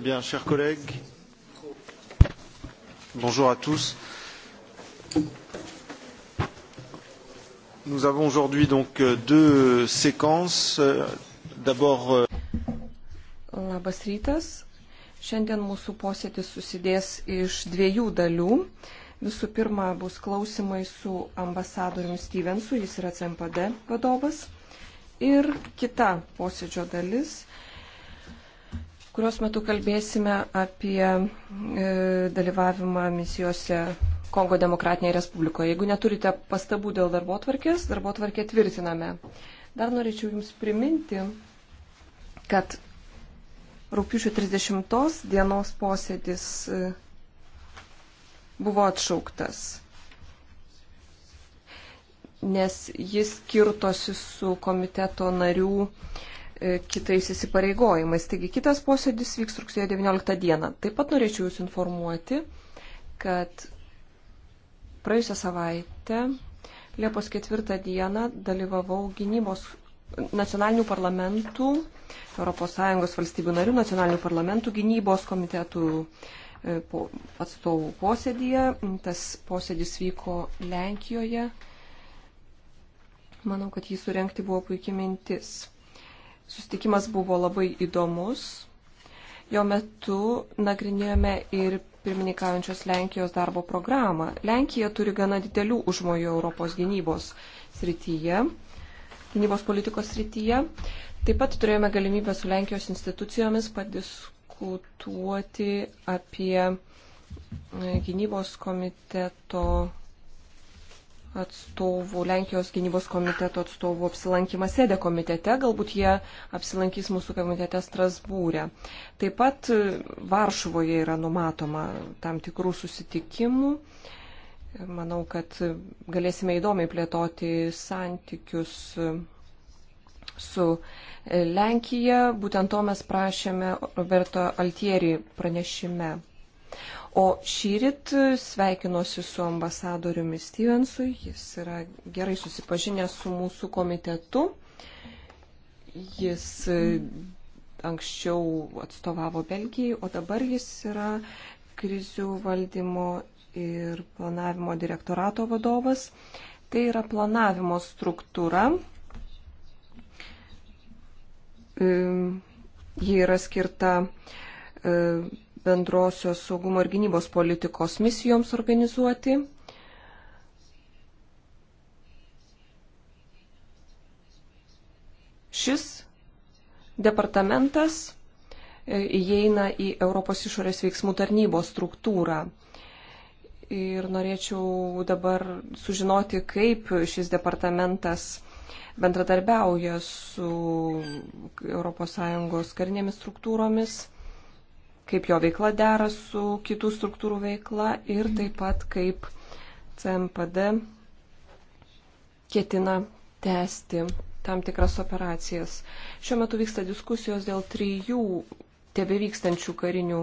Bien, chers collègues, bonjour à tous. Nous avons aujourd'hui donc euh, deux séquences. D'abord. Euh, Labas rytas. Šiandien mūsų posėdis susidės iš dviejų dalių. Visų pirma, bus klausimai su ambasadoriumi Stevensu, jis yra CMPD vadovas. Ir kita posėdžio dalis kurios metu kalbėsime apie e, dalyvavimą misijose Kongo Demokratinėje Respublikoje. Jeigu neturite pastabų dėl darbo tvarkės, darbo tvarkė tvirtiname. Dar norėčiau Jums priminti, kad rūpiučio 30 dienos posėdis e, buvo atšauktas, nes jis kirtosi su komiteto narių E, kitais įsipareigojimais. Taigi kitas posėdis vyks rugsėjo 19 dieną. Taip pat norėčiau Jūs informuoti, kad praėjusią savaitę, Liepos 4 dieną, dalyvavau gynybos nacionalinių parlamentų, ES valstybių narių nacionalinių parlamentų gynybos komitetų e, atstovų posėdėje. Tas posėdis vyko Lenkijoje. Manau, kad jį surenkti buvo puikia mintis. Sustikimas buvo labai įdomus. Jo metu nagrinėjome ir pirmininkaujančios Lenkijos darbo programą. Lenkija turi gana didelių užmojų Europos gynybos srityje, gynybos politikos srityje. Taip pat turėjome galimybę su Lenkijos institucijomis padiskutuoti apie gynybos komiteto atstovų, Lenkijos gynybos komiteto atstovų apsilankimas sėdė komitete, galbūt jie apsilankys mūsų komitete Strasbūrė. Taip pat e, Varšuvoje yra numatoma tam tikrų susitikimų. Manau, kad e, galėsime įdomiai plėtoti santykius e, su Lenkija. Būtent to mes prašėme Roberto Altieri pranešime. O šyrit sveikinuosi su ambasadoriumi Stevensu, jis yra gerai susipažinęs su mūsų komitetu. Jis e, anksčiau atstovavo Belgijai, o dabar jis yra krizių valdymo ir planavimo direktorato vadovas. Tai yra planavimo struktūra. Ji yra skirta e, bendrosios saugumo ir gynybos politikos misijoms organizuoti. Šis departamentas e, įeina į Europos išorės veiksmų tarnybos struktūrą. Ir norėčiau dabar sužinoti, kaip šis departamentas bendradarbiauja su ES karinėmis struktūromis kaip jo veikla dera su kitų struktūrų veikla ir taip pat kaip CMPD ketina tęsti tam tikras operacijas. Šiuo metu vyksta diskusijos dėl trijų tebe vykstančių karinių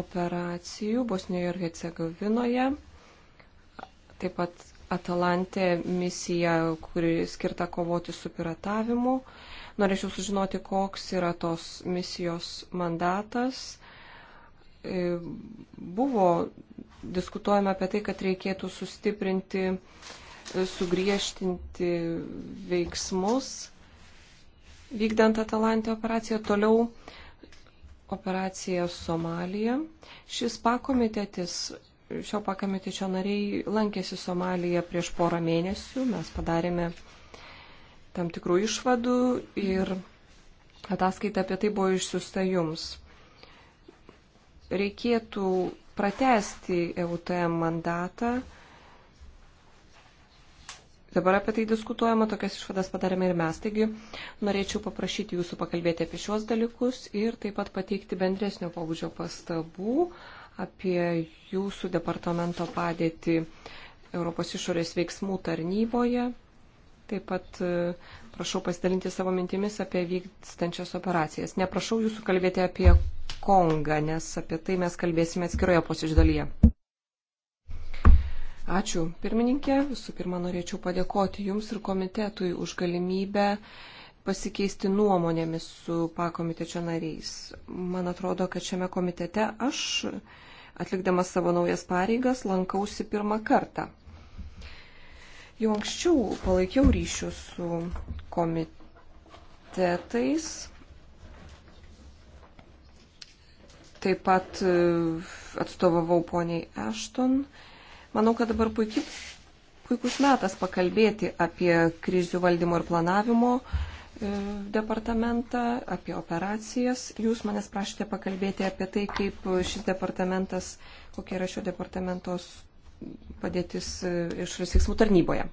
operacijų Bosnijoje ir Hercegovinoje. Taip pat Atalantė misija, kuri skirta kovoti su piratavimu. Norėčiau sužinoti, koks yra tos misijos mandatas, E, buvo diskutuojama apie tai, kad reikėtų sustiprinti, e, sugriežtinti veiksmus vykdant Atalantę operaciją. Toliau operacija Somalija. Šis pakomitetis, šio pakomitečio nariai lankėsi Somalija prieš porą mėnesių. Mes padarėme tam tikrų išvadų ir ataskaita apie tai buvo išsiusta jums reikėtų pratesti EUTM mandatą. Dabar apie tai diskutuojama, tokias išvadas padarėme ir mes. Taigi norėčiau paprašyti jūsų pakalbėti apie šios dalykus ir taip pat pateikti bendresnio pabudžio pastabų apie jūsų departamento padėtį Europos išorės veiksmų tarnyboje. Taip pat e, prašau pasidalinti savo mintimis apie vykstančias operacijas. Neprašau jūsų kalbėti apie Kongą, nes apie tai mes kalbėsime atskiroje posėdžio dalyje. Ačiū, pirmininkė. Visų pirma, norėčiau padėkoti Jums ir komitetui už galimybę pasikeisti nuomonėmis su pakomitečio nariais. Man atrodo, kad šiame komitete aš, atlikdamas savo naujas pareigas, lankausi pirmą kartą. Jau anksčiau palaikiau ryšius su komitetais Taip pat e, atstovavau poniai Ashton. Manau, kad dabar puikiai, puikus metas pakalbėti apie krizių valdymo ir planavimo e, departamentą, apie operacijas. Jūs manęs prašėte pakalbėti apie tai, kaip šis departamentas, kokia yra šio departamentos padėtis e, išorės veiksmų tarnyboje.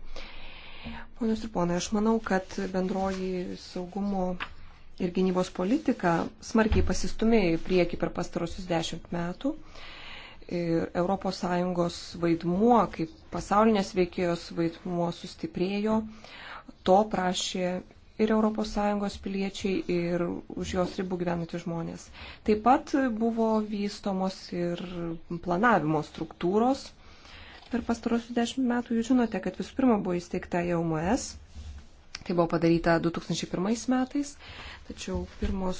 Ponios ir ponai, aš manau, kad bendroji saugumo ir gynybos politika smarkiai pasistumėjo į priekį per pastarosius dešimt metų. Ir ES vaidmuo, kaip pasaulinės veikėjos vaidmuo sustiprėjo, to prašė ir ES piliečiai, ir už jos ribų gyvenantys žmonės. Taip pat buvo vystomos ir planavimo struktūros. Per pastarosius dešimt metų jūs žinote, kad visų pirma buvo įsteigta EUMS, Tai buvo padaryta 2001 metais, tačiau pirmos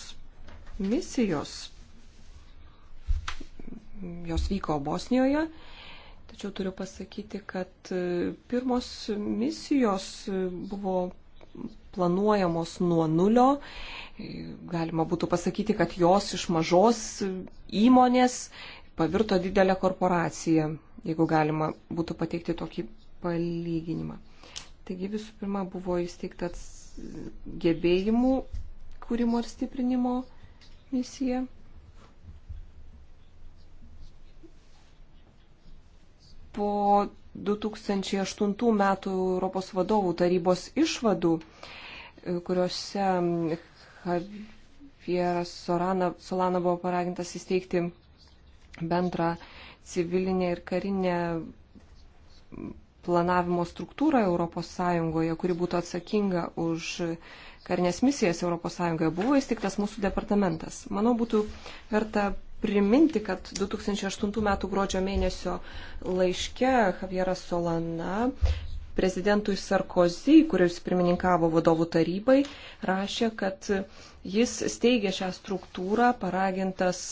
misijos, jos vyko Bosnijoje, tačiau turiu pasakyti, kad e, pirmos misijos e, buvo planuojamos nuo nulio. E, galima būtų pasakyti, kad jos iš mažos įmonės pavirto didelę korporaciją, jeigu galima būtų pateikti tokį palyginimą. Taigi visų pirma buvo įsteigtas gebėjimų kūrimo ir stiprinimo misija. Po 2008 metų Europos vadovų tarybos išvadų, e, kuriuose Javieras Solana, Solana buvo paragintas įsteigti bendrą civilinę ir karinę planavimo struktūrą ES, kuri būtų atsakinga už karinės misijas ES, buvo įsteigtas mūsų departamentas. Manau, būtų verta priminti, kad 2008 m. gruodžio mėnesio laiške Javieras Solana prezidentui Sarkozy, kuris pirmininkavo vadovų tarybai, rašė, kad jis steigė šią struktūrą paragintas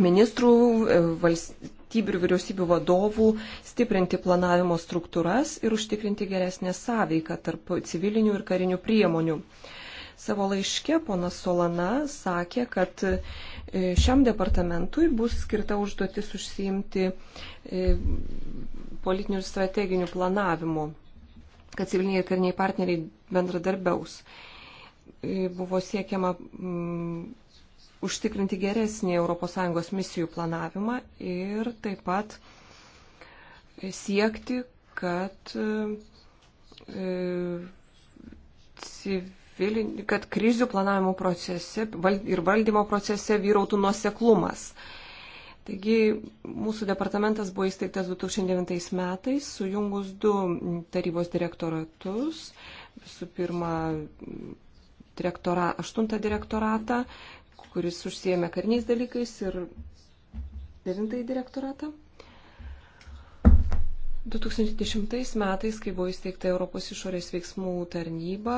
ministrų, e, valst valstybių ir vyriausybių vadovų stiprinti planavimo struktūras ir užtikrinti geresnę sąveiką tarp civilinių ir karinių priemonių. Savo laiške ponas Solana sakė, kad e, šiam departamentui bus skirta užduotis užsiimti e, politinių ir strateginių planavimų, kad civiliniai ir kariniai partneriai bendradarbiaus. E, buvo siekiama užtikrinti geresnį ES misijų planavimą ir taip pat e, siekti, kad, e, e, civilin, kad krizių planavimo procese ir valdymo procese vyrautų nuoseklumas. Taigi mūsų departamentas buvo įsteigtas 2009 metais, sujungus du tarybos direktoratus. Visų pirma, direktora, aštuntą direktoratą, kuris užsiemė kariniais dalykais ir devintąjį direktoratą. 2010 metais, kai buvo įsteigta Europos išorės veiksmų tarnyba,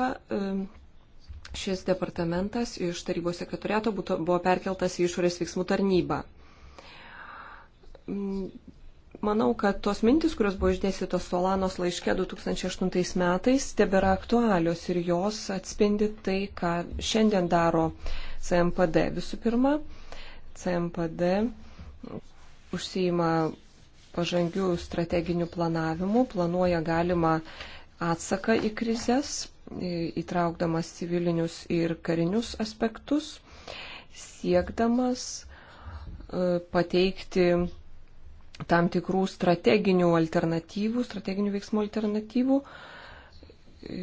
šis departamentas iš tarybos sekretoriato buvo perkeltas į išorės veiksmų tarnybą. Manau, kad tos mintis, kurios buvo išdėstytos Solanos laiške 2008 metais, tebėra aktualios ir jos atspindi tai, ką šiandien daro CMPD. Visų pirma, CMPD užsijima pažangių strateginių planavimų, planuoja galimą atsaką į krizės, įtraukdamas civilinius ir karinius aspektus, siekdamas e, pateikti tam tikrų strateginių alternatyvų, strateginių veiksmų alternatyvų, e,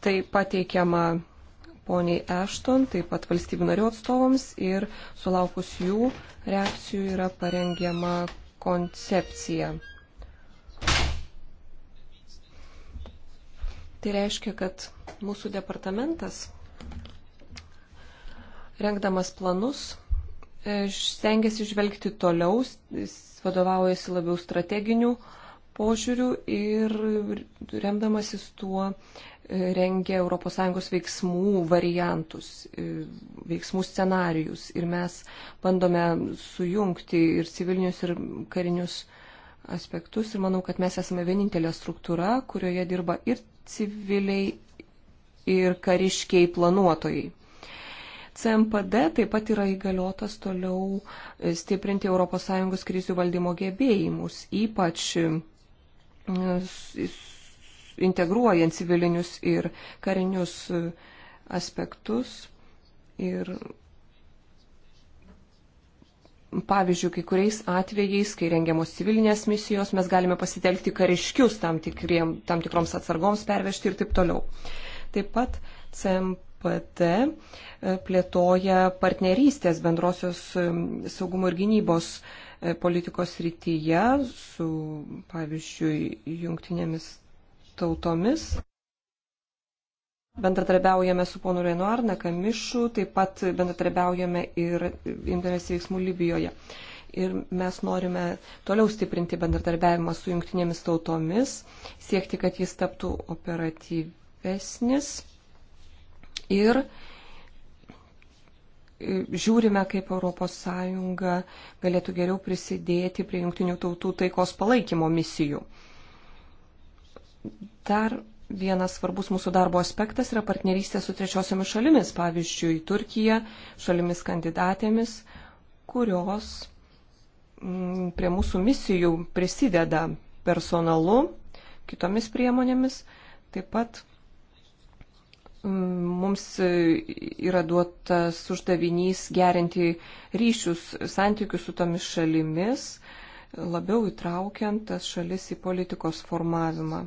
tai pateikiama poniai Ešton, taip pat valstybių narių atstovams ir sulaukus jų reakcijų yra parengiama koncepcija. Tai reiškia, kad mūsų departamentas, rengdamas planus, e, stengiasi žvelgti toliau, vadovaujasi labiau strateginių požiūrių ir remdamasis tuo rengia ES veiksmų variantus, e, veiksmų scenarius ir mes bandome sujungti ir civilinius, ir karinius aspektus ir manau, kad mes esame vienintelė struktūra, kurioje dirba ir civiliai, ir kariškiai planuotojai. CMPD taip pat yra įgaliotas toliau e, stiprinti ES krizių valdymo gebėjimus, ypač e, integruojant civilinius ir karinius e, aspektus. Ir pavyzdžiui, kai kuriais atvejais, kai rengiamos civilinės misijos, mes galime pasitelkti kariškius tam, tikriem, tam tikroms atsargoms pervežti ir taip toliau. Taip pat CMPT e, plėtoja partnerystės bendrosios e, saugumo ir gynybos politikos rytyje su, pavyzdžiui, jungtinėmis tautomis. Bendradarbiaujame su ponu Renoir, Nakamišu, taip pat bendradarbiaujame ir imdamės veiksmų Libijoje. Ir mes norime toliau stiprinti bendradarbiavimą su jungtinėmis tautomis, siekti, kad jis taptų operatyvesnis. Ir žiūrime, kaip ES galėtų geriau prisidėti prie jungtinių tautų taikos palaikymo misijų. Dar vienas svarbus mūsų darbo aspektas yra partnerystė su trečiosiomis šalimis, pavyzdžiui, Turkija, šalimis kandidatėmis, kurios mm, prie mūsų misijų prisideda personalu, kitomis priemonėmis. Taip pat mm, mums yra duotas uždavinys gerinti ryšius, santykius su tomis šalimis, labiau įtraukiant tas šalis į politikos formavimą.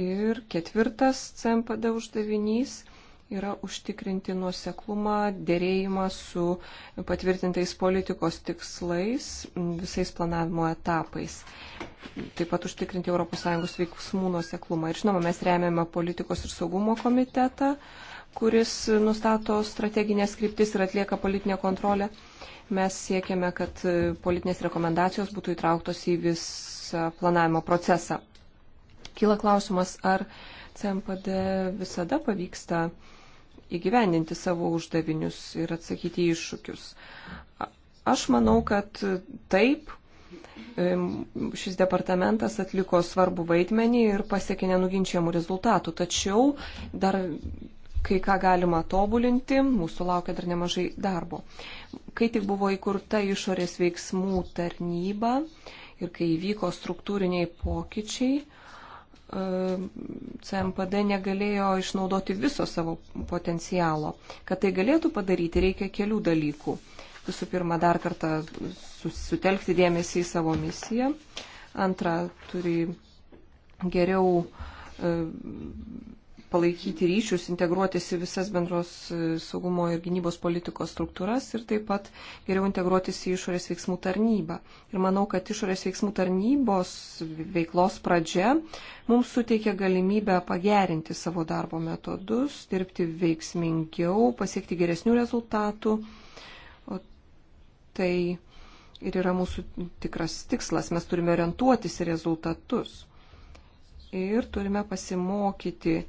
Ir ketvirtas CMPD uždavinys yra užtikrinti nuoseklumą, dėrėjimą su patvirtintais politikos tikslais visais planavimo etapais. Taip pat užtikrinti ES veiksmų nuoseklumą. Ir žinoma, mes remiame politikos ir saugumo komitetą, kuris nustato strateginės kryptis ir atlieka politinę kontrolę. Mes siekiame, kad politinės rekomendacijos būtų įtrauktos į visą planavimo procesą. Kyla klausimas, ar CMPD visada pavyksta įgyvendinti savo uždavinius ir atsakyti iššūkius. Aš manau, kad taip, šis departamentas atliko svarbų vaidmenį ir pasiekė nenuginčiamų rezultatų, tačiau dar kai ką galima tobulinti, mūsų laukia dar nemažai darbo. Kai tik buvo įkurta išorės veiksmų tarnyba ir kai įvyko struktūriniai pokyčiai, CMPD negalėjo išnaudoti viso savo potencialo. Kad tai galėtų padaryti, reikia kelių dalykų. Visų pirma, dar kartą sutelkti dėmesį į savo misiją. Antra, turi geriau e, palaikyti ryšius, integruotis į visas bendros e, saugumo ir gynybos politikos struktūras ir taip pat geriau integruotis į išorės veiksmų tarnybą. Ir manau, kad išorės veiksmų tarnybos veiklos pradžia mums suteikia galimybę pagerinti savo darbo metodus, dirbti veiksmingiau, pasiekti geresnių rezultatų. O tai ir yra mūsų tikras tikslas. Mes turime orientuotis į rezultatus ir turime pasimokyti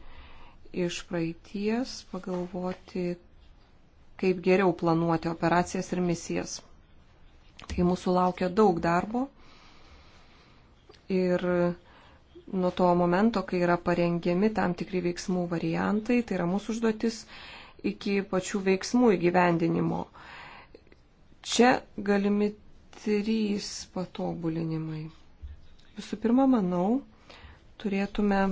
iš praeities, pagalvoti, kaip geriau planuoti operacijas ir misijas. Tai mūsų laukia daug darbo ir nuo to momento, kai yra parengiami tam tikri veiksmų variantai, tai yra mūsų užduotis iki pačių veiksmų įgyvendinimo. Čia galimi trys patobulinimai. Visų pirma, manau, turėtume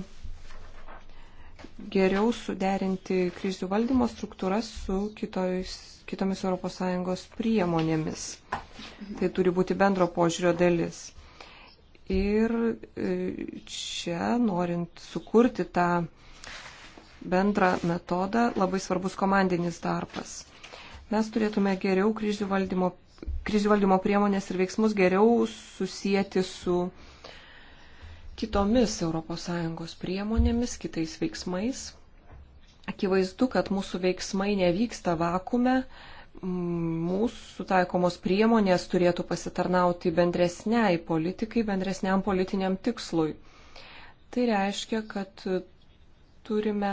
geriau suderinti krizių valdymo struktūras su kitojus, kitomis ES priemonėmis. Tai turi būti bendro požiūrio dalis. Ir e, čia, norint sukurti tą bendrą metodą, labai svarbus komandinis darbas. Mes turėtume geriau krizių valdymo, krizių valdymo priemonės ir veiksmus geriau susijęti su uh, kitomis ES priemonėmis, kitais veiksmais. Akivaizdu, kad mūsų veiksmai nevyksta vakume, mm, mūsų taikomos priemonės turėtų pasitarnauti bendresniai politikai, bendresniam politiniam tikslui. Tai reiškia, kad turime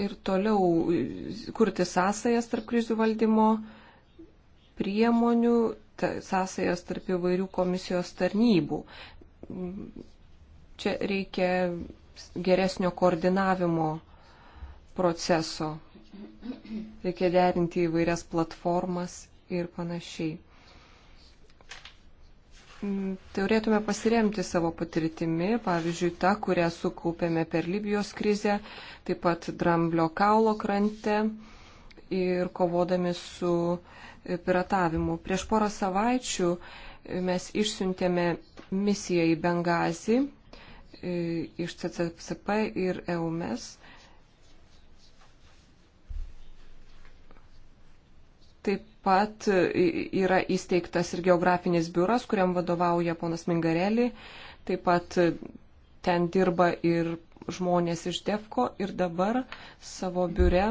ir toliau kurti sąsajas tarp krizių valdymo priemonių sąsajas tarp įvairių komisijos tarnybų. Čia reikia geresnio koordinavimo proceso. Reikia derinti įvairias platformas ir panašiai. Turėtume pasiremti savo patirtimi, pavyzdžiui, tą, kurią sukaupėme per Libijos krizę, taip pat Dramblio kaulo krante, ir kovodami su e, piratavimu. Prieš porą savaičių e, mes išsiuntėme misiją į Bengazį e, iš CCCP ir EUMES. Taip pat yra įsteigtas ir geografinis biuras, kuriam vadovauja ponas Mingarelį. Taip pat ten dirba ir žmonės iš DEFCO ir dabar savo biure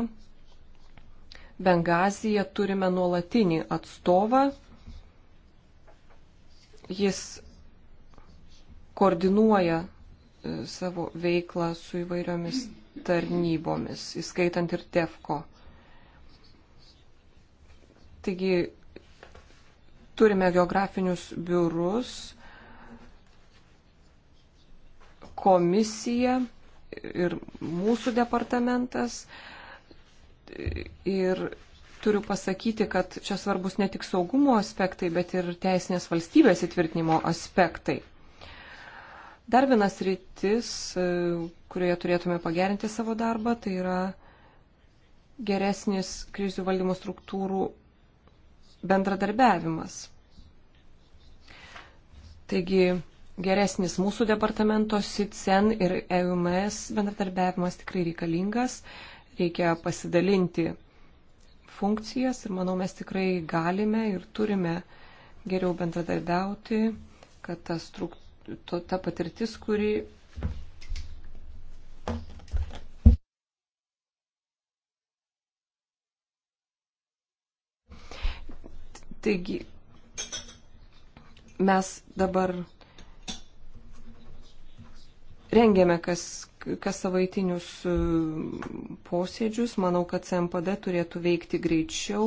Bengazija turime nuolatinį atstovą. Jis koordinuoja e, savo veiklą su įvairiomis tarnybomis, įskaitant ir TEFCO. Taigi turime geografinius biurus, komisiją ir mūsų departamentas ir turiu pasakyti, kad čia svarbus ne tik saugumo aspektai, bet ir teisinės valstybės įtvirtinimo aspektai. Dar vienas rytis, e, kurioje turėtume pagerinti savo darbą, tai yra geresnis krizių valdymo struktūrų bendradarbiavimas. Taigi geresnis mūsų departamento SICEN ir EUMS bendradarbiavimas tikrai reikalingas reikia pasidalinti funkcijas ir manau mes tikrai galime ir turime geriau bendradarbiauti, kad ta, struk... ta patirtis, kuri Taigi, mes dabar rengiame, kas, kas savaitinius e, posėdžius. Manau, kad CMPD turėtų veikti greičiau,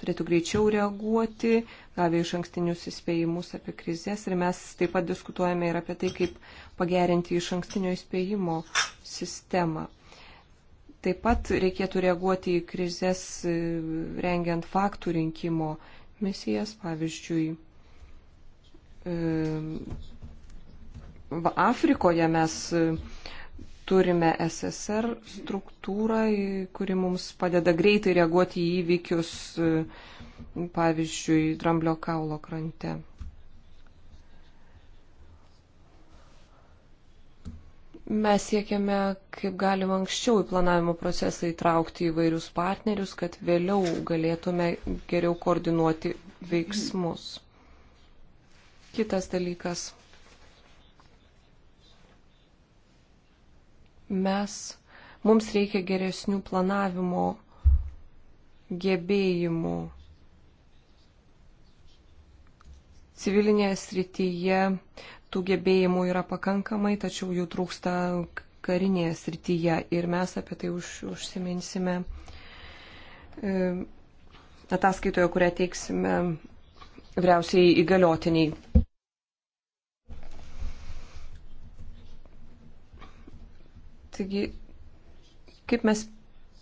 turėtų greičiau reaguoti, gavę iš ankstinius įspėjimus apie krizės. Ir mes taip pat diskutuojame ir apie tai, kaip pagerinti iš ankstinio įspėjimo sistemą. Taip pat reikėtų reaguoti į krizės e, rengiant faktų rinkimo misijas, pavyzdžiui. E, Afrikoje mes turime SSR struktūrą, kuri mums padeda greitai reaguoti į įvykius, e, pavyzdžiui, dramblio kaulo krante. Mes siekiame, kaip galima anksčiau į planavimo procesą įtraukti įvairius partnerius, kad vėliau galėtume geriau koordinuoti veiksmus. Kitas dalykas mes, mums reikia geresnių planavimo gebėjimų. Civilinėje srityje tų gebėjimų yra pakankamai, tačiau jų trūksta karinėje srityje ir mes apie tai už, užsiminsime e, ataskaitoje, kurią teiksime vyriausiai įgaliotiniai Taigi, kaip mes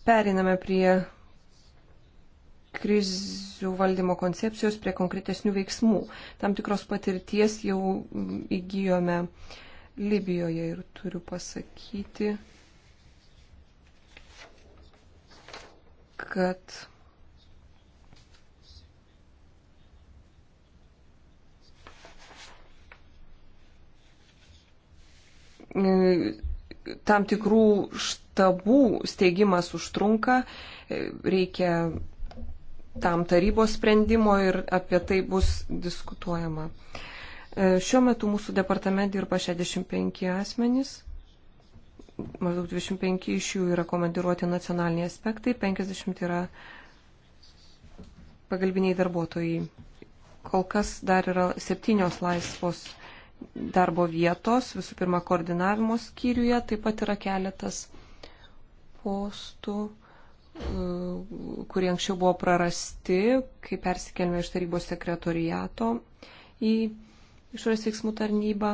periname prie krizių valdymo koncepcijos, prie konkretesnių veiksmų. Tam tikros patirties jau įgyjome Libijoje ir turiu pasakyti, kad e, tam tikrų štabų steigimas užtrunka, e, reikia tam tarybos sprendimo ir apie tai bus diskutuojama. E, šiuo metu mūsų departamente dirba 65 asmenys. Maždaug 25 iš jų yra komandiruoti nacionaliniai aspektai, 50 yra pagalbiniai darbuotojai. Kol kas dar yra septynios laisvos darbo vietos, visų pirma, koordinavimo skyriuje, taip pat yra keletas postų, e, kurie anksčiau buvo prarasti, kai persikėlėme iš tarybos sekretoriato į išorės veiksmų tarnybą.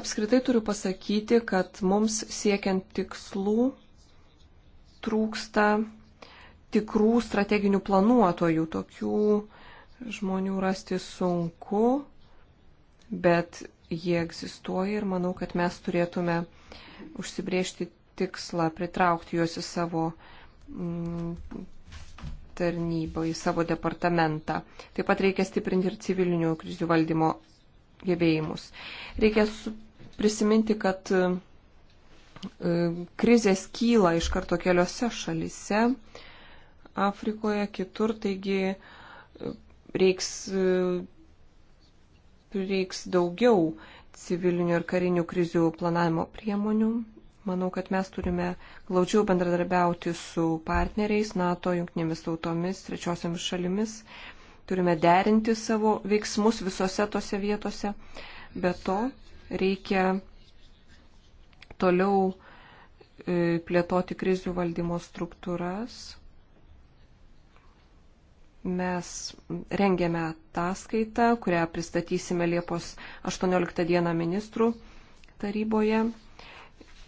Apskritai turiu pasakyti, kad mums siekiant tikslų trūksta tikrų strateginių planuotojų, tokių žmonių rasti sunku, bet jie egzistuoja ir manau, kad mes turėtume užsibriežti tikslą pritraukti juos į savo mm, tarnybą, į savo departamentą. Taip pat reikia stiprinti ir civilinių krizių valdymo gebėjimus. Reikia prisiminti, kad e, krizės kyla iš karto keliose šalise, Afrikoje, kitur, taigi reiks, reiks daugiau civilinių ir karinių krizių planavimo priemonių. Manau, kad mes turime glaudžiau bendradarbiauti su partneriais, NATO, jungtinėmis tautomis, trečiosiomis šalimis. Turime derinti savo veiksmus visose tose vietose. Be to, reikia toliau e, plėtoti krizių valdymo struktūras mes rengėme ataskaitą, kurią pristatysime Liepos 18 dieną ministrų taryboje.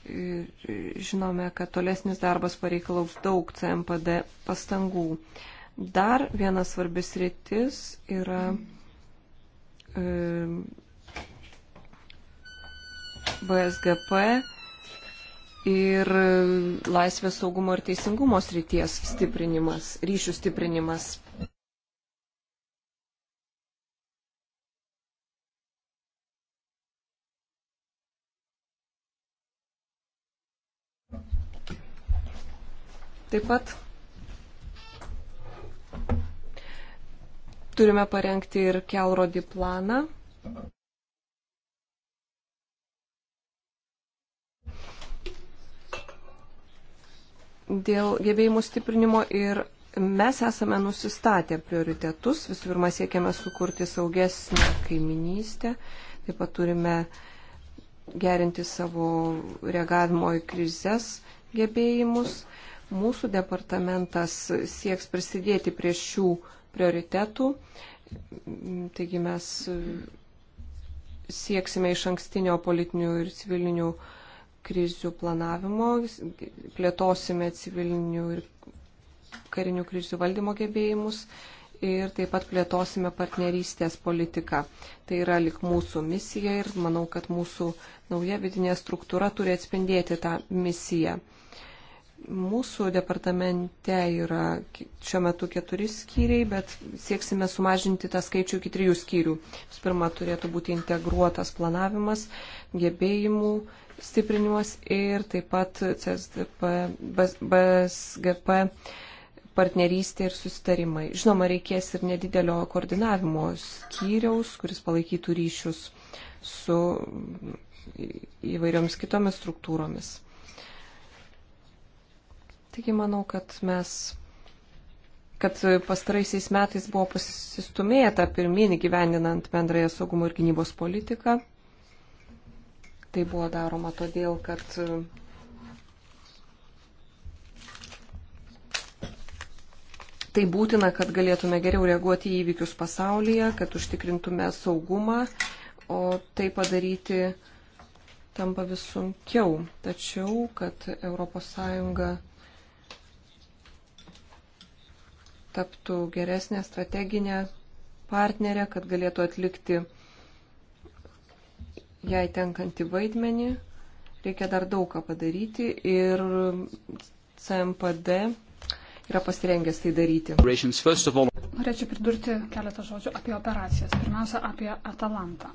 Žinome, kad tolesnis darbas pareikalaus daug CMPD pastangų. Dar vienas svarbis rytis yra e, BSGP ir laisvės saugumo ir teisingumo srities stiprinimas, ryšių stiprinimas Taip pat turime parengti ir kelrodį planą. Dėl gebėjimų stiprinimo ir mes esame nusistatę prioritetus. Visų pirma, siekiame sukurti saugesnę kaiminystę. Taip pat turime gerinti savo reagavimo į krizės gebėjimus. Uh, Mūsų departamentas sieks prisidėti prie šių prioritetų. Taigi mes sieksime iš ankstinio politinių ir civilinių krizių planavimo, plėtosime civilinių ir karinių krizių valdymo gebėjimus ir taip pat plėtosime partnerystės politiką. Tai yra lik mūsų misija ir manau, kad mūsų nauja vidinė struktūra turi atspindėti tą misiją. Mūsų departamente yra šiuo metu keturi skyriai, bet sieksime sumažinti tą skaičių iki trijų skyrių. Vis pirma, turėtų būti integruotas planavimas, gebėjimų stiprinimas ir taip pat CSDP, BSGP partnerystė ir susitarimai. Žinoma, reikės ir nedidelio koordinavimo skyriaus, kuris palaikytų ryšius su įvairioms kitomis struktūromis. Taigi manau, kad mes kad pastaraisiais metais buvo pasistumėta pirmin gyvendinant bendrąją saugumo ir gynybos politiką. Tai buvo daroma todėl, kad tai būtina, kad galėtume geriau reaguoti į įvykius pasaulyje, kad užtikrintume saugumą, o tai padaryti tampa vis sunkiau. Tačiau, kad ES taptų geresnė strateginė partnerė, kad galėtų atlikti jai tenkantį vaidmenį. Reikia dar daug ką padaryti ir CMPD yra pasirengęs tai daryti. Norėčiau pridurti keletą žodžių apie operacijas. Pirmiausia, apie Atalantą.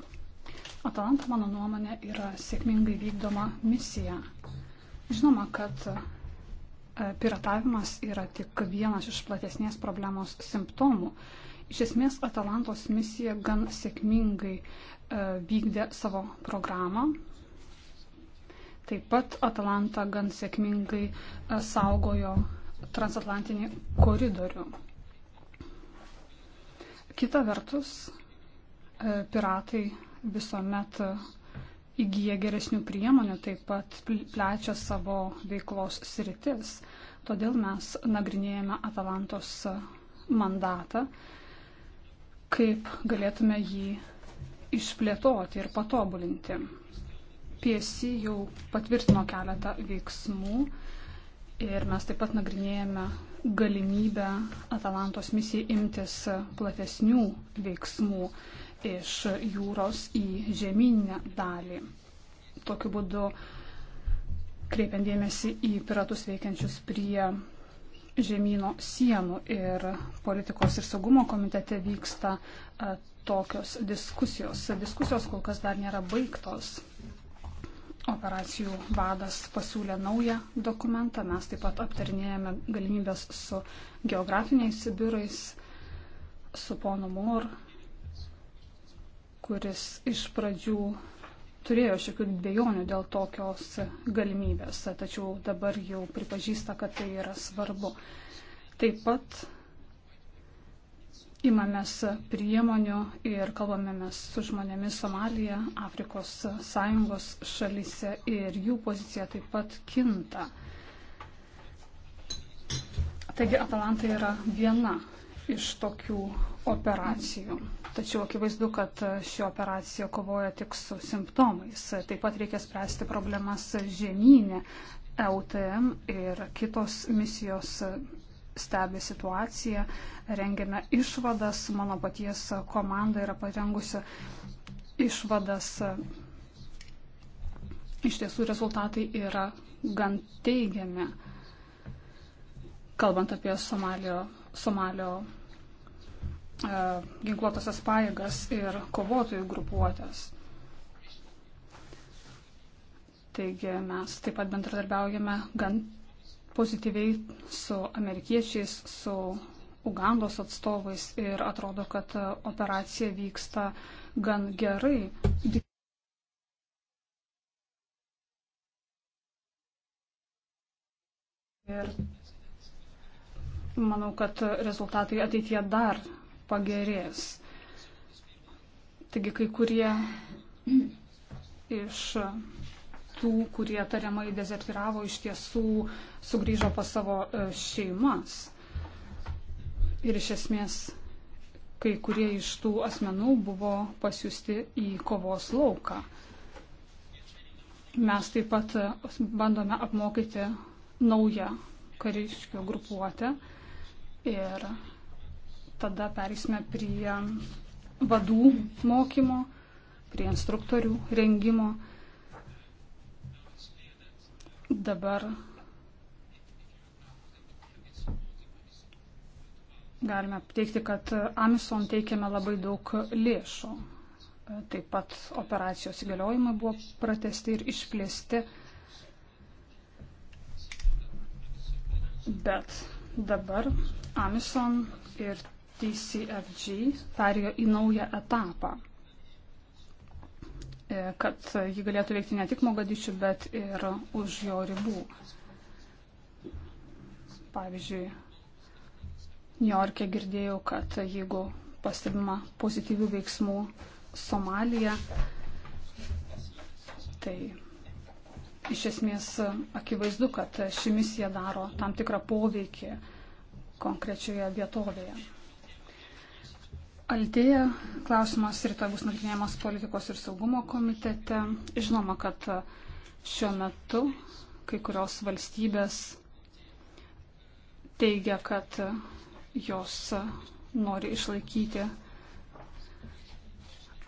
Atalanta, mano nuomonė, yra sėkmingai vykdoma misija. Žinoma, kad piratavimas yra tik vienas iš platesnės problemos simptomų. Iš esmės, Atalantos misija gan sėkmingai e, vykdė savo programą. Taip pat Atalanta gan sėkmingai e, saugojo transatlantinį koridorių. Kita vertus, e, piratai visuomet įgyja geresnių priemonių, taip pat plečia savo veiklos sritis. Todėl mes nagrinėjame Atalantos mandatą, kaip galėtume jį išplėtoti ir patobulinti. PSC jau patvirtino keletą veiksmų ir mes taip pat nagrinėjame galimybę Atalantos misijai imtis platesnių veiksmų iš jūros į žemyninę dalį. Tokiu būdu kreipiant dėmesį į piratus veikiančius prie žemynų sienų ir politikos ir saugumo komitete vyksta e, tokios diskusijos. Diskusijos kol kas dar nėra baigtos. Operacijų vadas pasiūlė naują dokumentą. Mes taip pat aptarinėjame galimybės su geografiniais biurais, su ponu Mor, kuris iš pradžių turėjo šiokių dviejonių dėl tokios galimybės, tačiau dabar jau pripažįsta, kad tai yra svarbu. Taip pat imamės priemonių ir kalbame mes su žmonėmis Somalija, Afrikos sąjungos šalyse ir jų pozicija taip pat kinta. Taigi Atalanta yra viena iš tokių operacijų. Tačiau akivaizdu, kad ši operacija kovoja tik su simptomais. Taip pat reikia spręsti problemas žemynė. LTM e ir kitos misijos stebi situaciją, rengiame išvadas. Mano paties komanda yra parengusi išvadas. Iš tiesų rezultatai yra gan teigiami. Kalbant apie Somalio, Somalio E, ginkluotasias pajėgas ir kovotojų grupuotės. Taigi mes taip pat bendradarbiaujame gan pozityviai su amerikiečiais, su Ugandos atstovais ir atrodo, kad operacija vyksta gan gerai. Ir manau, kad rezultatai ateityje dar pagerės. Taigi kai kurie iš tų, kurie tariamai dezertiravo, iš tiesų sugrįžo pas savo e, šeimas. Ir iš esmės kai kurie iš tų asmenų buvo pasiūsti į kovos lauką. Mes taip pat e, bandome apmokyti naują kariškių grupuotę ir Tada perėsime prie vadų mokymo, prie instruktorių rengimo. Dabar galime teikti, kad Amison teikiame labai daug lėšų. Taip pat operacijos įgaliojimai buvo pratesti ir išplėsti. Bet dabar Amison ir TCFG perėjo į naują etapą, e, kad ji galėtų veikti ne tik Mogadišių, bet ir už jo ribų. Pavyzdžiui, Niujorke girdėjau, kad jeigu pastebima pozityvių veiksmų Somalija, tai iš esmės akivaizdu, kad ši misija daro tam tikrą poveikį konkrečioje vietovėje. Aldėja klausimas rytoj bus nagrinėjamas politikos ir saugumo komitete. Žinoma, kad šiuo metu kai kurios valstybės teigia, kad jos nori išlaikyti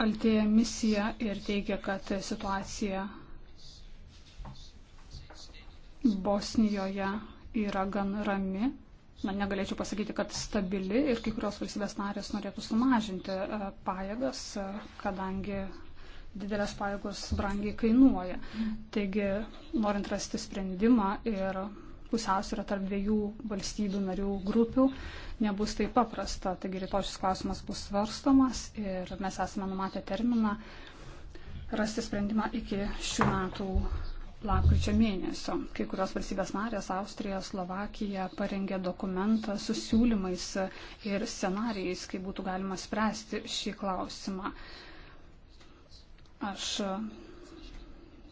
Altėja misiją ir teigia, kad situacija Bosnijoje yra gan rami na, negalėčiau pasakyti, kad stabili ir kai kurios valstybės narės norėtų sumažinti e, pajėgas, e, kadangi didelės pajėgos brangiai kainuoja. Taigi, norint rasti sprendimą ir pusiausvyrą tarp dviejų valstybių narių grupių, nebus taip paprasta. Taigi, rytoj šis klausimas bus svarstomas ir mes esame numatę terminą rasti sprendimą iki šių metų lapkričio mėnesio. Kai kurios valstybės narės - Austrija, Slovakija - parengė dokumentą su siūlymais ir scenarijais, kaip būtų galima spręsti šį klausimą. Aš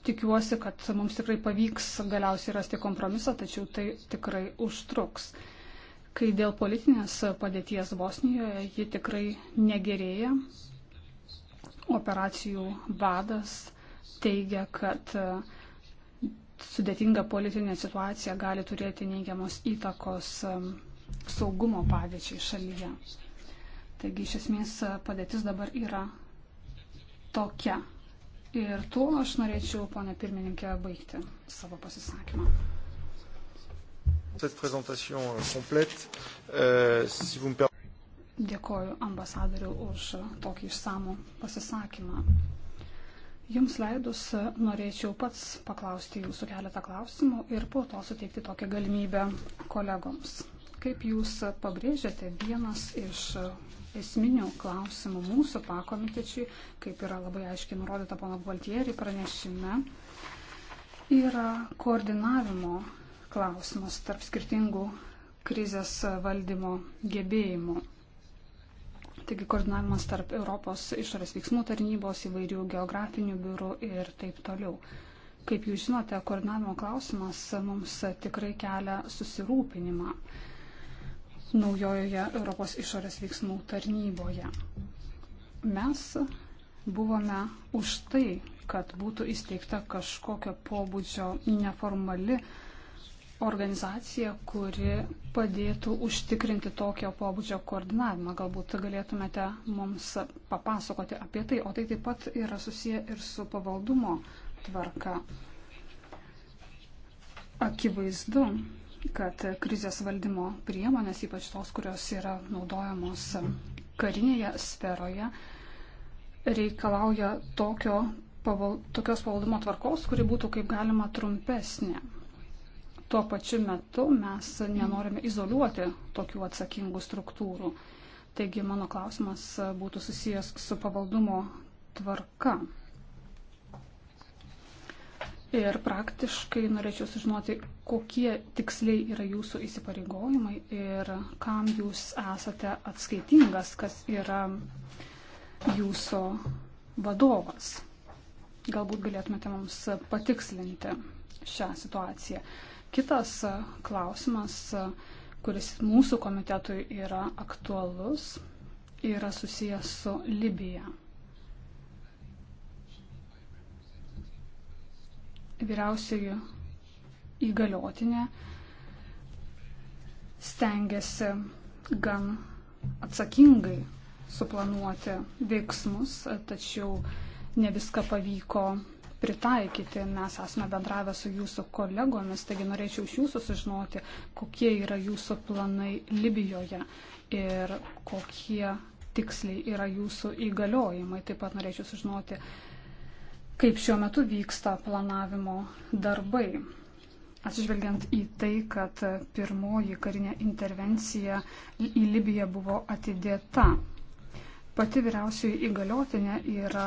tikiuosi, kad mums tikrai pavyks galiausiai rasti kompromisą, tačiau tai tikrai užtruks. Kai dėl politinės padėties Bosnijoje ji tikrai negerėja, operacijų vadas teigia, kad uh, sudėtinga politinė situacija gali turėti neigiamos įtakos um, saugumo padėčiai šalyje. Taigi iš esmės padėtis dabar yra tokia. Ir tuo aš norėčiau, ponė pirmininkė, baigti savo pasisakymą. Euh, euh, Dėkoju ambasadoriu už tokį išsamų pasisakymą. Jums leidus e, norėčiau pats paklausti jūsų keletą klausimų ir po to suteikti tokią galimybę kolegoms. Kaip jūs pabrėžiate, vienas iš e, esminių klausimų mūsų pakomitečiui, kaip yra labai aiškiai nurodyta pono Baltierį pranešime, yra koordinavimo klausimas tarp skirtingų krizės valdymo gebėjimų. Taigi koordinavimas tarp Europos išorės veiksmų tarnybos įvairių geografinių biurų ir taip toliau. Kaip jūs žinote, koordinavimo klausimas mums tikrai kelia susirūpinimą naujojoje Europos išorės veiksmų tarnyboje. Mes buvome už tai, kad būtų įsteigta kažkokio pobūdžio neformali organizacija, kuri padėtų užtikrinti tokio pobūdžio koordinavimą. Galbūt galėtumėte mums papasakoti apie tai, o tai taip pat yra susiję ir su pavaldumo tvarka. Akivaizdu, kad krizės valdymo priemonės, ypač tos, kurios yra naudojamos karinėje sferoje, reikalauja tokio, paval, tokios pavaldumo tvarkos, kuri būtų kaip galima trumpesnė tuo pačiu metu mes nenorime izoliuoti tokių atsakingų struktūrų. Taigi mano klausimas būtų susijęs su pavaldumo tvarka. Ir praktiškai norėčiau sužinoti, kokie tiksliai yra jūsų įsipareigojimai ir kam jūs esate atskaitingas, kas yra jūsų vadovas. Galbūt galėtumėte mums patikslinti šią situaciją. Kitas e, klausimas, e, kuris mūsų komitetui yra aktualus, yra susijęs su Libija. Vyriausiai įgaliotinė stengiasi gan atsakingai suplanuoti veiksmus, tačiau ne viską pavyko pritaikyti. Mes esame bendravę su jūsų kolegomis, taigi norėčiau iš jūsų sužinoti, kokie yra jūsų planai Libijoje ir kokie tiksliai yra jūsų įgaliojimai. Taip pat norėčiau sužinoti, kaip šiuo metu vyksta planavimo darbai. Atsižvelgiant į tai, kad pirmoji karinė intervencija į Libiją buvo atidėta, Pati vyriausioji įgaliotinė yra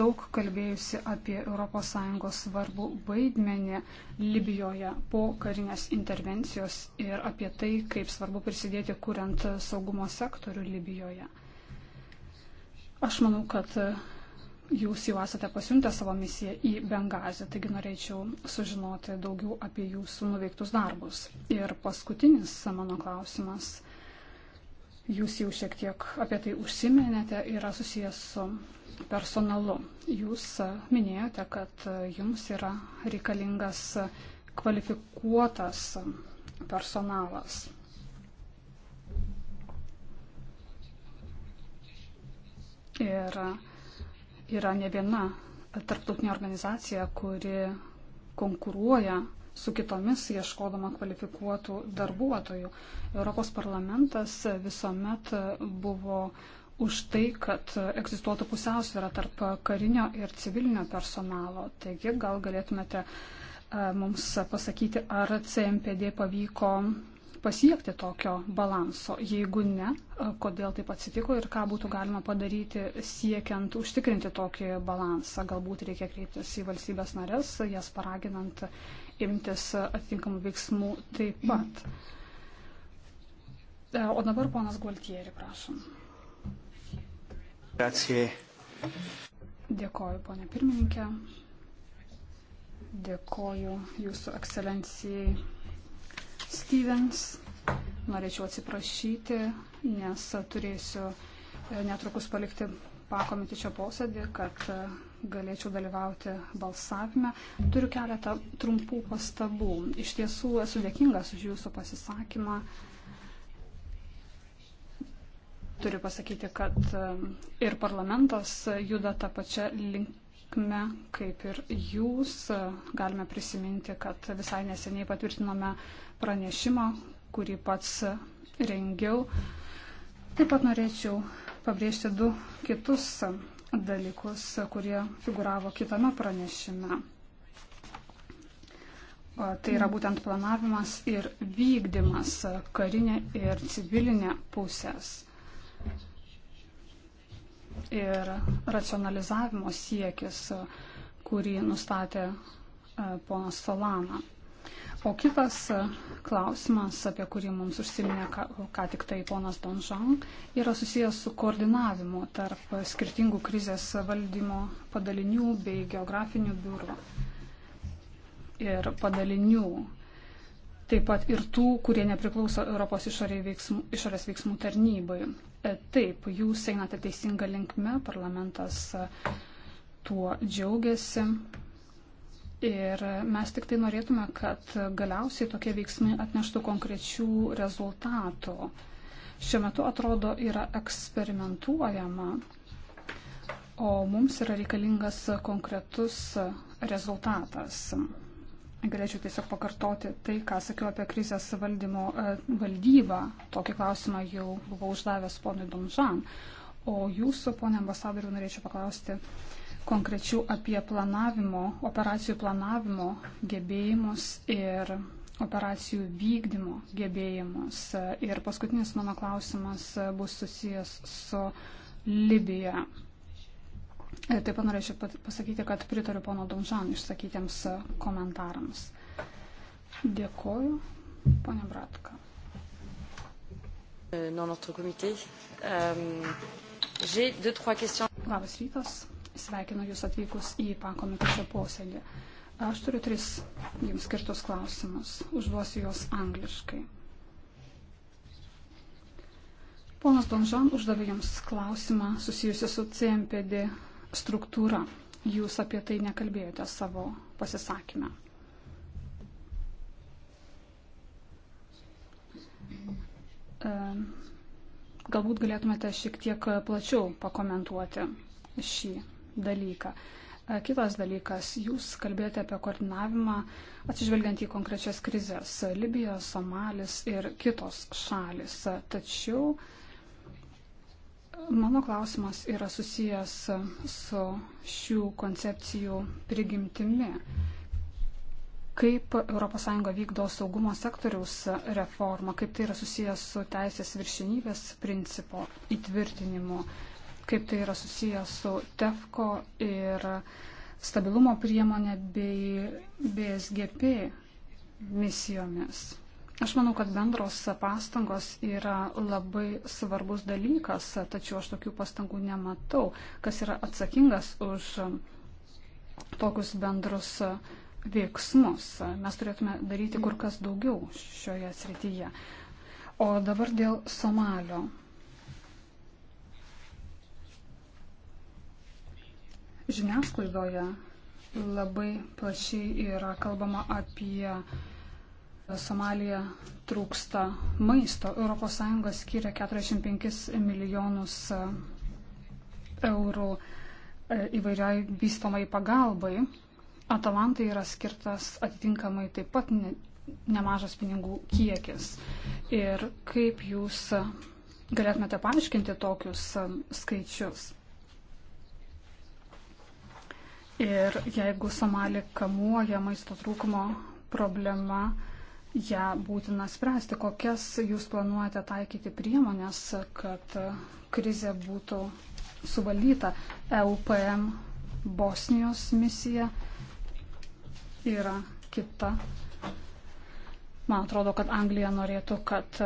daug kalbėjusi apie ES svarbų vaidmenį Libijoje po karinės intervencijos ir apie tai, kaip svarbu prisidėti kuriant saugumo sektorių Libijoje. Aš manau, kad jūs jau esate pasiuntę savo misiją į Bengazį, taigi norėčiau sužinoti daugiau apie jūsų nuveiktus darbus. Ir paskutinis mano klausimas jūs jau šiek tiek apie tai užsiminėte, yra susijęs su personalu. Jūs minėjote, kad jums yra reikalingas kvalifikuotas personalas. Ir yra ne viena tarptautinė organizacija, kuri konkuruoja su kitomis ieškodama kvalifikuotų darbuotojų. Europos parlamentas visuomet buvo už tai, kad egzistuotų pusiausvėra tarp karinio ir civilinio personalo. Taigi gal galėtumėte e, mums pasakyti, ar CMPD pavyko pasiekti tokio balanso. Jeigu ne, e, kodėl taip atsitiko ir ką būtų galima padaryti siekiant užtikrinti tokį balansą. Galbūt reikia kreiptis į valstybės narės, jas paraginant imtis atitinkamų veiksmų taip pat. E, o dabar ponas Gualtieri, prašom. Grazie. Dėkoju, ponė pirmininkė. Dėkoju jūsų ekscelencijai Stevens. Norėčiau atsiprašyti, nes turėsiu e, netrukus palikti pakomitečio posėdį, kad e, galėčiau dalyvauti balsavime. Turiu keletą trumpų pastabų. Iš tiesų esu dėkingas už jūsų pasisakymą. Turiu pasakyti, kad e, ir parlamentas juda tą pačią linkmę sėkmę, kaip ir jūs. Galime prisiminti, kad visai neseniai patvirtinome pranešimą, kurį pats rengiau. Taip pat norėčiau pabrėžti du kitus dalykus, kurie figuravo kitame pranešime. Tai yra būtent planavimas ir vykdymas karinė ir civilinė pusės ir racionalizavimo siekis, kurį nustatė e, ponas Solana. O kitas e, klausimas, apie kurį mums užsiminė ką, ką tik tai ponas Donžan, yra susijęs su koordinavimu tarp skirtingų krizės valdymo padalinių bei geografinių biurų ir padalinių. Taip pat ir tų, kurie nepriklauso Europos veiksmų, išorės veiksmų tarnybai. E, taip, jūs einate teisinga linkme, parlamentas e, tuo džiaugiasi. Ir mes tik tai norėtume, kad galiausiai tokie veiksmai atneštų konkrečių rezultatų. Šiuo metu atrodo yra eksperimentuojama, o mums yra reikalingas konkretus rezultatas. Galėčiau tiesiog pakartoti tai, ką sakiau apie krizės valdymo e, valdybą. Tokį klausimą jau buvau uždavęs ponui Donžan. O jūsų, ponė ambasadoriu, norėčiau paklausti konkrečių apie planavimo, operacijų planavimo gebėjimus ir operacijų vykdymo gebėjimus. E, ir paskutinis mano klausimas e, bus susijęs su Libija. E, taip pat norėčiau pasakyti, kad pritariu pono Donžan išsakytiems e, komentarams. Dėkoju, ponia Bratka. Euh, euh, Labas rytas, sveikinu Jūs atvykus į pakomitečio posėdį. Aš turiu tris Jums skirtus klausimus, užduosiu juos angliškai. Ponas Donžan uždavė Jums klausimą susijusiu su CMPD struktūra. Jūs apie tai nekalbėjote savo pasisakymę. Galbūt galėtumėte šiek tiek plačiau pakomentuoti šį dalyką. E, kitas dalykas, jūs kalbėjote apie koordinavimą atsižvelgiant į konkrečias krizės - Libija, Somalis ir kitos šalis. Tačiau uh, Mano klausimas yra susijęs su šių koncepcijų prigimtimi. Kaip ES vykdo saugumo sektoriaus reformą, kaip tai yra susijęs su teisės viršinybės principo įtvirtinimu, kaip tai yra susijęs su TEFCO ir stabilumo priemonė bei BSGP misijomis. Aš manau, kad bendros pastangos yra labai svarbus dalykas, tačiau aš tokių pastangų nematau, kas yra atsakingas už tokius bendrus veiksmus. Mes turėtume daryti kur kas daugiau šioje srityje. O dabar dėl Somalio. Žiniasklaidoje labai plačiai yra kalbama apie Somalija trūksta maisto. ES skiria 45 milijonus e, eurų e, įvairiai vystomai pagalbai. Atalantai yra skirtas atitinkamai taip pat ne, nemažas pinigų kiekis. Ir kaip jūs galėtumėte paaiškinti tokius e, skaičius? Ir jeigu Somalį kamuoja maisto trūkumo problema, ją ja, būtina spręsti. Kokias jūs planuojate taikyti priemonės, kad krizė būtų suvaldyta? EUPM Bosnijos misija yra kita. Man atrodo, kad Anglija norėtų, kad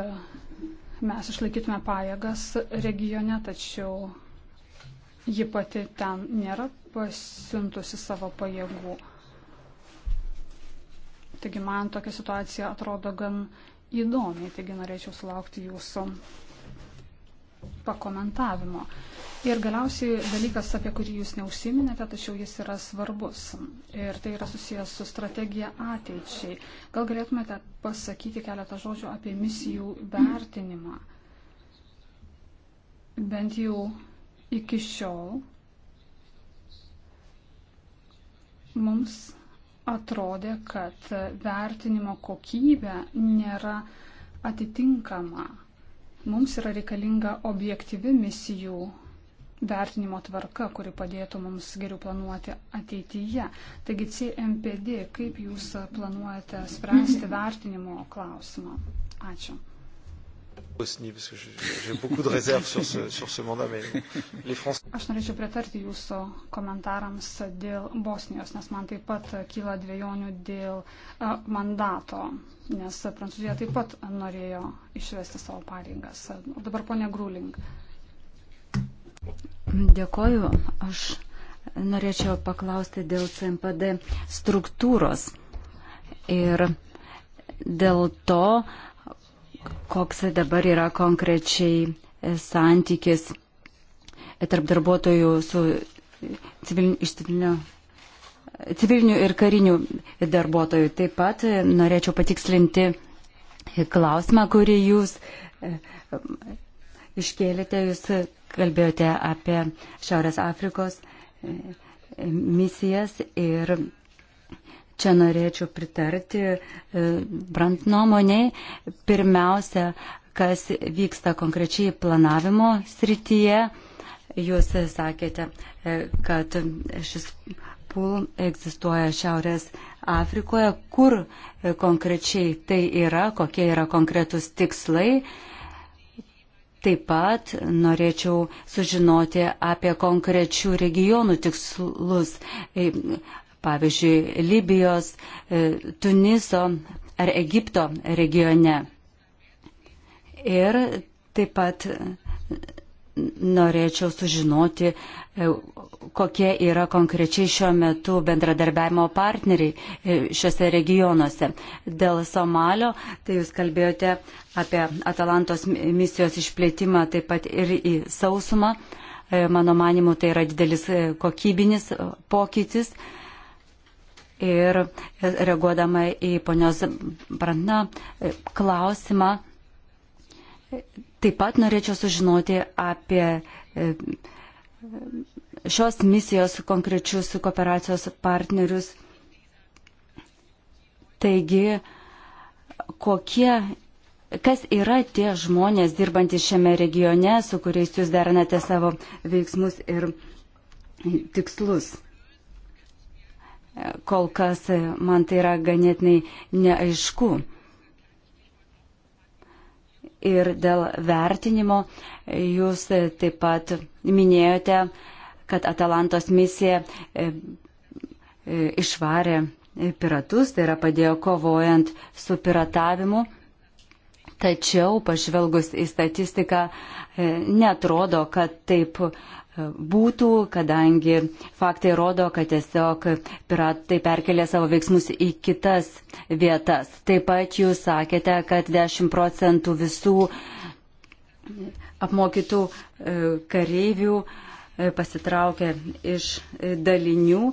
mes išlaikytume pajėgas regione, tačiau ji pati ten nėra pasiuntusi savo pajėgų. Taigi man tokia situacija atrodo gan įdomiai, taigi norėčiau sulaukti jūsų pakomentavimo. Ir galiausiai dalykas, apie kurį jūs neužsiminėte, tačiau jis yra svarbus. Ir tai yra susijęs su strategija ateičiai. Gal galėtumėte pasakyti keletą žodžių apie misijų vertinimą? Bent jau iki šiol mums atrodė, kad vertinimo kokybė nėra atitinkama. Mums yra reikalinga objektyvi misijų vertinimo tvarka, kuri padėtų mums geriau planuoti ateityje. Taigi CMPD, kaip jūs planuojate spręsti vertinimo klausimą? Ačiū. Aš norėčiau pritarti jūsų komentarams dėl Bosnijos, nes man taip pat kyla dviejonių dėl mandato, nes Prancūzija taip pat norėjo išvesti savo pareigas. O dabar ponia Grūling. Dėkoju. Aš norėčiau paklausti dėl CMPD struktūros ir dėl to, koks dabar yra konkrečiai e, santykis e, tarp darbuotojų su civiliniu, e, civiliniu ir kariniu darbuotojų. Taip pat norėčiau patikslinti klausimą, kurį jūs iškėlėte. Jūs kalbėjote apie Šiaurės Afrikos misijas ir Čia norėčiau pritarti e, Brant nuomoniai. Pirmiausia, kas vyksta konkrečiai planavimo srityje. Jūs sakėte, e, kad šis pul egzistuoja Šiaurės Afrikoje. Kur e, konkrečiai tai yra, kokie yra konkretus tikslai? Taip pat norėčiau sužinoti apie konkrečių regionų tikslus, pavyzdžiui, Libijos, e, Tuniso ar Egipto regione. Ir taip pat norėčiau sužinoti, e, kokie yra konkrečiai šiuo metu bendradarbiavimo partneriai e, šiuose regionuose. Dėl Somalio, tai jūs kalbėjote apie Atalantos misijos išplėtimą taip pat ir į sausumą. Mano manimu, tai yra didelis kokybinis pokytis ir reaguodama į ponios Brana e, klausimą, taip pat norėčiau sužinoti apie e, šios misijos konkrečius kooperacijos partnerius. Taigi, kokie, kas yra tie žmonės dirbantys šiame regione, su kuriais jūs derinate savo veiksmus ir tikslus? kol kas e, man tai yra ganėtinai neaišku. Ir dėl vertinimo jūs e, taip pat minėjote, kad Atalantos misija e, išvarė piratus, tai yra padėjo kovojant su piratavimu. Tačiau pažvelgus į statistiką, netrodo, kad taip būtų, kadangi faktai rodo, kad tiesiog piratai perkelė savo veiksmus į kitas vietas. Taip pat jūs sakėte, kad 10 procentų visų apmokytų e, kareivių e, pasitraukė iš e, dalinių.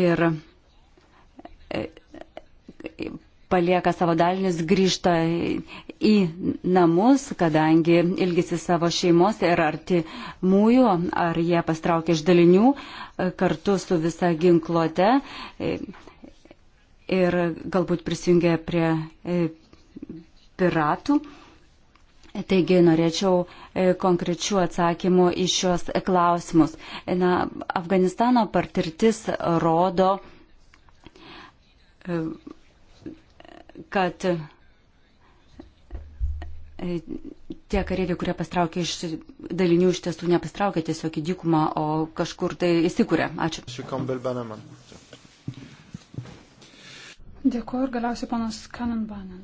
Ir palieka savo dalinius, grįžta į namus, kadangi ilgisi savo šeimos ir tai artimųjų, ar jie pastraukia iš dalinių e, kartu su visa ginkluote e, ir galbūt prisijungia prie e, piratų. Taigi norėčiau konkrečių atsakymų į šios klausimus. Na, Afganistano patirtis rodo kad e, tie kareiviai, kurie pastraukė iš dalinių, iš tiesų nepastraukė tiesiog į dykumą, o kažkur tai įsikūrė. Ačiū. Dėkuoju ir galiausiai ponas Kananbanen.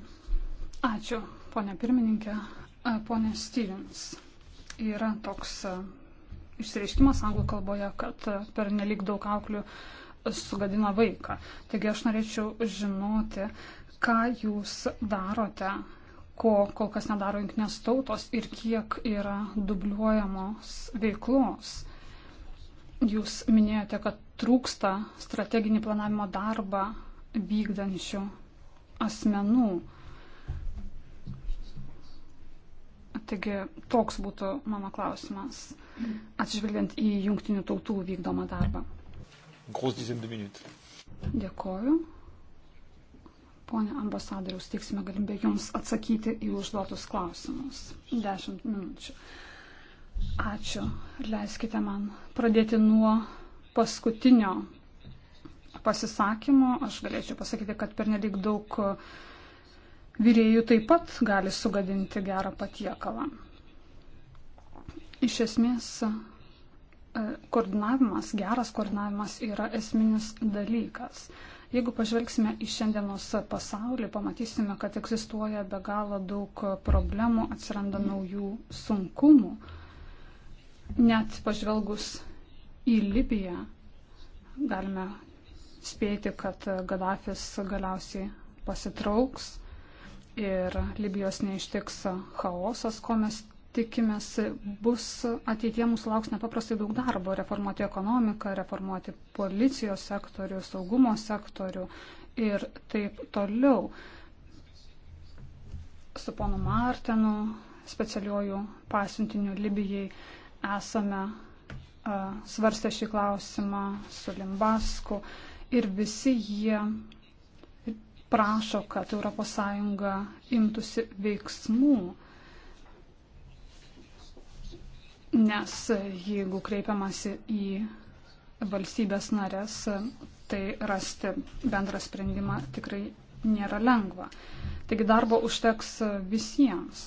Ačiū, ponė pirmininkė. E, ponė Stevens, yra toks e, išsireiškimas anglų kalboje, kad per nelik daug auklių sugadina vaiką. Taigi aš norėčiau žinoti, ką jūs darote, ko kol kas nedaro jungtinės tautos ir kiek yra dubliuojamos veiklos. Jūs minėjote, kad trūksta strateginį planavimo darbą vykdančių asmenų. Taigi toks būtų mano klausimas, atsižvelgiant į jungtinių tautų vykdomą darbą. Dėkoju. Pone ambasadoriaus, teiksime galimybę Jums atsakyti į užduotus klausimus. Dešimt minučių. Ačiū. Leiskite man pradėti nuo paskutinio pasisakymo. Aš galėčiau pasakyti, kad pernelyg daug vyrėjų taip pat gali sugadinti gerą patiekalą. Iš esmės, e, koordinavimas, geras koordinavimas yra esminis dalykas. Jeigu pažvelgsime į šiandienos pasaulį, pamatysime, kad egzistuoja be galo daug problemų, atsiranda naujų sunkumų. Net pažvelgus į Libiją, galime spėti, kad Gaddafis galiausiai pasitrauks ir Libijos neištiks chaosas, ko mes tikimės, bus ateitie mūsų lauks nepaprastai daug darbo - reformuoti ekonomiką, reformuoti policijos sektorių, saugumo sektorių ir taip toliau. Su ponu Martenu, specialiuoju pasiuntiniu Libijai, esame uh, svarstę šį klausimą su Limbasku ir visi jie prašo, kad ES imtųsi veiksmų nes jeigu kreipiamasi į valstybės narės, tai rasti bendrą sprendimą tikrai nėra lengva. Taigi darbo užteks visiems.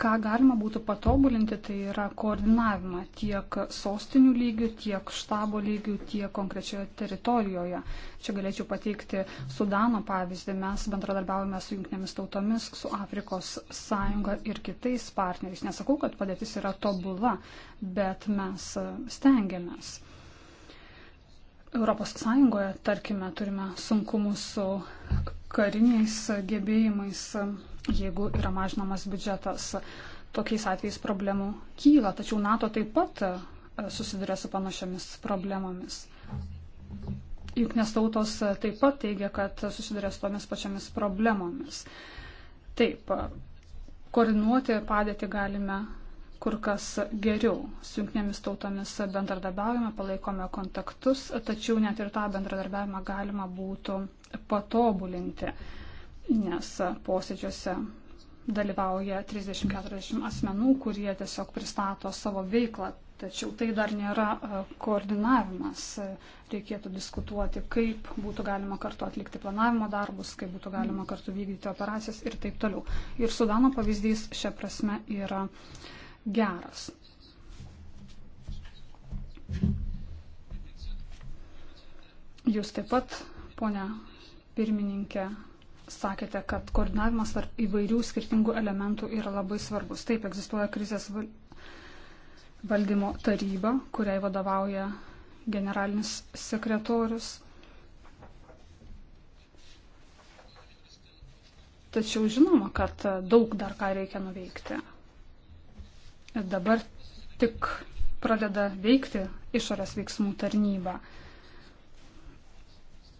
Ką galima būtų patobulinti, tai yra koordinavimą tiek sostinių lygių, tiek štabo lygių, tiek konkrečioje teritorijoje. Čia galėčiau pateikti Sudano pavyzdį. Mes bendradarbiavome su jungtinėmis tautomis, su Afrikos sąjunga ir kitais partneriais. Nesakau, kad padėtis yra tobula, bet mes stengiamės. Europos Sąjungoje, tarkime, turime sunkumų su kariniais gebėjimais jeigu yra mažinamas biudžetas. Tokiais atvejais problemų kyla, tačiau NATO taip pat e, susiduria su panašiamis problemomis. Juknės tautos e, taip pat teigia, kad susiduria su tomis pačiamis problemomis. Taip, e, koordinuoti padėtį galime kur kas geriau. Su jungtinėmis tautomis bendradarbiavime palaikome kontaktus, tačiau net ir tą bendradarbiavimą galima būtų patobulinti nes posėdžiuose dalyvauja 30-40 asmenų, kurie tiesiog pristato savo veiklą. Tačiau tai dar nėra e, koordinavimas. Reikėtų diskutuoti, kaip būtų galima kartu atlikti planavimo darbus, kaip būtų galima kartu vykdyti operacijas ir taip toliau. Ir Sudano pavyzdys šia prasme yra geras. Jūs taip pat, ponia pirmininkė, sakėte, kad koordinavimas tarp įvairių skirtingų elementų yra labai svarbus. Taip, egzistuoja krizės valdymo taryba, kuriai vadovauja generalinis sekretorius. Tačiau žinoma, kad daug dar ką reikia nuveikti. Ir dabar tik pradeda veikti išorės veiksmų tarnyba.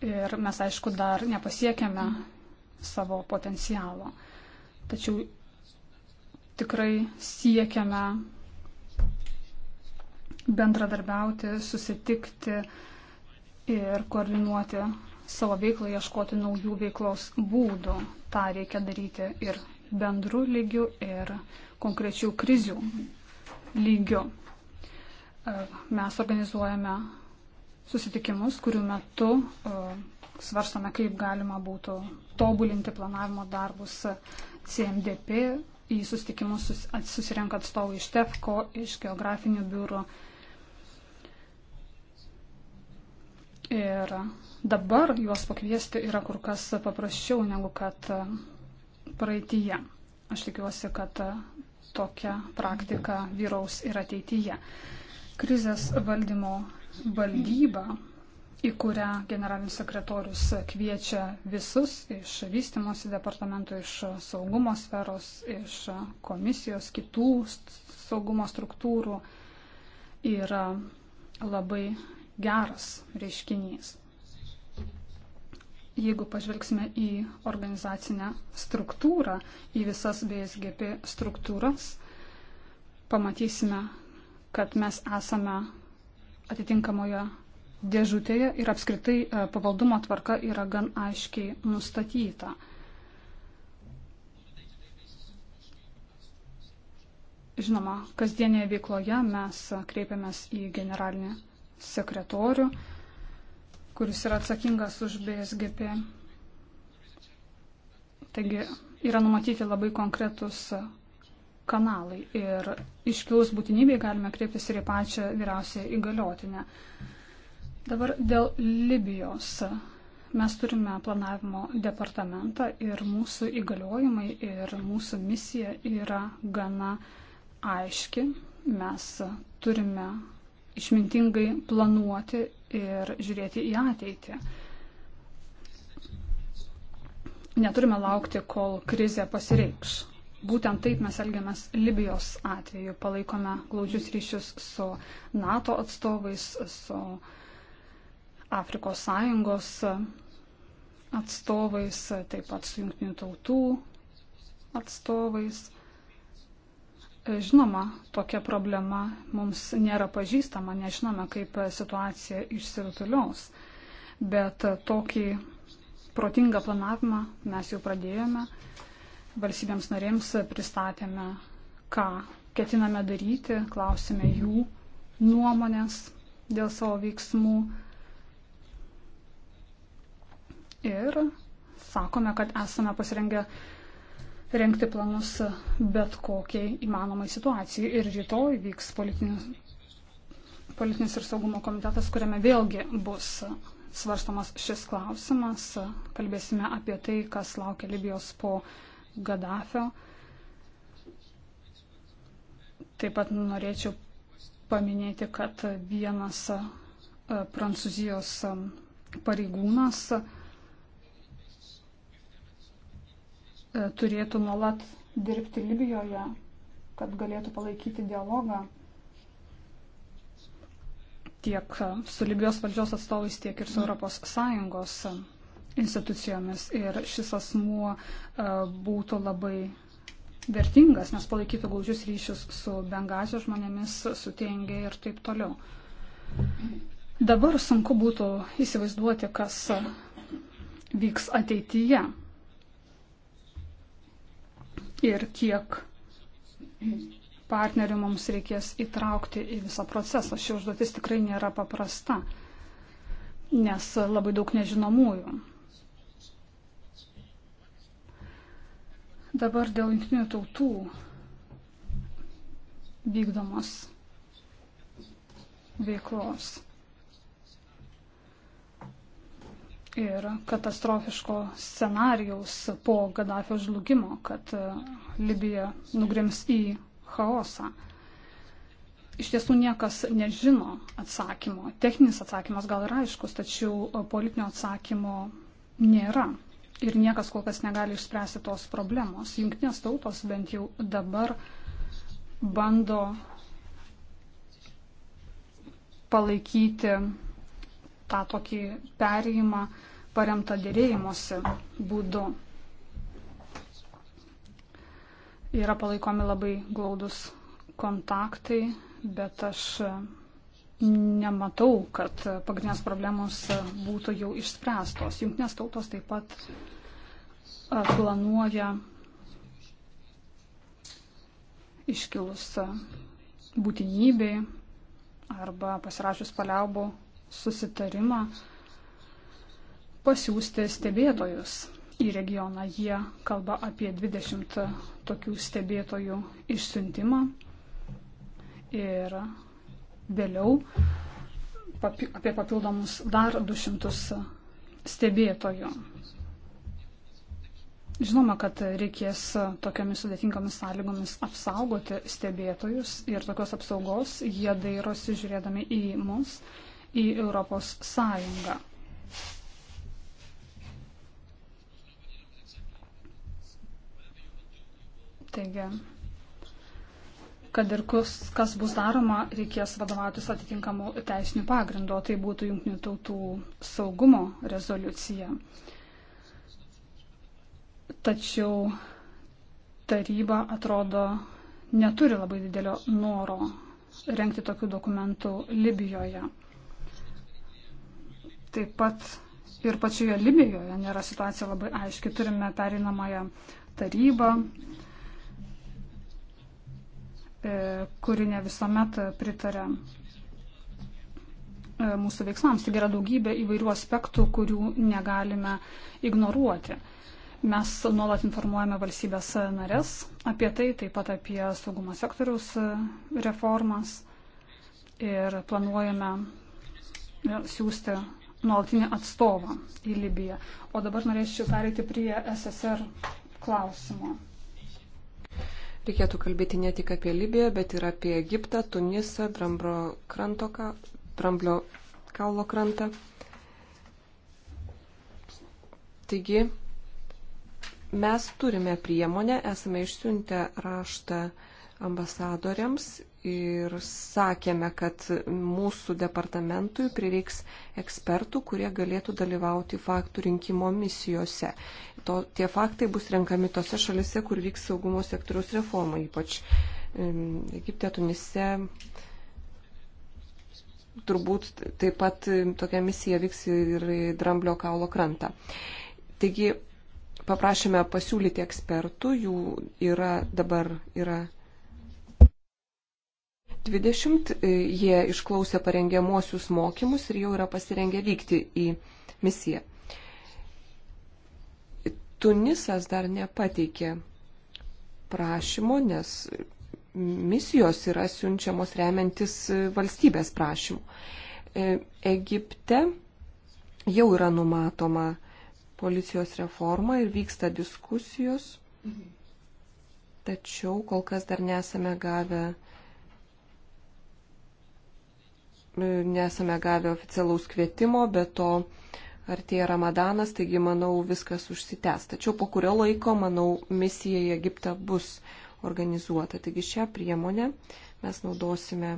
Ir mes, aišku, dar nepasiekėme savo potencialo. Tačiau tikrai siekiame bendradarbiauti, susitikti ir koordinuoti savo veiklą, ieškoti naujų veiklos būdų. Ta reikia daryti ir bendrų lygių, ir konkrečių krizių lygių. Mes organizuojame susitikimus, kurių metu svarstome, kaip galima būtų tobulinti planavimo darbus CMDP. Į susitikimus susirenka atstovai iš TEFCO, iš geografinių biurų. Ir dabar juos pakviesti yra kur kas paprasčiau negu kad e, praeitįje. Aš tikiuosi, kad e, tokia praktika vyraus ir ateityje. Krizės valdymo valdyba į kurią generalinis sekretorius kviečia visus iš vystimosi departamento, iš saugumo sferos, iš komisijos, kitų saugumo struktūrų, yra labai geras reiškinys. Jeigu pažvelgsime į organizacinę struktūrą, į visas BSGP struktūras, pamatysime, kad mes esame atitinkamoje dėžutėje ir apskritai e, pavaldumo tvarka yra gan aiškiai nustatyta. Žinoma, kasdienėje veikloje mes kreipiamės į generalinį sekretorių, kuris yra atsakingas už BSGP. Taigi yra numatyti labai konkretus kanalai ir iškilus būtinybei galime kreiptis ir į pačią vyriausią įgaliotinę. Dabar dėl Libijos. Mes turime planavimo departamentą ir mūsų įgaliojimai ir mūsų misija yra gana aiški. Mes turime išmintingai planuoti ir žiūrėti į ateitį. Neturime laukti, kol krizė pasireikš. Būtent taip mes elgiamės Libijos atveju. Palaikome glaudžius ryšius su NATO atstovais, su Afrikos Sąjungos atstovais, taip pat su jungtinių tautų atstovais. Žinoma, tokia problema mums nėra pažįstama, nežinome, kaip situacija išsirutulios, bet tokį protingą planavimą mes jau pradėjome, valstybėms narėms pristatėme, ką ketiname daryti, klausėme jų nuomonės dėl savo veiksmų ir sakome, kad esame pasirengę rengti planus bet kokiai įmanomai situacijai. Ir rytoj vyks politinis, politinis ir saugumo komitetas, kuriame vėlgi bus svarstamas šis klausimas. Kalbėsime apie tai, kas laukia Libijos po Gaddafio. Taip pat norėčiau paminėti, kad vienas e, prancūzijos e, pareigūnas E, turėtų nuolat dirbti Libijoje, kad galėtų palaikyti dialogą tiek su Libijos valdžios atstovais, tiek ir su ES institucijomis. Ir šis asmuo e, būtų labai vertingas, nes palaikytų glaudžius ryšius su Bengazio žmonėmis, su Tengė ir taip toliau. Dabar sunku būtų įsivaizduoti, kas vyks ateityje ir kiek partnerių mums reikės įtraukti į visą procesą. Ši užduotis tikrai nėra paprasta, nes labai daug nežinomųjų. Dabar dėl jungtinių tautų vykdomos veiklos. ir katastrofiško scenarijaus po Gaddafio žlugimo, kad e, Libija nugrims į chaosą. Iš tiesų niekas nežino atsakymo. Techninis atsakymas gal yra aiškus, tačiau e, politinio atsakymo nėra. Ir niekas kol kas negali išspręsti tos problemos. Junktinės tautos bent jau dabar bando palaikyti tą tokį perėjimą paremta dėrėjimuose būdu. Yra palaikomi labai glaudus kontaktai, bet aš nematau, kad pagrindinės problemos būtų jau išspręstos. Junktinės tautos taip pat planuoja iškilus būtinybei arba pasirašius paliaubų susitarimą pasiūsti stebėtojus į regioną. Jie kalba apie 20 tokių stebėtojų išsiuntimą ir vėliau apie papildomus dar 200 stebėtojų. Žinoma, kad reikės tokiamis sudėtingomis sąlygomis apsaugoti stebėtojus ir tokios apsaugos jie dairosi žiūrėdami į mus, į Europos Sąjungą. Taigi, kad ir kus, kas bus daroma, reikės vadovautis atitinkamų teisinių pagrindų, o tai būtų Junktinių tautų saugumo rezoliucija. Tačiau taryba atrodo neturi labai didelio noro renkti tokių dokumentų Libijoje. Taip pat ir pačioje Libijoje nėra situacija labai aiški. Turime pereinamąją tarybą, E, kuri ne visuomet pritarė e, mūsų veiksmams. Taigi yra daugybė įvairių aspektų, kurių negalime ignoruoti. Mes nuolat informuojame valstybės narės apie tai, taip pat apie saugumo sektoriaus reformas ir planuojame e, siūsti nuolatinį atstovą į Libiją. O dabar norėčiau pereiti prie SSR klausimo. Reikėtų kalbėti ne tik apie Libiją, bet ir apie Egiptą, Tunisą, Dramblio, kranto, Dramblio kaulo krantą. Taigi, mes turime priemonę, esame išsiuntę raštą ambasadoriams ir sakėme, kad mūsų departamentui prireiks ekspertų, kurie galėtų dalyvauti faktų rinkimo misijose to, tie faktai bus renkami tose šalise, kur vyks saugumo sektoriaus reforma, ypač Egipte, Tunise. Turbūt taip pat tokia misija vyks ir į Dramblio kaulo krantą. Taigi paprašėme pasiūlyti ekspertų, jų yra dabar yra 20, e, jie išklausė parengiamuosius mokymus ir jau yra pasirengę vykti į misiją. Tunisas dar nepateikė prašymo, nes misijos yra siunčiamos remiantis valstybės prašymu. E, Egipte jau yra numatoma policijos reforma ir vyksta diskusijos, tačiau kol kas dar nesame gavę, nesame gavę oficialaus kvietimo, bet to artėja Ramadanas, taigi manau viskas užsitęs. Tačiau po kurio laiko, manau, misija į Egiptą bus organizuota. Taigi šią priemonę mes naudosime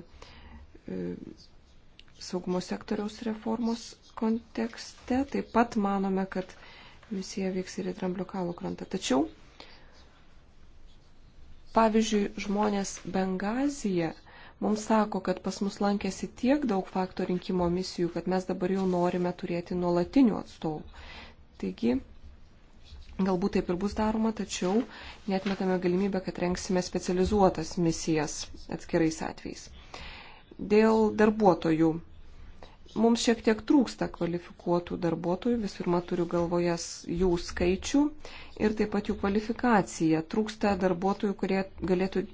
e, saugumo sektoriaus reformos kontekste. Taip pat manome, kad misija vyks ir į Dramblio kalų krantą. Tačiau, pavyzdžiui, žmonės Bengazija Mums sako, kad pas mus lankėsi tiek daug fakto rinkimo misijų, kad mes dabar jau norime turėti nuolatinių atstovų. Taigi, galbūt taip ir bus daroma, tačiau netmetame galimybę, kad renksime specializuotas misijas atskirais atvejais. Dėl darbuotojų. Mums šiek tiek trūksta kvalifikuotų darbuotojų, visų pirma turiu galvoje jų skaičių ir taip pat jų kvalifikaciją. Trūksta darbuotojų, kurie galėtų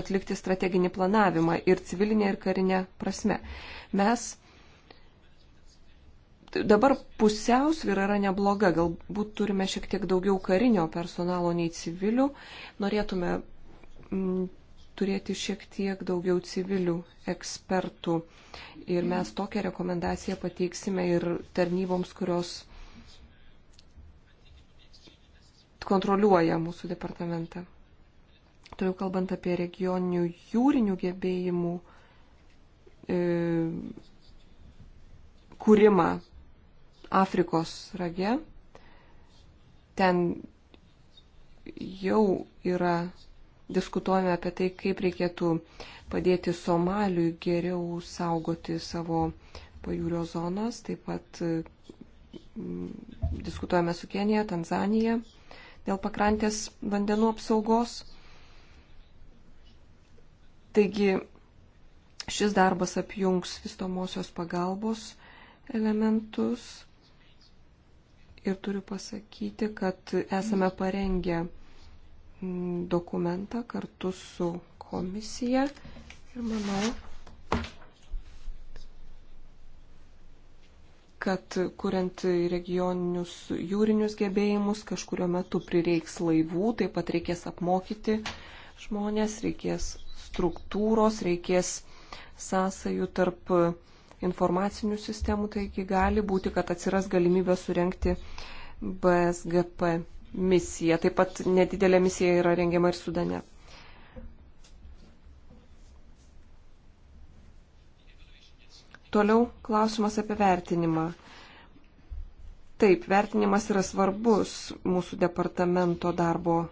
atlikti strateginį planavimą ir civilinę, ir karinę prasme. Mes dabar pusiausvyra yra nebloga, galbūt turime šiek tiek daugiau karinio personalo nei civilių, norėtume m, mm, turėti šiek tiek daugiau civilių ekspertų ir mes tokią rekomendaciją pateiksime ir tarnyboms, kurios kontroliuoja mūsų departamentą. Toliau kalbant apie regioninių jūrinių gebėjimų e, kūrimą Afrikos rage, ten jau yra diskutuojame apie tai, kaip reikėtų padėti Somaliui geriau saugoti savo pajūrio zonas. Taip pat e, diskutuojame su Kenija, Tanzanija dėl pakrantės vandenų apsaugos. Taigi šis darbas apjungs vystomosios pagalbos elementus ir turiu pasakyti, kad esame parengę mm, dokumentą kartu su komisija ir manau, kad kuriant regioninius jūrinius gebėjimus kažkurio metu prireiks laivų, taip pat reikės apmokyti žmonės, reikės struktūros, reikės sąsajų tarp informacinių sistemų, taigi gali būti, kad atsiras galimybė surenkti BSGP misiją. Taip pat nedidelė misija yra rengiama ir Sudane. Toliau klausimas apie vertinimą. Taip, vertinimas yra svarbus mūsų departamento darbo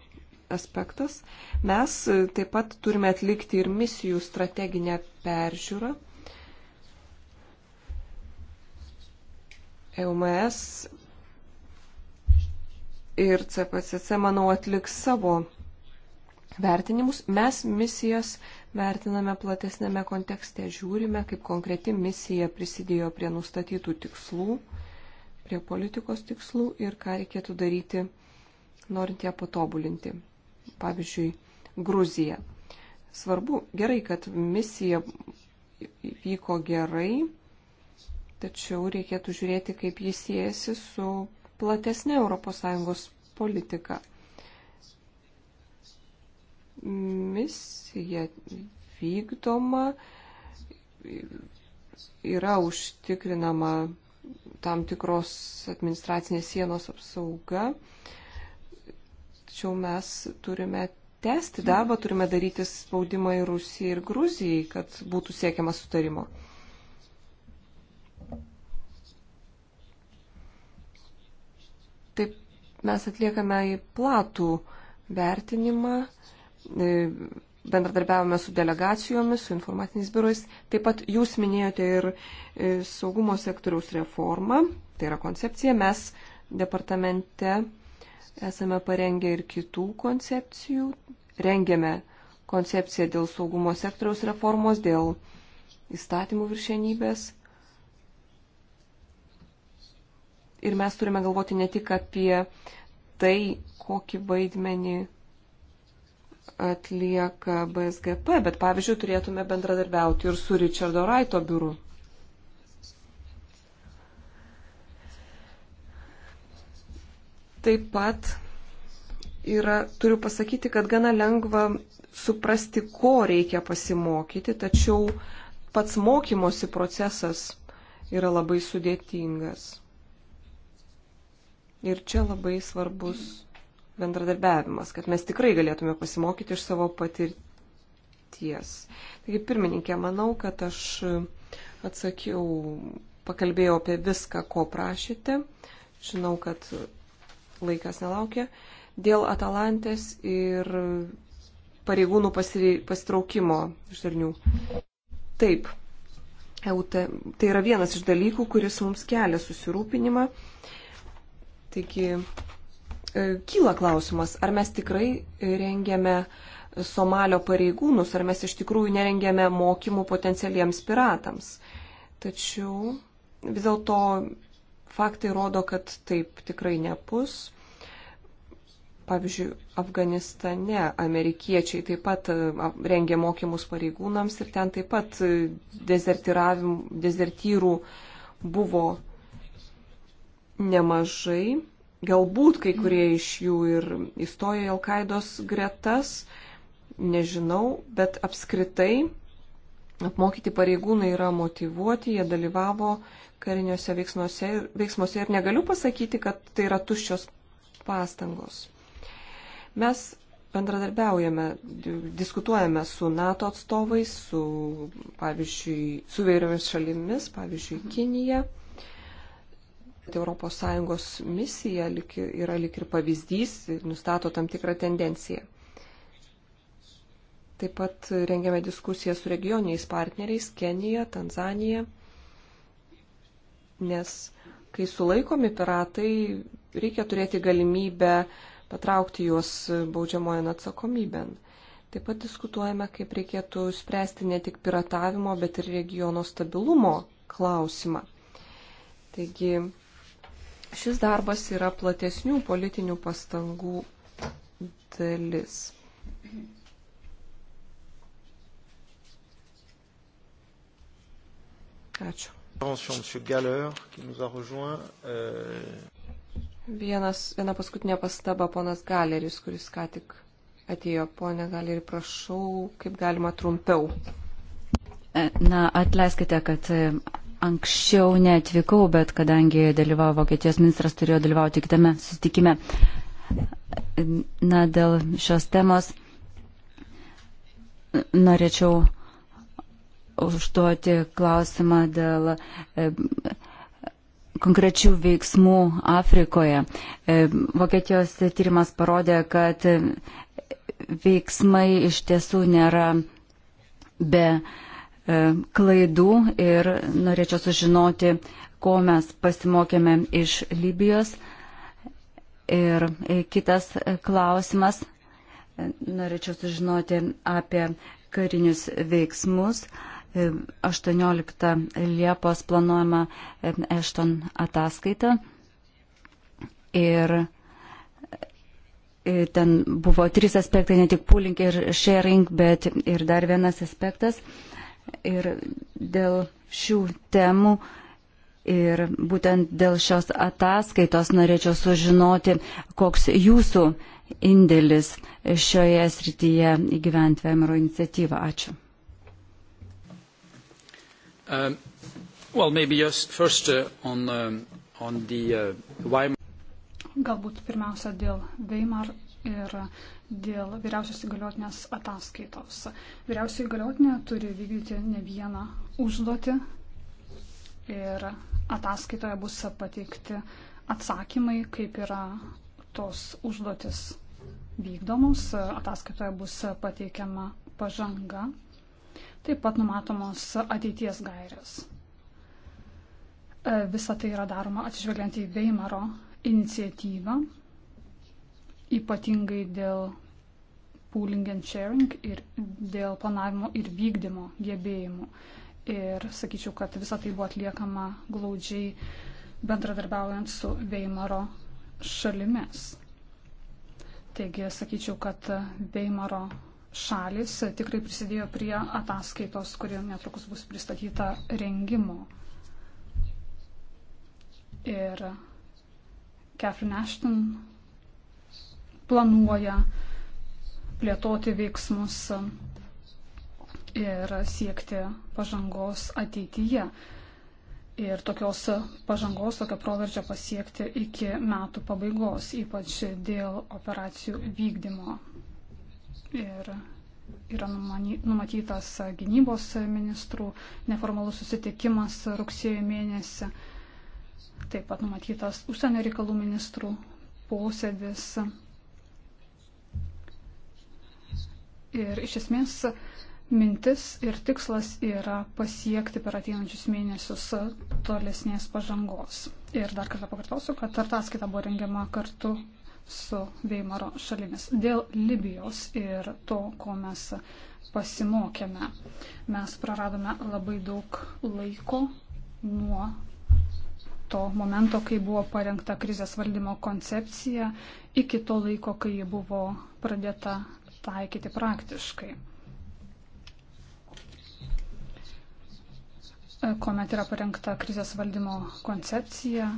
aspektas. Mes e, taip pat turime atlikti ir misijų strateginę peržiūrą. EUMS ir CPCC, manau, atliks savo vertinimus. Mes misijas vertiname platesnėme kontekste, žiūrime, kaip konkreti misija prisidėjo prie nustatytų tikslų, prie politikos tikslų ir ką reikėtų daryti, norint ją patobulinti pavyzdžiui, Gruzija. Svarbu, gerai, kad misija vyko gerai, tačiau reikėtų žiūrėti, kaip jis siejasi su platesnė ES politika. Misija vykdoma yra užtikrinama tam tikros administracinės sienos apsauga, Tačiau mes turime tęsti darbą, turime daryti spaudimą į Rusiją ir Gruzijai, kad būtų siekiama sutarimo. Taip mes atliekame į platų vertinimą e, bendradarbiavome su delegacijomis, su informatiniais biurais. Taip pat jūs minėjote ir e, saugumo sektoriaus reformą, tai yra koncepcija. Mes departamente Esame parengę ir kitų koncepcijų. Rengiame koncepciją dėl saugumo sektoriaus reformos, dėl įstatymų viršenybės. Ir mes turime galvoti ne tik apie tai, kokį vaidmenį atlieka BSGP, bet pavyzdžiui, turėtume bendradarbiauti ir su Richardo Raito biuru. Taip pat yra, turiu pasakyti, kad gana lengva suprasti, ko reikia pasimokyti, tačiau pats mokymosi procesas yra labai sudėtingas. Ir čia labai svarbus bendradarbiavimas, kad mes tikrai galėtume pasimokyti iš savo patirties. Taigi, pirmininkė, manau, kad aš atsakiau, pakalbėjau apie viską, ko prašyte. Žinau, kad laikas nelaukia. Dėl Atalantės ir pareigūnų pasitraukimo iš darnių. Taip, EUT, tai yra vienas iš dalykų, kuris mums kelia susirūpinimą. Taigi, e, kyla klausimas, ar mes tikrai rengiame Somalio pareigūnus, ar mes iš tikrųjų nerengiame mokymų potencialiems piratams. Tačiau vis dėlto Faktai rodo, kad taip tikrai nebus. Pavyzdžiui, Afganistane amerikiečiai taip pat e, rengia mokymus pareigūnams ir ten taip pat e, dezertyrų buvo nemažai. Galbūt kai kurie iš jų ir įstojo į Alkaidos gretas, nežinau, bet apskritai apmokyti pareigūnai yra motivuoti, jie dalyvavo kariniuose veiksmuose ir, veiksmuose ir negaliu pasakyti, kad tai yra tuščios pastangos. Mes bendradarbiaujame, diskutuojame su NATO atstovais, su, pavyzdžiui, su vėriomis šalimis, pavyzdžiui, mhm. Kinija. Europos Sąjungos misija yra lik ir pavyzdys, nustato tam tikrą tendenciją. Taip pat rengiame diskusiją su regioniais partneriais - Kenija, Tanzanija nes kai sulaikomi piratai, reikia turėti galimybę patraukti juos baudžiamojan atsakomybėn. Taip pat diskutuojame, kaip reikėtų spręsti ne tik piratavimo, bet ir regiono stabilumo klausimą. Taigi šis darbas yra platesnių politinių pastangų dalis. Ačiū. Euh, Vienas, viena paskutinė pastaba, ponas Galeris, kuris ką tik atėjo. Pone Galerį, prašau, kaip galima trumpiau. E, na, atleiskite, kad e, anksčiau neatvykau, bet kadangi dalyvavo Vokietijos ministras, turėjo dalyvauti kitame susitikime. E, na, dėl šios temos norėčiau užduoti klausimą dėl e, konkrečių veiksmų Afrikoje. E, Vokietijos tyrimas parodė, kad veiksmai iš tiesų nėra be e, klaidų ir norėčiau sužinoti, ko mes pasimokėme iš Libijos. Ir kitas klausimas, norėčiau sužinoti apie karinius veiksmus. Uh, 18 Liepos planuojama Ešton ataskaita. Ir e, ten buvo trys aspektai, ne tik pooling ir sharing, bet ir dar vienas aspektas. Ir dėl šių temų Ir būtent dėl šios ataskaitos norėčiau sužinoti, koks jūsų indėlis šioje srityje įgyvent Vemero iniciatyvą. Ačiū. Um, well, maybe just first uh, on, um, on the uh, Weimar. Galbūt pirmiausia dėl Weimar ir dėl vyriausios įgaliotinės ataskaitos. Vyriausioji įgaliotinė turi vykdyti ne vieną užduotį ir ataskaitoje bus pateikti atsakymai, kaip yra tos užduotis vykdomos. Ataskaitoje bus pateikiama pažanga Taip pat numatomos ateities gairės. E, visa tai yra daroma atsižvelgiant į Veimaro iniciatyvą, ypatingai dėl pooling and sharing ir dėl planavimo ir vykdymo gebėjimų. Ir sakyčiau, kad visa tai buvo atliekama glaudžiai bendradarbiaujant su Veimaro šalimis. Taigi sakyčiau, kad Veimaro šalis tikrai prisidėjo prie ataskaitos, kuri netrukus bus pristatyta rengimo. Ir Catherine Ashton planuoja plėtoti veiksmus ir siekti pažangos ateityje. Ir tokios pažangos, tokio proveržio pasiekti iki metų pabaigos, ypač dėl operacijų vykdymo ir yra numatytas gynybos ministrų neformalus susitikimas rugsėjo mėnesį, taip pat numatytas užsienio reikalų ministrų posėdis. Ir iš esmės mintis ir tikslas yra pasiekti per ateinančius mėnesius tolesnės pažangos. Ir dar kartą pakartosiu, kad ataskaita buvo rengiama kartu su Veimaro šalimis. Dėl Libijos ir to, ko mes pasimokėme, mes praradome labai daug laiko nuo to momento, kai buvo parengta krizės valdymo koncepcija, iki to laiko, kai ji buvo pradėta taikyti praktiškai. Komet yra parengta krizės valdymo koncepcija,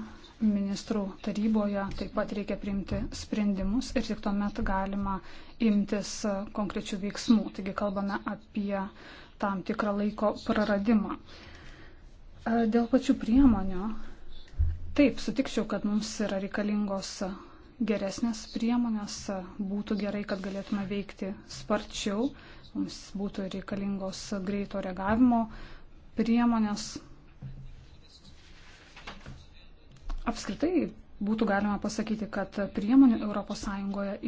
ministrų taryboje taip pat reikia priimti sprendimus ir tik tuomet galima imtis konkrečių veiksmų. Taigi kalbame apie tam tikrą laiko praradimą. E, dėl pačių priemonių, taip, sutikčiau, kad mums yra reikalingos geresnės priemonės, būtų gerai, kad galėtume veikti sparčiau, mums būtų reikalingos greito reagavimo priemonės, Apskritai būtų galima pasakyti, kad priemonių ES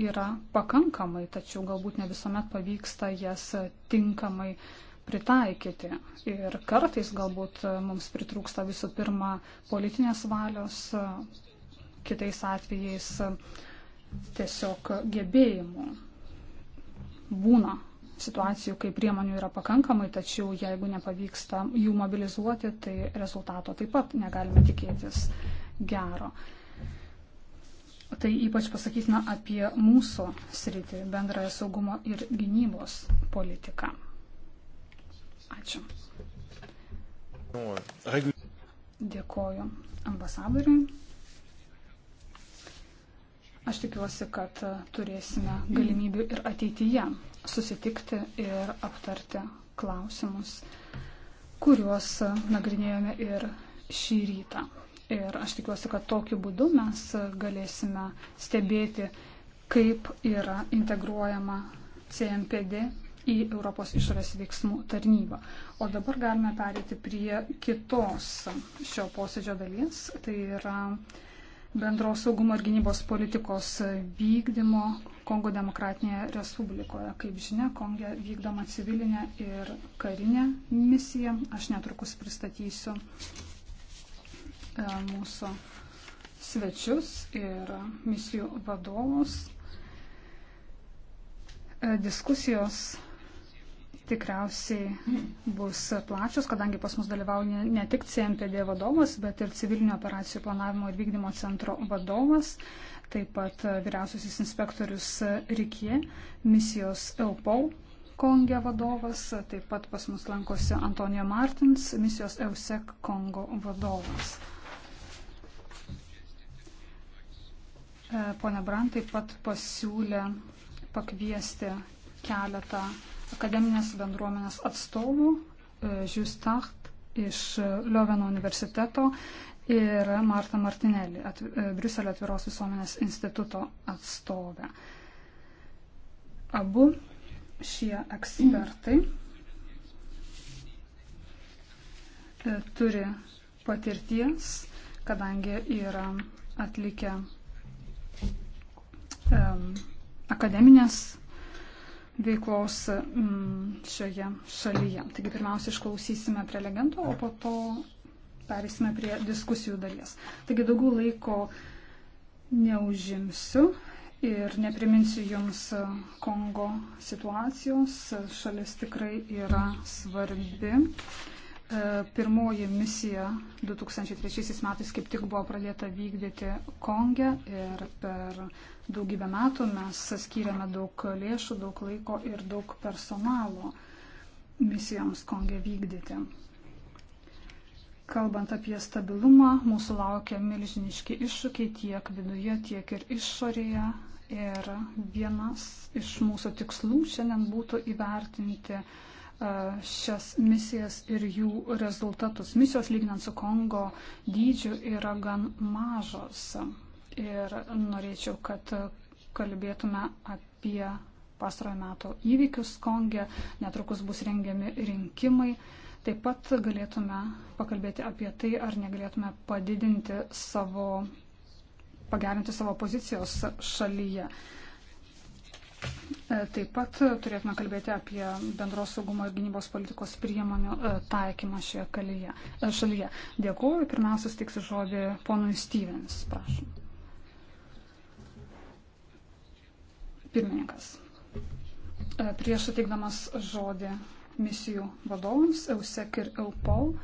yra pakankamai, tačiau galbūt ne visuomet pavyksta jas tinkamai pritaikyti. Ir kartais galbūt mums pritrūksta visų pirma politinės valios, kitais atvejais tiesiog gebėjimų. Būna situacijų, kai priemonių yra pakankamai, tačiau jeigu nepavyksta jų mobilizuoti, tai rezultato taip pat negalime tikėtis gero. Tai ypač pasakytina apie mūsų sritį, bendrąją saugumo ir gynybos politiką. Ačiū. Dėkoju ambasadoriui. Aš tikiuosi, kad turėsime galimybių ir ateityje susitikti ir aptarti klausimus, kuriuos nagrinėjome ir šį rytą. Ir aš tikiuosi, kad tokiu būdu mes galėsime stebėti, kaip yra integruojama CMPD į Europos išorės veiksmų tarnybą. O dabar galime perėti prie kitos šio posėdžio dalies, tai yra bendros saugumo ir gynybos politikos vykdymo Kongo demokratinėje respublikoje. Kaip žinia, Konge vykdoma civilinė ir karinė misija. Aš netrukus pristatysiu E, mūsų svečius ir misijų vadovus. E, diskusijos tikriausiai bus plačios, kadangi pas mus dalyvauja ne tik CMPD vadovas, bet ir civilinio operacijų planavimo ir vykdymo centro vadovas, taip pat vyriausiasis inspektorius Rikie, misijos EUPOL Konge vadovas, taip pat pas mus lankosi Antonija Martins, misijos EUSEC Kongo vadovas. E, pone Brant taip pat pasiūlė pakviesti keletą akademinės bendruomenės atstovų, Žiūstacht e, iš Lioveno universiteto ir Marta Martinelli, at, e, Briuselio atviros visuomenės instituto atstovė. Abu šie ekspertai turi patirties, kadangi yra atlikę akademinės veiklos šioje šalyje. Taigi pirmiausia išklausysime prelegento, o po to perėsime prie diskusijų dalies. Taigi daugiau laiko neužimsiu ir nepriminsiu Jums Kongo situacijos. Šalis tikrai yra svarbi. E, pirmoji misija 2003 metais kaip tik buvo pradėta vykdyti Konge ir per daugybę metų mes skiriame daug lėšų, daug laiko ir daug personalo misijoms Konge vykdyti. Kalbant apie stabilumą, mūsų laukia milžiniški iššūkiai tiek viduje, tiek ir išorėje. Ir vienas iš mūsų tikslų šiandien būtų įvertinti e, šias misijas ir jų rezultatus. Misijos lyginant su Kongo dydžiu yra gan mažos ir norėčiau, kad kalbėtume apie pastarojo meto įvykius Konge, netrukus bus rengiami rinkimai. Taip pat galėtume pakalbėti apie tai, ar negalėtume padidinti savo, pagerinti savo pozicijos šalyje. E, taip pat turėtume kalbėti apie bendros saugumo ir gynybos politikos priemonių e, taikymą šioje kalyje, e, šalyje. Dėkuoju. Pirmiausia, stiksiu žodį ponui Stevens. Prašom. Pirmininkas. E, prieš suteikdamas žodį misijų vadovams, EUSEC ir EUPOL, e,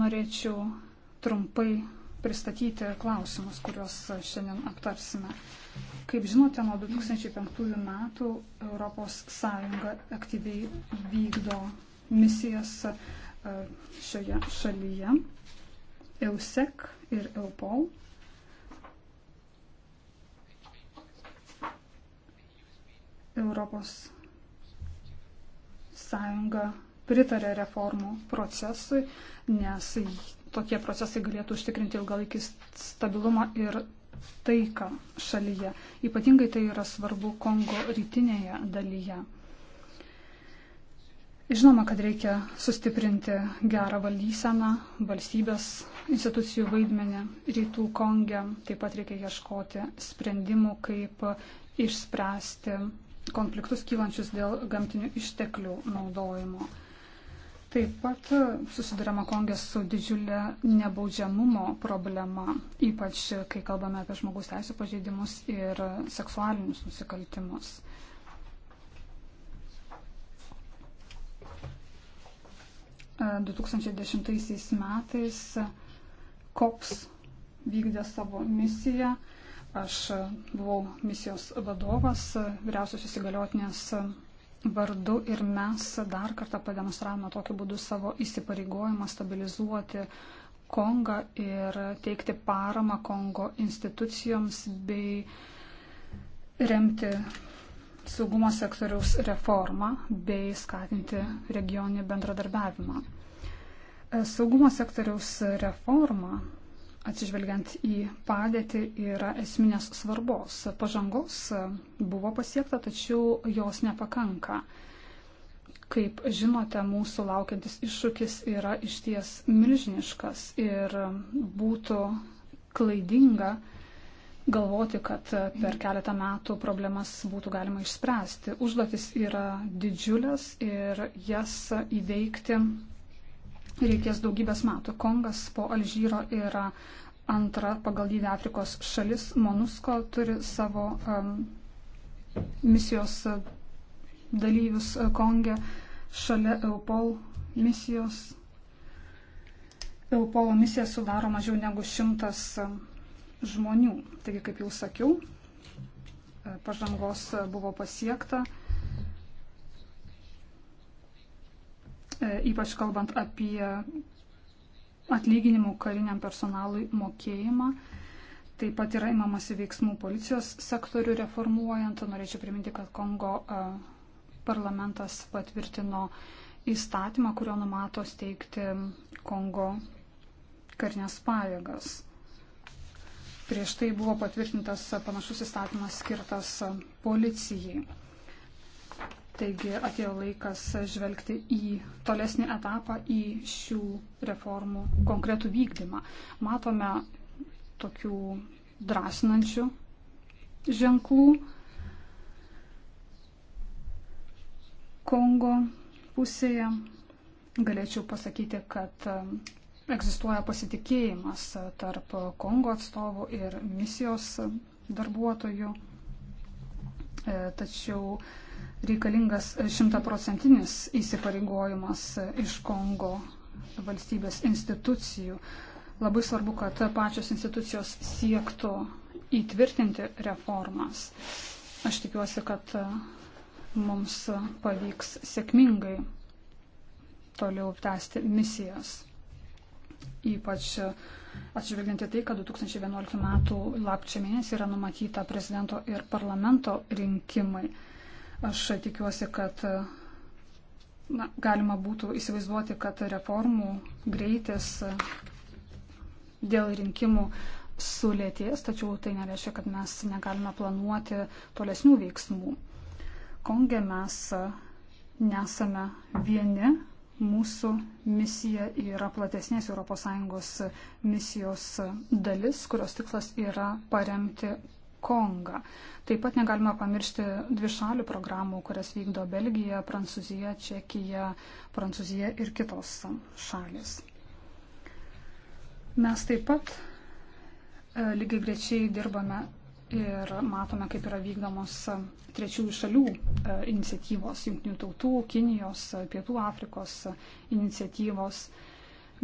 norėčiau trumpai pristatyti klausimus, kuriuos šiandien aptarsime. Kaip žinote, nuo 2005 metų ES aktyviai vykdo misijas e, šioje šalyje EUSEC ir EUPOL. Europos Sąjunga pritarė reformų procesui, nes tokie procesai galėtų užtikrinti ilgalaikį stabilumą ir taiką šalyje. Ypatingai tai yra svarbu Kongo rytinėje dalyje. Žinoma, kad reikia sustiprinti gerą valdyseną, valstybės institucijų vaidmenį rytų Konge. Taip pat reikia ieškoti sprendimų, kaip išspręsti konfliktus kylančius dėl gamtinių išteklių naudojimo. Taip pat susidurėma Kongė su didžiulė nebaudžiamumo problema, ypač kai kalbame apie žmogaus teisų pažeidimus ir seksualinius nusikaltimus. E, 2010 metais COPS vykdė savo misiją Aš buvau misijos vadovas, vyriausios įsigaliotinės vardu ir mes dar kartą pademonstravome tokiu būdu savo įsipareigojimą stabilizuoti Kongą ir teikti paramą Kongo institucijoms bei remti saugumo sektoriaus reformą bei skatinti regioninį bendradarbiavimą. Saugumo sektoriaus reforma atsižvelgiant į padėtį, yra esminės svarbos. Pažangos buvo pasiekta, tačiau jos nepakanka. Kaip žinote, mūsų laukiantis iššūkis yra išties milžiniškas ir būtų klaidinga galvoti, kad per keletą metų problemas būtų galima išspręsti. Užduotis yra didžiulės ir jas įveikti reikės daugybės metų. Kongas po Alžyro yra antra pagal dydį Afrikos šalis. Monusko turi savo um, misijos uh, dalyvius uh, Konge šalia Eupol misijos. Eupolo misija sudaro mažiau negu šimtas um, žmonių. Taigi, kaip jau sakiau, uh, pažangos buvo pasiekta. E, ypač kalbant apie atlyginimų kariniam personalui mokėjimą. Taip pat yra imamasi veiksmų policijos sektorių reformuojant. Norėčiau priminti, kad Kongo e, parlamentas patvirtino įstatymą, kurio numato steigti Kongo karinės pajėgas. Prieš tai buvo patvirtintas panašus įstatymas skirtas policijai. Taigi atėjo laikas žvelgti į tolesnį etapą, į šių reformų konkretų vykdymą. Matome tokių drąsinančių ženklų. Kongo pusėje galėčiau pasakyti, kad egzistuoja pasitikėjimas tarp Kongo atstovų ir misijos darbuotojų. Tačiau reikalingas šimtaprocentinis įsipareigojimas iš Kongo valstybės institucijų. Labai svarbu, kad pačios institucijos siektų įtvirtinti reformas. Aš tikiuosi, kad mums pavyks sėkmingai toliau tęsti misijas. Ypač atsižvelgiant į tai, kad 2011 m. lapčio mėnesį yra numatyta prezidento ir parlamento rinkimai. Aš tikiuosi, kad na, galima būtų įsivaizduoti, kad reformų greitis dėl rinkimų sulėties, tačiau tai nereiškia, kad mes negalime planuoti tolesnių veiksmų. Konge mes nesame vieni, mūsų misija yra platesnės ES misijos dalis, kurios tikslas yra paremti Kongą. Taip pat negalima pamiršti dvišalių programų, kurias vykdo Belgija, Prancūzija, Čekija, Prancūzija ir kitos šalis. Mes taip pat e, lygiai grečiai dirbame ir matome, kaip yra vykdomos trečiųjų šalių e, iniciatyvos, jungtinių tautų, Kinijos, Pietų Afrikos iniciatyvos.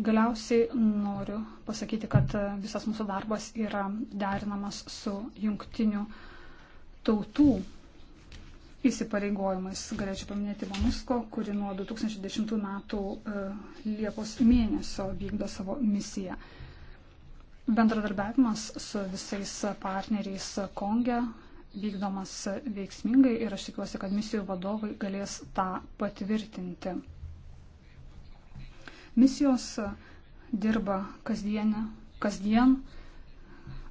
Galiausiai noriu pasakyti, kad visas mūsų darbas yra derinamas su jungtiniu tautų įsipareigojimais. Galėčiau paminėti Manusko, kuri nuo 2010 metų e, Liepos mėnesio vykdo savo misiją. Bendradarbiavimas su visais partneriais Konge vykdomas veiksmingai ir aš tikiuosi, kad misijų vadovai galės tą patvirtinti. Misijos dirba kasdienę, kasdien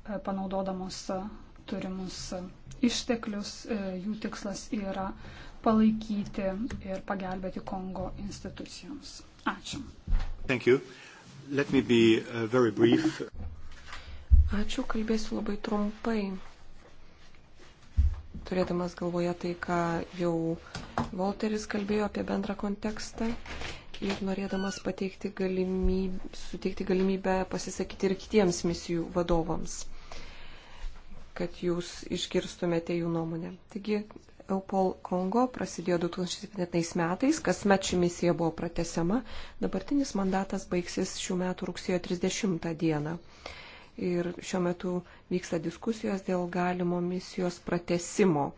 e, panaudodamos e, turimus e, išteklius. Jų tikslas yra palaikyti ir pagelbėti Kongo institucijoms. Ačiū. Uh, Ačiū, kalbėsiu labai trumpai. Turėdamas galvoje tai, ką jau Volteris kalbėjo apie bendrą kontekstą, ir norėdamas pateikti galimybę, suteikti galimybę pasisakyti ir kitiems misijų vadovams, kad jūs išgirstumėte jų nuomonę. Taigi, Eupol Kongo prasidėjo 2017 metais, kasmet ši misija buvo pratesiama, dabartinis mandatas baigsis šių metų rugsėjo 30 dieną. Ir šiuo metu vyksta diskusijos dėl galimo misijos pratesimo.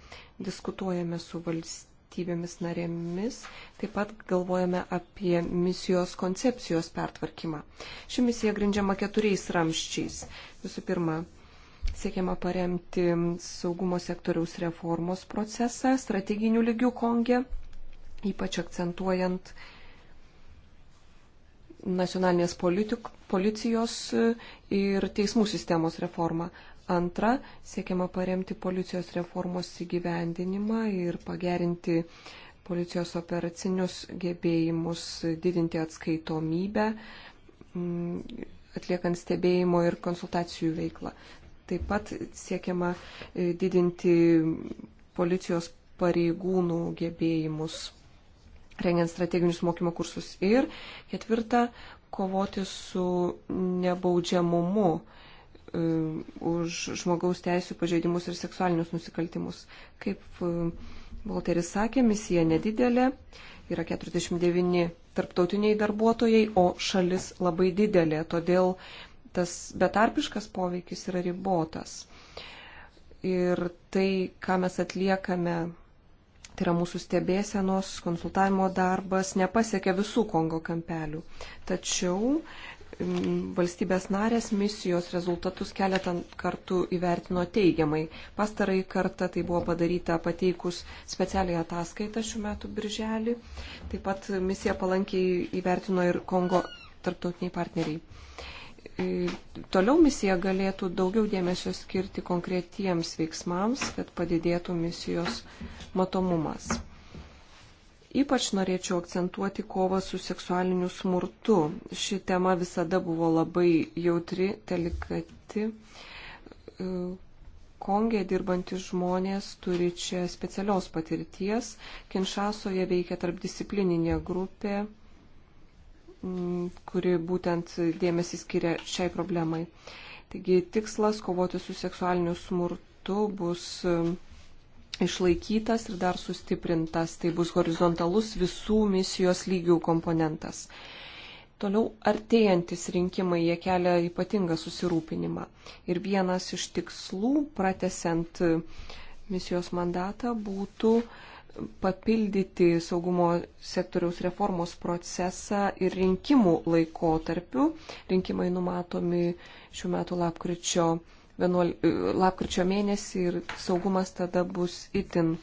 Diskutuojame su valstybėmis valstybėmis narėmis. Taip pat galvojame apie misijos koncepcijos pertvarkymą. Ši misija grindžiama keturiais ramščiais. Visų pirma, siekiama paremti saugumo sektoriaus reformos procesą strateginių lygių Kongė, ypač akcentuojant nacionalinės politik, policijos ir teismų sistemos reformą. Antra, siekiama paremti policijos reformos įgyvendinimą ir pagerinti policijos operacinius gebėjimus, didinti atskaitomybę, mm, atliekant stebėjimo ir konsultacijų veiklą. Taip pat siekiama e, didinti policijos pareigūnų gebėjimus, rengiant strateginius mokymo kursus. Ir ketvirta, kovoti su nebaudžiamumu E, už žmogaus teisų pažeidimus ir seksualinius nusikaltimus. Kaip e, Volteris sakė, misija nedidelė, yra 49 tarptautiniai darbuotojai, o šalis labai didelė, todėl tas betarpiškas poveikis yra ribotas. Ir tai, ką mes atliekame, tai yra mūsų stebėsenos, konsultavimo darbas, nepasiekia visų Kongo kampelių. Tačiau valstybės narės misijos rezultatus keletą kartų įvertino teigiamai. Pastarai kartą tai buvo padaryta pateikus specialiai ataskaitą šių metų birželį. Taip pat misiją palankiai įvertino ir Kongo tarptautiniai partneriai. E, toliau misija galėtų daugiau dėmesio skirti konkretiems veiksmams, kad padidėtų misijos matomumas. Ypač norėčiau akcentuoti kovą su seksualiniu smurtu. Ši tema visada buvo labai jautri, delikati. E, Kongė dirbantis žmonės turi čia specialios patirties. Kinšasoje veikia tarpdisciplininė grupė, kuri būtent dėmesį skiria šiai problemai. Taigi tikslas kovoti su seksualiniu smurtu bus išlaikytas ir dar sustiprintas. Tai bus horizontalus visų misijos lygių komponentas. Toliau artėjantis rinkimai jie kelia ypatingą susirūpinimą. Ir vienas iš tikslų, pratesiant misijos mandatą, būtų papildyti saugumo sektoriaus reformos procesą ir rinkimų laikotarpiu. Rinkimai numatomi šiuo metu lapkričio 11, e, lapkričio mėnesį ir saugumas tada bus itin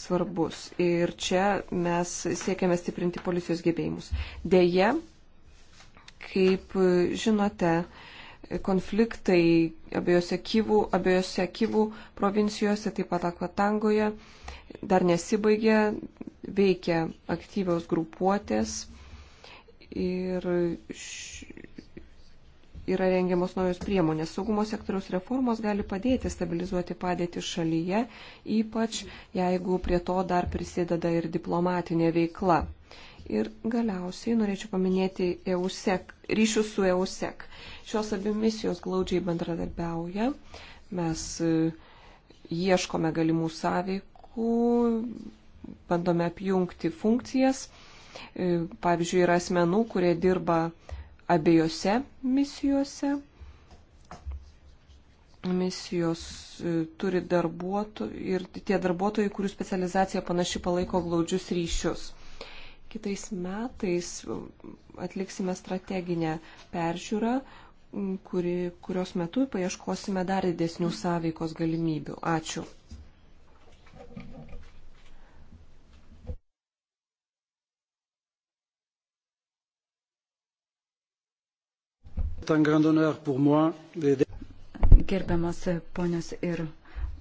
svarbus. Ir čia mes siekiame stiprinti policijos gebėjimus. Deja, kaip e, žinote, konfliktai abiejose Kyvų, abiejose Kyvų provincijose, taip pat Akvatangoje, dar nesibaigė, veikia aktyvios grupuotės. Ir š yra rengiamos naujos priemonės. Saugumo sektoriaus reformos gali padėti stabilizuoti padėtį šalyje, ypač jeigu prie to dar prisideda ir diplomatinė veikla. Ir galiausiai norėčiau paminėti EUSEC, ryšius su EUSEC. Šios abi misijos glaudžiai bendradarbiauja. Mes e, ieškome galimų sąveikų, bandome apjungti funkcijas. E, pavyzdžiui, yra asmenų, kurie dirba abiejose misijose. Misijos e, turi darbuotojų ir tie darbuotojai, kurių specializacija panaši palaiko glaudžius ryšius. Kitais metais e, atliksime strateginę peržiūrą, kuri, kurios metu paieškosime dar didesnių sąveikos galimybių. Ačiū. Gerbiamas ponios ir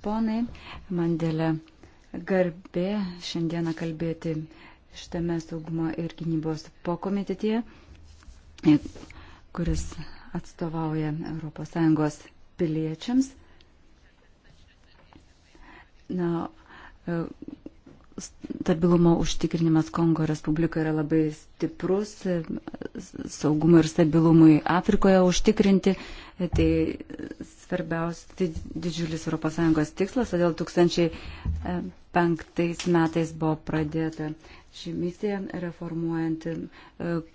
ponai, man dėlė garbė šiandieną kalbėti šitame saugumo ir gynybos pokomitetie, kuris atstovauja ES piliečiams. Na, stabilumo užtikrinimas Kongo Respublika yra labai stiprus, saugumui ir stabilumui Afrikoje užtikrinti. Tai svarbiausias tai didžiulis ES tikslas, todėl 2005 metais buvo pradėta ši misija reformuojant e,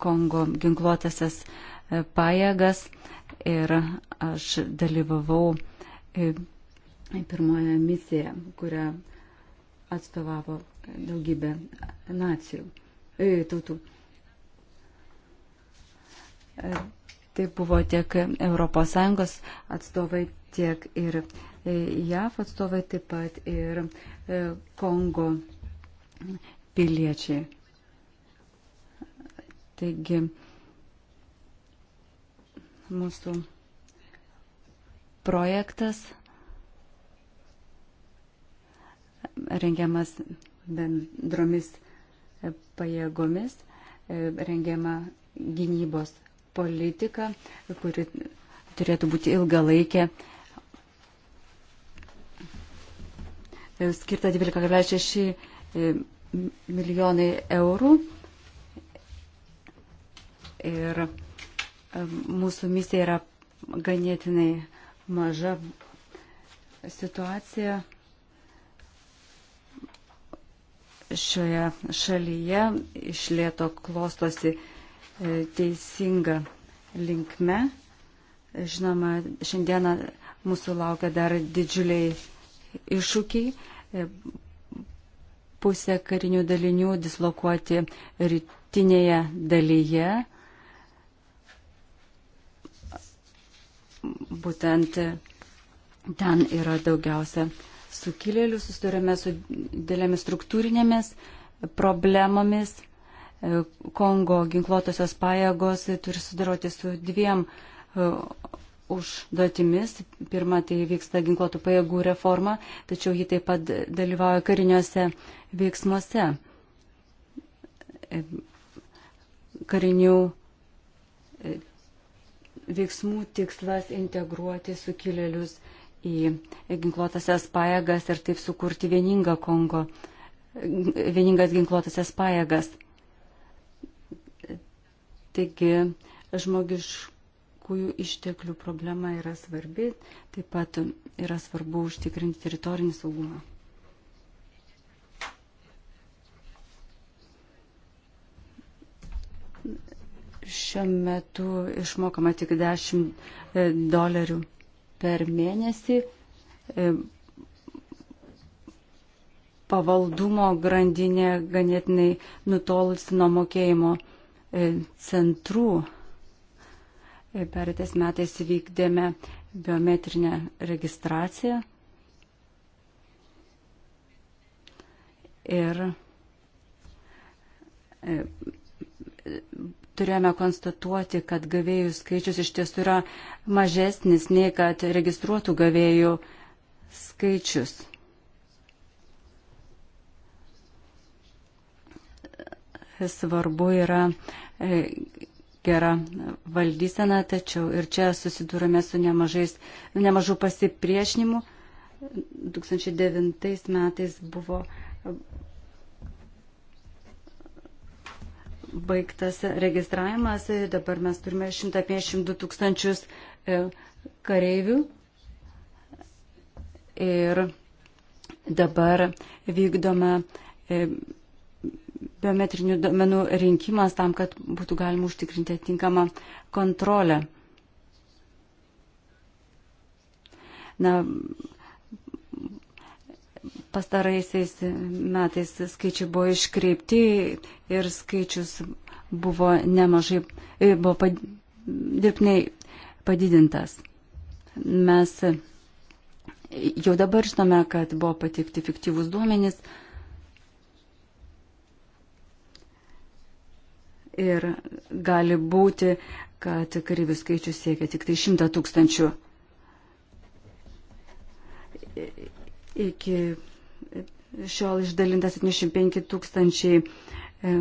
Kongo ginkluotasias e, pajėgas ir aš dalyvavau e, pirmoje misijoje, kurią atstovavo daugybę nacijų, e, tautų. E, tai buvo tiek ES atstovai, tiek ir e, JAF atstovai, taip pat ir Kongo piliečiai. Taigi mūsų projektas rengiamas bendromis e, pajėgomis e, rengiama gynybos politika, kuri turėtų būti ilgalaikė, e, skirta 12,6 milijonai eurų. Ir mūsų misija yra ganėtinai maža situacija šioje šalyje išlėto klostosi e, teisinga linkme. Žinoma, šiandieną mūsų laukia dar didžiuliai iššūkiai. E, pusė karinių dalinių dislokuoti rytinėje dalyje. Būtent ten yra daugiausia sukilėlių, susidurėme su dėlėmis struktūrinėmis problemomis. Kongo ginkluotosios pajėgos turi sudaroti su dviem e, užduotimis. Pirma, tai vyksta ginkluotų pajėgų reforma, tačiau ji taip pat dalyvauja kariniuose veiksmuose. E, karinių e, veiksmų tikslas integruoti sukilėlius į ginkluotasias pajėgas ir taip sukurti vieningą Kongo, vieningas ginkluotasias pajėgas. Taigi žmogiškųjų išteklių problema yra svarbi, taip pat yra svarbu užtikrinti teritorinį saugumą. Šiuo metu išmokama tik 10 dolerių per mėnesį e, pavaldumo grandinė ganėtinai nutolusi nuo mokėjimo e, centrų. E, pereitais metais vykdėme biometrinę registraciją ir turėjome konstatuoti, kad gavėjų skaičius iš tiesų yra mažesnis nei kad registruotų gavėjų skaičius. Svarbu yra e, gera valdysena, tačiau ir čia susidūrėme su nemažais, nemažų pasipriešinimų. 2009 metais buvo baigtas registravimas, dabar mes turime 152 tūkstančius e, kareivių ir dabar vykdome e, biometrinių domenų rinkimas tam, kad būtų galima užtikrinti atinkamą kontrolę. Na, pastaraisiais metais skaičiai buvo iškreipti ir skaičius buvo nemažai, e, buvo pad, dirbtiniai padidintas. Mes jau dabar žinome, kad buvo patikti fiktyvus duomenys. Ir gali būti, kad karyvių skaičius siekia tik tai 100 tūkstančių iki šiol išdalinta 75 tūkstančiai e,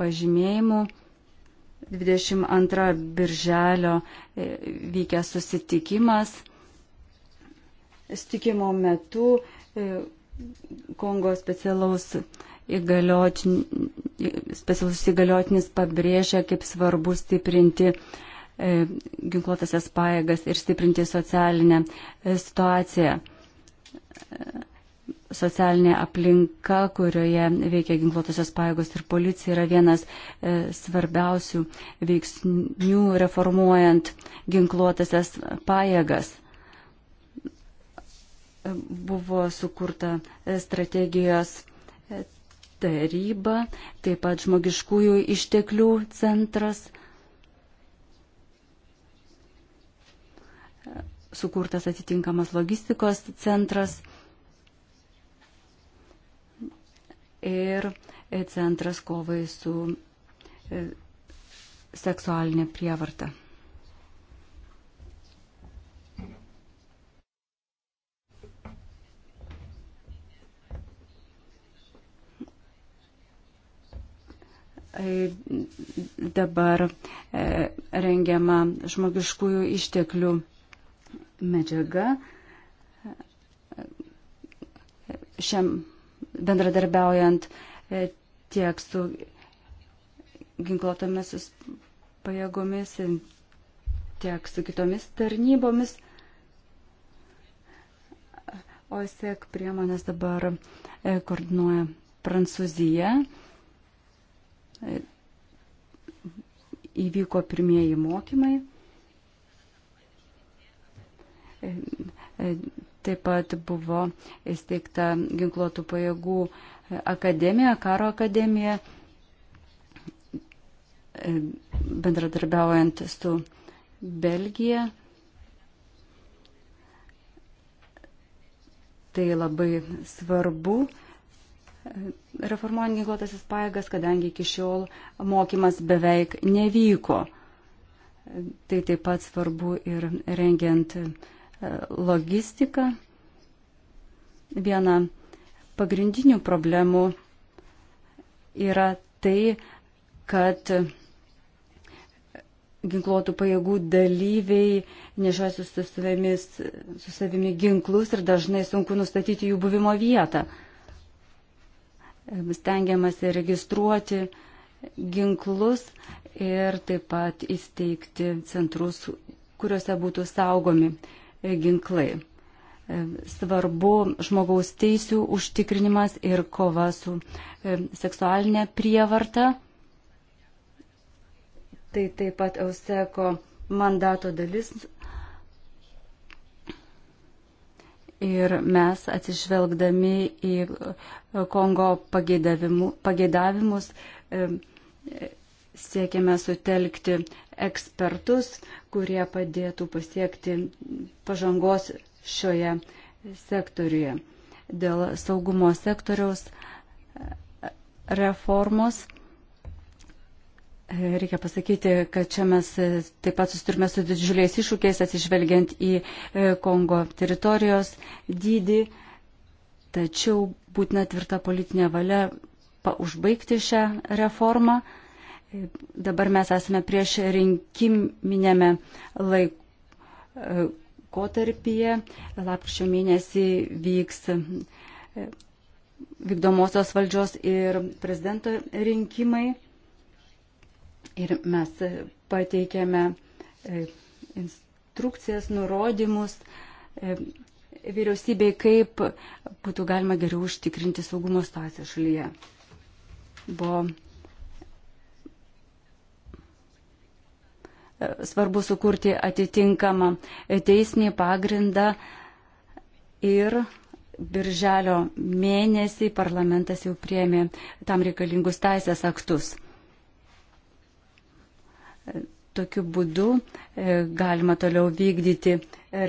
pažymėjimų. 22 birželio e, vykęs susitikimas. Stikimo metu e, Kongo specialaus specialus įgaliotinis pabrėžia, kaip svarbu stiprinti ginkluotasias pajėgas ir stiprinti socialinę situaciją socialinė aplinka, kurioje veikia ginkluotosios paėgos ir policija, yra vienas e, svarbiausių veiksnių reformuojant ginkluotasias paėgas. Buvo sukurta e, strategijos e, taryba, taip pat žmogiškųjų išteklių centras. E, sukurtas atitinkamas logistikos centras ir e, centras kovai su e, seksualinė prievarta. E, dabar rengiama žmogiškųjų išteklių medžiaga. Šiam bendradarbiaujant e, tiek su ginkluotomis pajėgomis, tiek su kitomis tarnybomis. OSEC priemonės dabar e, koordinuoja Prancūzija. E, įvyko pirmieji mokymai Taip pat buvo įsteigta ginkluotų pajėgų akademija, karo akademija, bendradarbiaujant su Belgija. Tai labai svarbu e, reformuojant ginkluotasis paėgas, kadangi iki šiol mokymas beveik nevyko. E, tai taip pat svarbu ir rengiant logistika. Viena pagrindinių problemų yra tai, kad ginkluotų pajėgų dalyviai nešiuosi su, savimis, su savimi ginklus ir dažnai sunku nustatyti jų buvimo vietą. Stengiamasi registruoti ginklus ir taip pat įsteigti centrus, kuriuose būtų saugomi ginklai. E, svarbu žmogaus teisų užtikrinimas ir kova su e, seksualinė prievarta. Tai taip pat Auseko mandato dalis. Ir mes atsižvelgdami į Kongo pageidavimus e, siekiame sutelkti ekspertus, kurie padėtų pasiekti pažangos šioje sektoriuje. Dėl saugumo sektoriaus e, reformos e, Reikia pasakyti, kad čia mes e, taip pat susiturime su didžiuliais iššūkiais, atsižvelgiant į Kongo teritorijos dydį, tačiau būtina tvirta politinė valia užbaigti šią reformą. Dabar mes esame prieš rinkiminėme laikotarpyje. Lapkričio mėnesį vyks e, vykdomosios valdžios ir prezidento rinkimai. Ir mes pateikėme e, instrukcijas, nurodymus e, vyriausybei, kaip būtų galima geriau užtikrinti saugumo situaciją šalyje. Buvo svarbu sukurti atitinkamą teisinį pagrindą ir birželio mėnesį parlamentas jau priemė tam reikalingus teisės aktus. Tokiu būdu e, galima toliau vykdyti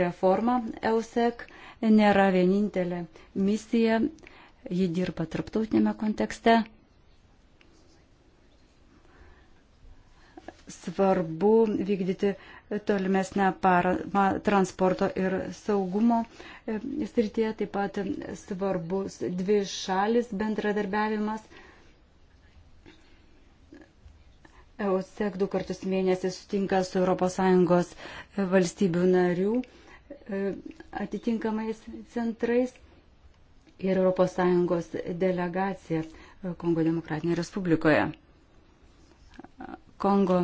reformą EUSEC. Nėra vienintelė misija, ji dirba tarptautinėme kontekste. svarbu vykdyti tolimesnę paramą transporto ir saugumo e, srityje, taip pat svarbus dvi šalis bendradarbiavimas. EUSEC du kartus mėnesį sutinka su ES valstybių narių e, atitinkamais centrais ir ES delegacija Kongo Demokratinėje Respublikoje. Kongo.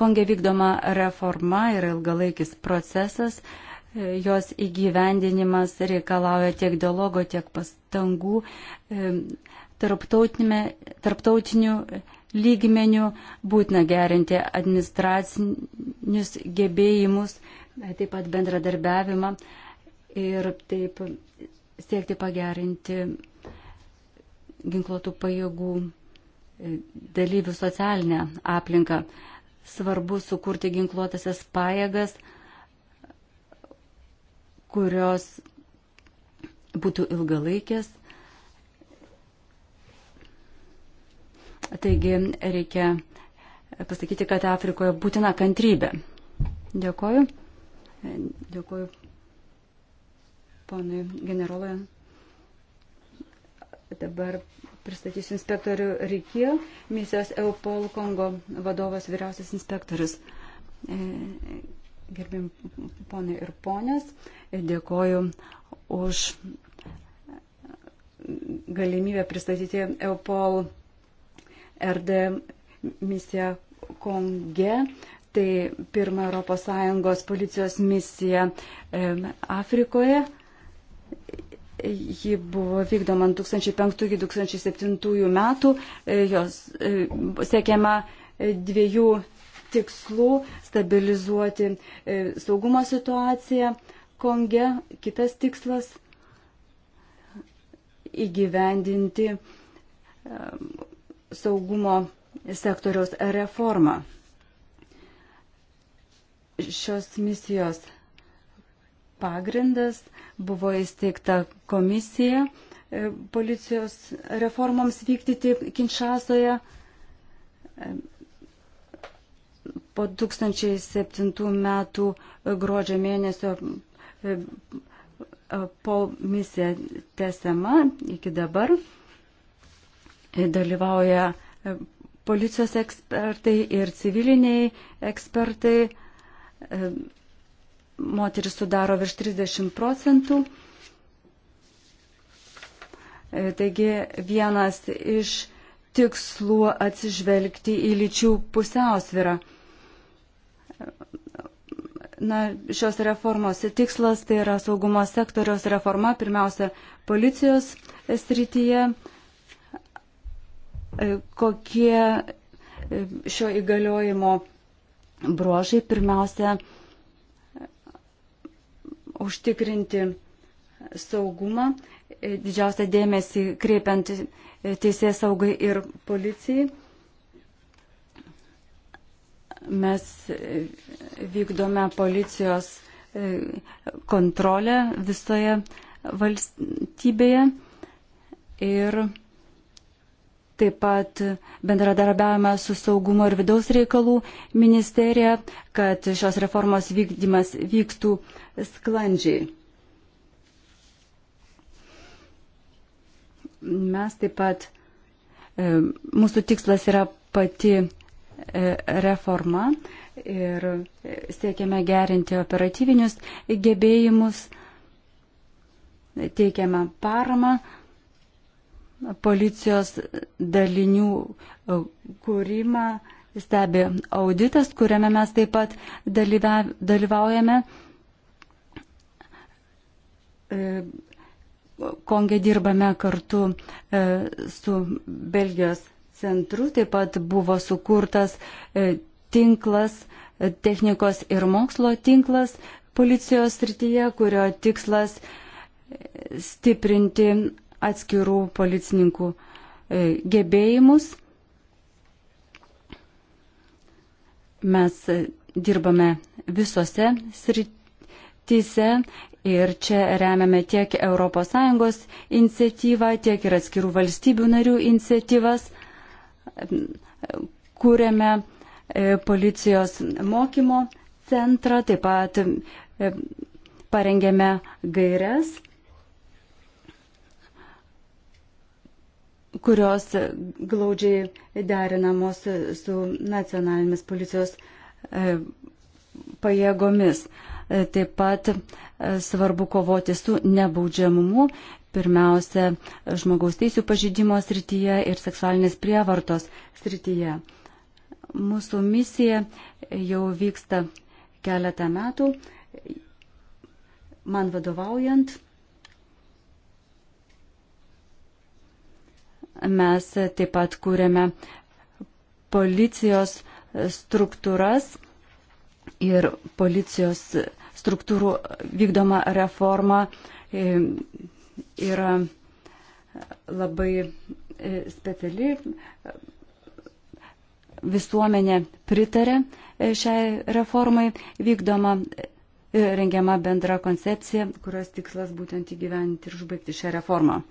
Konge vykdoma reforma yra ilgalaikis procesas, e, jos įgyvendinimas reikalauja tiek dialogo, tiek pastangų e, tarptautinių lygmenių, būtina gerinti administracinius gebėjimus, e, taip pat bendradarbiavimą ir taip siekti pagerinti ginkluotų pajėgų dalyvių socialinę aplinką. Svarbu sukurti ginkluotasias pajėgas, kurios būtų ilgalaikės. Taigi reikia pasakyti, kad Afrikoje būtina kantrybė. Dėkoju. Dėkoju ponui generolui Dabar pristatysiu inspektorių Rikį, misijos EUPOL Kongo vadovas vyriausias inspektorius. E, Gerbim ponai ir ponės, e, dėkoju už galimybę pristatyti EUPOL RD misiją Konge. Tai pirma ES policijos misija e, Afrikoje Ji buvo vykdoma 2005-2007 metų, e, jos e, siekiama e, dviejų tikslų - stabilizuoti saugumo situaciją Konge, kitas tikslas - įgyvendinti saugumo sektoriaus reformą. Šios misijos pagrindas buvo įsteigta komisija e, policijos reformoms vykdyti Kinšasoje. Po 2007 metų gruodžio mėnesio e, e, po misija tęsiama iki dabar. Dalyvauja policijos ekspertai ir civiliniai ekspertai moteris sudaro virš 30 procentų. E, taigi vienas iš tikslų atsižvelgti į lyčių pusiausvirą. Na, šios reformos tikslas tai yra saugumo sektoriaus reforma, pirmiausia, policijos srityje, e, kokie e, šio įgaliojimo bruožai pirmiausia užtikrinti saugumą, e, didžiausią dėmesį kreipiant e, teisė saugai ir policijai. Mes e, vykdome policijos kontrolę visoje valstybėje ir taip pat bendradarbiavame su saugumo ir vidaus reikalų ministerija, kad šios reformos vykdymas vyktų sklandžiai. Mes taip pat, e, mūsų tikslas yra pati e, reforma ir e, siekiame gerinti operatyvinius gebėjimus, teikiame paramą policijos dalinių e, kūrimą stebi auditas, kuriame mes taip pat dalyvaujame. E, Kongė dirbame kartu e, su Belgijos centru, taip pat buvo sukurtas tinklas, technikos ir mokslo tinklas policijos srityje, kurio tikslas stiprinti atskirų policininkų e, gebėjimus. Mes e, dirbame visose srityse ir čia remiame tiek ES iniciatyvą, tiek ir atskirų valstybių narių iniciatyvas. Kūrėme e, policijos mokymo centrą, taip pat parengėme gairias kurios glaudžiai derinamos su nacionalinėmis policijos e, pajėgomis. E, taip pat e, svarbu kovoti su nebaudžiamumu, pirmiausia, žmogaus teisų pažydimo srityje ir seksualinės prievartos srityje. Mūsų misija jau vyksta keletą metų, man vadovaujant Mes taip pat kūrėme policijos struktūras ir policijos struktūrų vykdoma reforma e, yra labai e, speciali. Visuomenė pritarė e, šiai reformai vykdoma rengiama bendra koncepcija, kurios tikslas būtent įgyventi ir užbaigti šią reformą.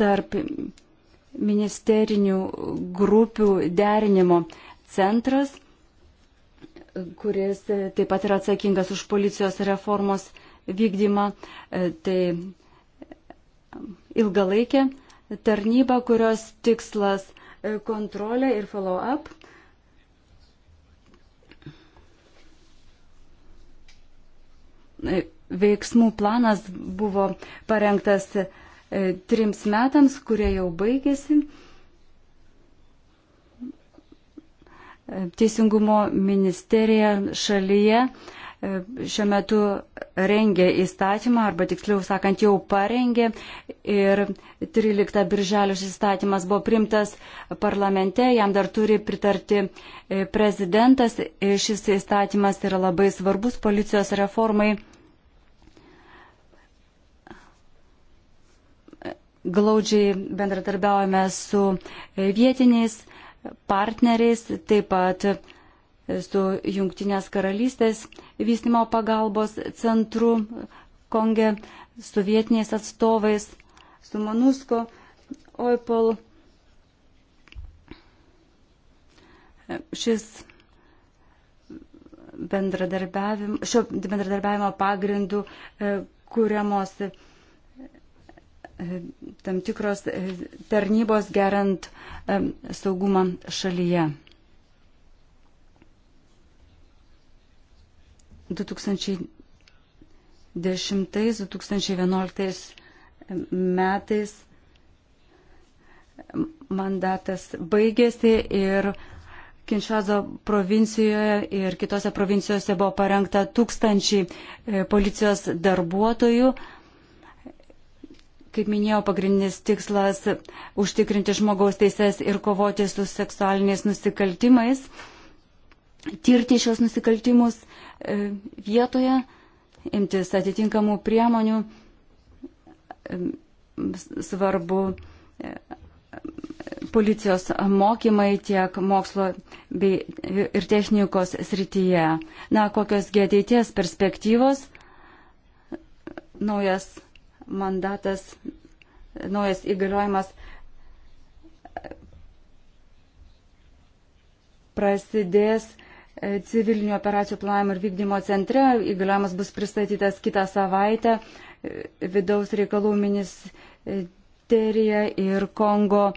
tarp ministerinių grupių derinimo centras, kuris taip pat yra atsakingas už policijos reformos vykdymą. Tai ilgalaikė tarnyba, kurios tikslas kontrolė ir follow-up. Veiksmų planas buvo parengtas E, trims metams, kurie jau baigėsi. E, Teisingumo ministerija šalyje e, šiuo metu rengia įstatymą, arba tiksliau sakant, jau parengė. Ir 13 birželio šis įstatymas buvo primtas parlamente, jam dar turi pritarti prezidentas. Šis įstatymas yra labai svarbus policijos reformai glaudžiai bendradarbiaujame su vietiniais partneriais, taip pat su Junktinės karalystės vystimo pagalbos centru Konge, su vietiniais atstovais, su Manusko, OIPOL. Šis bendradarbiavimo, šio bendradarbiavimo pagrindų e, kuriamos tam tikros e, tarnybos gerant e, saugumą šalyje. 2010-2011 metais mandatas baigėsi ir Kinšazo provincijoje ir kitose provincijose buvo parengta tūkstančiai e, policijos darbuotojų kaip minėjau, pagrindinis tikslas - užtikrinti žmogaus teises ir kovoti su seksualiniais nusikaltimais, tirti šios nusikaltimus e, vietoje, imtis atitinkamų priemonių. E, svarbu e, policijos mokymai tiek mokslo bei ir technikos srityje. Na, kokios gėdėties perspektyvos, naujas mandatas, naujas įgaliojimas prasidės e, civilinių operacijų planavimo ir vykdymo centre. Įgaliojimas bus pristatytas kitą savaitę. E, vidaus reikalų ministerija ir Kongo e,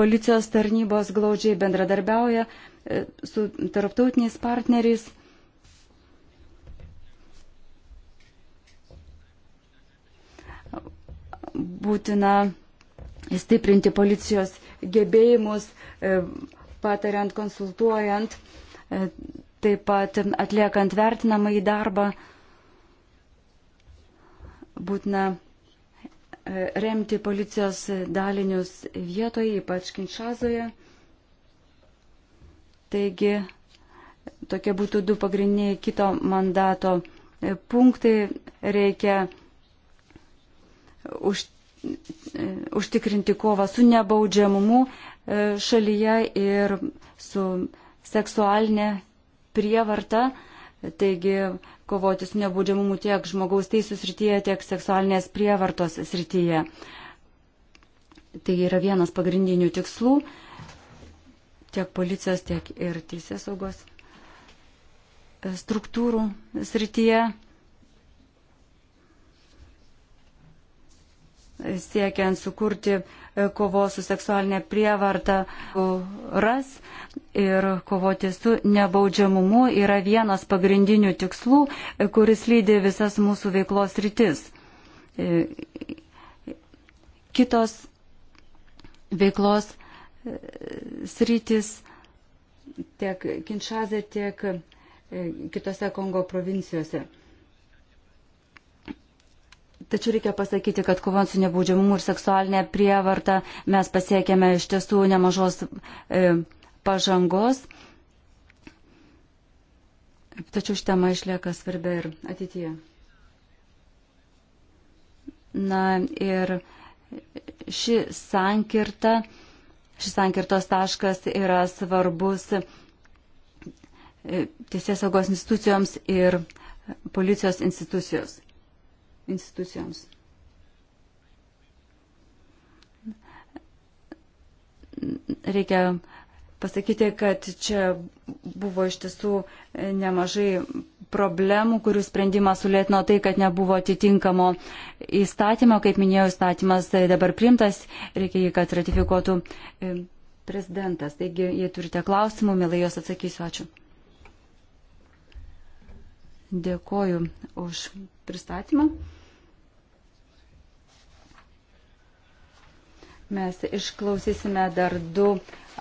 policijos tarnybos glaudžiai bendradarbiauja su tarptautiniais partneriais. būtina stiprinti policijos gebėjimus, e, patariant, konsultuojant, e, taip pat atliekant vertinamą į darbą, būtina e, remti policijos dalinius vietoje, ypač Kinšazoje. Taigi, tokie būtų du pagrindiniai kito mandato punktai. Reikia už, užtikrinti kovą su nebaudžiamumu e, šalyje ir su seksualinė prievarta. Taigi kovoti su nebaudžiamumu tiek žmogaus teisų srityje, tiek seksualinės prievartos srityje. Tai yra vienas pagrindinių tikslų tiek policijos, tiek ir teisės saugos e, struktūrų srityje. siekiant sukurti e, kovos su seksualinė prievarta e, ras ir kovoti su nebaudžiamumu yra vienas pagrindinių tikslų, e, kuris lydi visas mūsų veiklos rytis. Kitos veiklos sritis tiek Kinšazė, tiek kitose Kongo provincijose. Tačiau reikia pasakyti, kad kovant su nebaudžiamumu ir seksualinė prievarta mes pasiekėme iš tiesų nemažos e, pažangos. Tačiau ši tema išlieka svarbi ir ateityje. Na ir ši sankirta, šis sankirtos taškas yra svarbus e, teisės saugos institucijoms ir policijos institucijos institucijoms. Reikia pasakyti, kad čia buvo iš tiesų nemažai problemų, kurių sprendimą sulėtino tai, kad nebuvo atitinkamo įstatymo. Kaip minėjau, įstatymas dabar primtas, reikia jį, kad ratifikuotų e, prezidentas. Taigi, jei turite klausimų, mielai jos atsakysiu. Ačiū. Dėkoju už pristatymą. Mes išklausysime dar du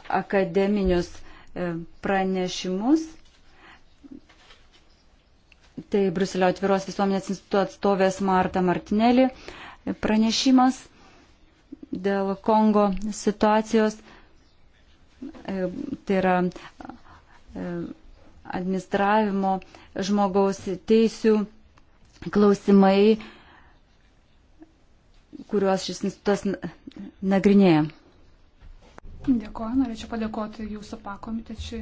akademinius e, pranešimus. Tai Bruselio atviros visuomenės instituto atstovės Marta Martinelli pranešimas dėl Kongo situacijos. E, tai yra e, administravimo žmogaus teisių klausimai kuriuos šis institutas nagrinėja. Dėkuoju, norėčiau padėkoti jūsų pakomitečiui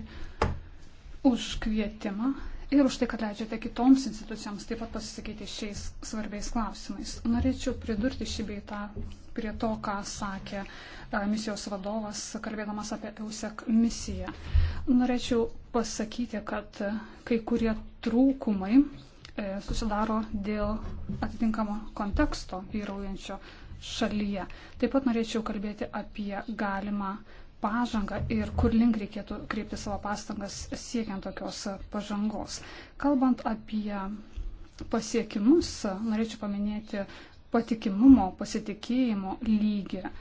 už kvietimą ir už tai, kad leidžiate kitoms institucijoms taip pat pasisikėti šiais svarbiais klausimais. Norėčiau pridurti šį beitą prie to, ką sakė e, misijos vadovas, kalbėdamas apie EUSEC misiją. Norėčiau pasakyti, kad e, kai kurie trūkumai E, susidaro dėl atitinkamo konteksto vyraujančio šalyje. Taip pat norėčiau kalbėti apie galimą pažangą ir kur link reikėtų kreipti savo pastangas siekiant tokios pažangos. Kalbant apie pasiekimus, norėčiau paminėti patikimumo, pasitikėjimo lygį e,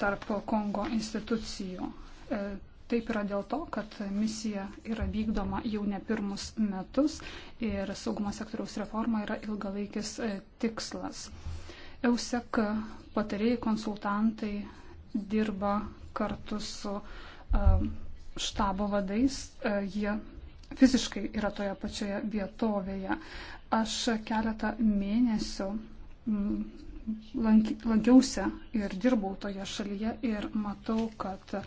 tarp Kongo institucijų. E, Taip yra dėl to, kad misija yra vykdoma jau ne pirmus metus ir saugumo sektoriaus reforma yra ilgalaikis e, tikslas. EUSEC patarėjai konsultantai dirba kartu su e, štabo vadais. E, jie fiziškai yra toje pačioje vietovėje. Aš keletą mėnesių mm, lankiausi ir dirbau toje šalyje ir matau, kad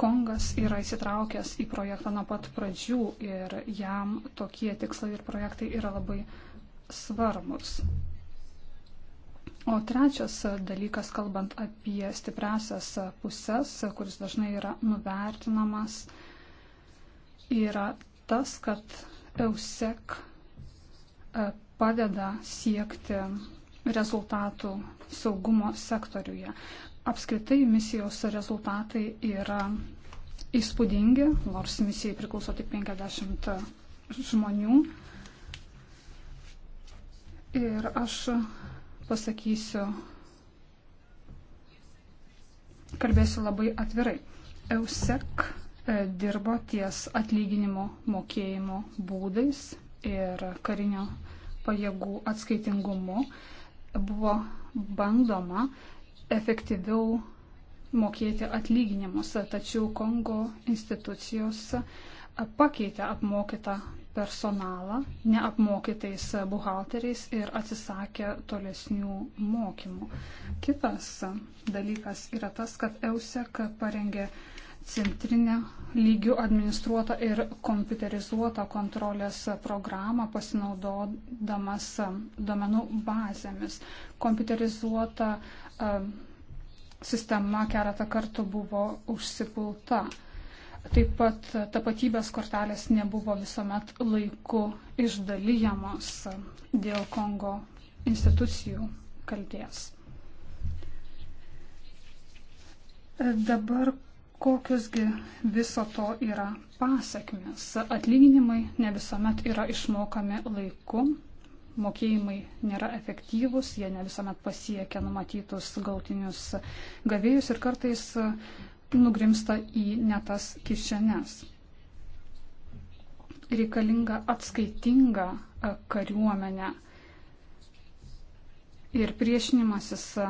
Kongas yra įsitraukęs į projektą nuo pat pradžių ir jam tokie tikslai ir projektai yra labai svarbus. O trečias dalykas, kalbant apie stipresias pusės, kuris dažnai yra nuvertinamas, yra tas, kad EUSEC e, padeda siekti rezultatų saugumo sektoriuje. Apskritai misijos rezultatai yra įspūdingi, nors misijai priklauso tik 50 žmonių. Ir aš pasakysiu, kalbėsiu labai atvirai. EUSEC e, dirbo ties atlyginimo mokėjimo būdais ir karinio pajėgų atskaitingumu. Buvo bandoma efektyviau mokėti atlyginimus, tačiau Kongo institucijos pakeitė apmokytą personalą neapmokytais buhalteriais ir atsisakė tolesnių mokymų. Kitas dalykas yra tas, kad EUSEK parengė centrinę lygių administruotą ir kompiuterizuotą kontrolės programą pasinaudodamas domenų bazėmis. Kompiuterizuota sistema keletą kartų buvo užsipulta. Taip pat tapatybės kortelės nebuvo visuomet laiku išdalyjamos dėl Kongo institucijų kalties. Dabar kokiosgi viso to yra pasiekmes. Atlyginimai ne visuomet yra išmokami laiku, mokėjimai nėra efektyvūs, jie ne visuomet pasiekia numatytus gautinius gavėjus ir kartais e, nugrimsta į netas kišenes. Reikalinga atskaitinga e, kariuomenė ir priešinimasis e,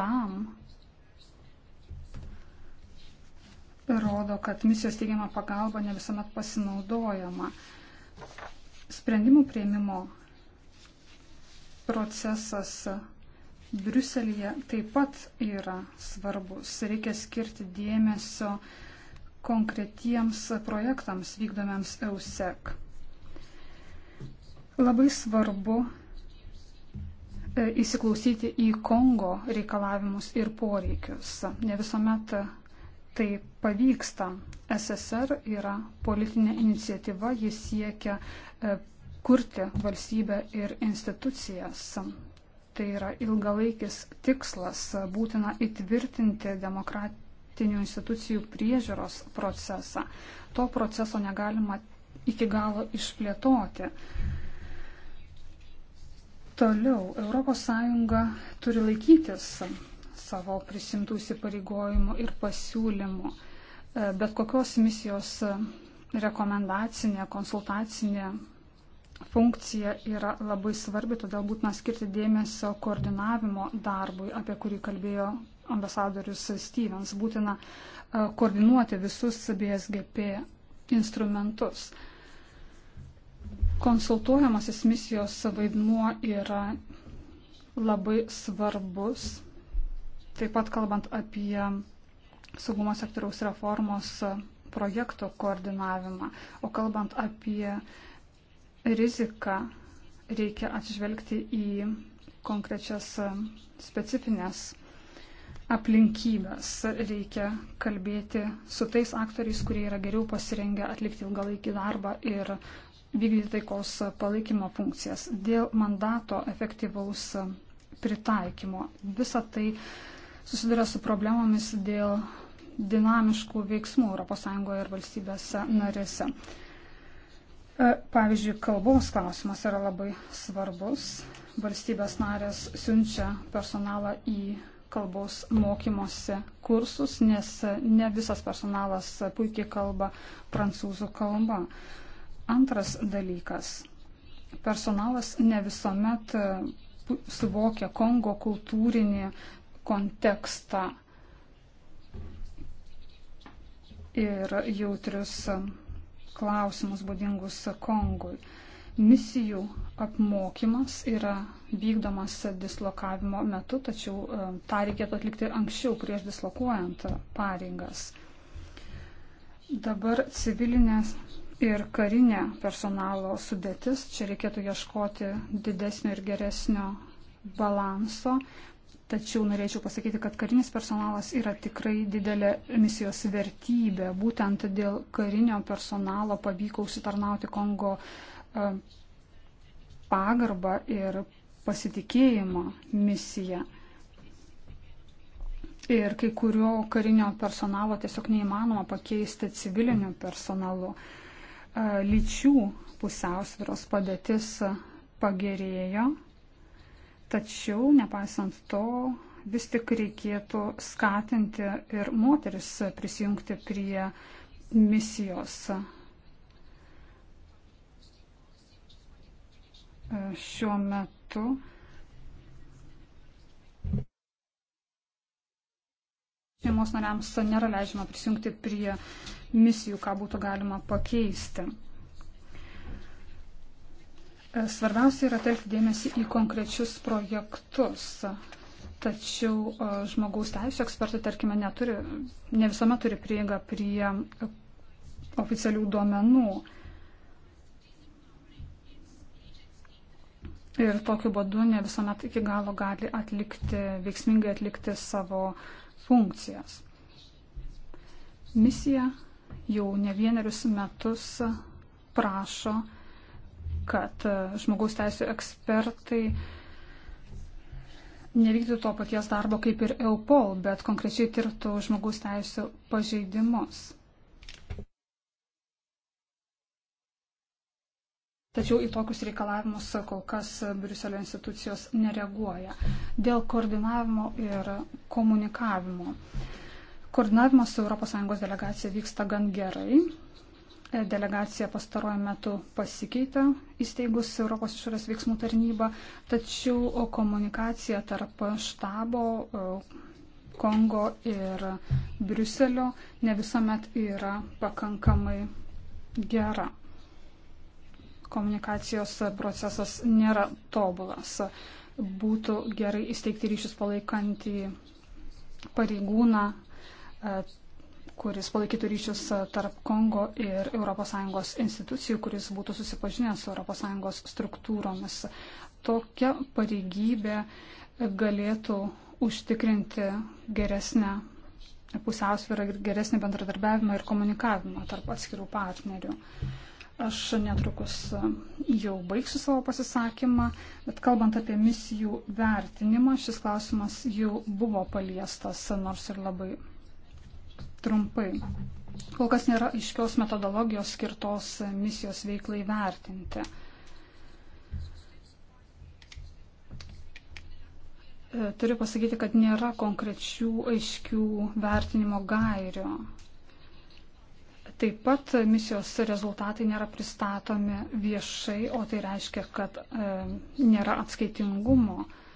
tam rodo, kad misijos teigiama pagalba ne visuomet pasinaudojama. Sprendimų prieimimo procesas Briuselėje taip pat yra svarbus. Reikia skirti dėmesio konkretiems projektams vykdomiams EUSEC. Labai svarbu e, įsiklausyti į Kongo reikalavimus ir poreikius. Ne visuomet tai pavyksta. SSR yra politinė iniciatyva, jis siekia e, kurti valstybę ir institucijas. Tai yra ilgalaikis tikslas, būtina įtvirtinti demokratinių institucijų priežiūros procesą. To proceso negalima iki galo išplėtoti. Toliau, ES turi laikytis savo prisimtų įsipareigojimų ir pasiūlymų. E, bet kokios misijos e, rekomendacinė, konsultacinė funkcija yra labai svarbi, todėl būtina skirti dėmesio koordinavimo darbui, apie kurį kalbėjo ambasadorius Stevens. Būtina e, koordinuoti visus BSGP instrumentus. Konsultuojamasis misijos vaidmuo yra labai svarbus, taip pat kalbant apie saugumo sektoriaus reformos projektų koordinavimą, o kalbant apie uh, riziką reikia atsižvelgti į konkrečias e, specifines aplinkybės. Reikia kalbėti su tais aktoriais, kurie yra geriau pasirengę atlikti ilgalaikį darbą ir vykdyti taikos palaikymo funkcijas. Dėl mandato efektyvaus pritaikymo. Visa tai susiduria su problemomis dėl dinamiškų veiksmų ES ir valstybėse narėse. E, pavyzdžiui, kalbos klausimas yra labai svarbus. Valstybės narės siunčia personalą į kalbos mokymosi kursus, nes ne visas personalas puikiai kalba prancūzų kalba. Antras dalykas. Personalas ne visuomet e, suvokia Kongo kultūrinį kontekstą ir jautrius klausimus būdingus Kongui. Misijų apmokymas yra vykdomas dislokavimo metu, tačiau e, tą reikėtų atlikti anksčiau prieš dislokuojant pareigas. Dabar civilinės ir karinė personalo sudėtis. Čia reikėtų ieškoti didesnio ir geresnio balanso. Tačiau norėčiau pasakyti, kad karinis personalas yra tikrai didelė misijos vertybė. Būtent dėl karinio personalo pavyko užsitarnauti Kongo e, pagarbą ir pasitikėjimą misiją. Ir kai kurio karinio personalo tiesiog neįmanoma pakeisti civiliniu personalu. E, lyčių pusiausviros padėtis pagerėjo Tačiau, nepaisant to, vis tik reikėtų skatinti ir moteris prisijungti prie misijos. Šiuo metu šeimos nariams nėra leidžiama prisijungti prie misijų, ką būtų galima pakeisti. E, svarbiausia yra telkti dėmesį į konkrečius projektus. Tačiau e, žmogaus teisų ekspertai, tarkime, neturi, ne visuomet turi prieigą prie e, oficialių duomenų. Ir tokiu būdu ne visuomet iki galo gali atlikti, veiksmingai atlikti savo funkcijas. Misija jau ne vienerius metus prašo kad e, žmogaus teisų ekspertai nevykdytų to paties darbo kaip ir EUPOL, bet konkrečiai tirtų žmogaus teisų pažeidimus. Tačiau į tokius reikalavimus kol kas Briuselio institucijos nereaguoja. Dėl koordinavimo ir komunikavimo. Koordinavimas su ES delegacija vyksta gan gerai. Delegacija pastaruoju metu pasikeitė įsteigus Europos išorės veiksmų tarnybą, tačiau komunikacija tarp štabo Kongo ir Briuselio ne visuomet yra pakankamai gera. Komunikacijos procesas nėra tobulas. Būtų gerai įsteigti ryšius palaikantį pareigūną kuris palaikytų ryšius tarp Kongo ir ES institucijų, kuris būtų susipažinęs su ES struktūromis. Tokia pareigybė galėtų užtikrinti geresnę pusiausvyrą ir geresnį bendradarbiavimą ir komunikavimą tarp atskirų partnerių. Aš netrukus jau baigsiu savo pasisakymą, bet kalbant apie misijų vertinimą, šis klausimas jau buvo paliestas, nors ir labai trumpai. Kol kas nėra aiškios metodologijos skirtos misijos veiklai vertinti. E, turiu pasakyti, kad nėra konkrečių aiškių vertinimo gairių. Taip pat misijos rezultatai nėra pristatomi viešai, o tai reiškia, kad e, nėra atskaitingumo. E,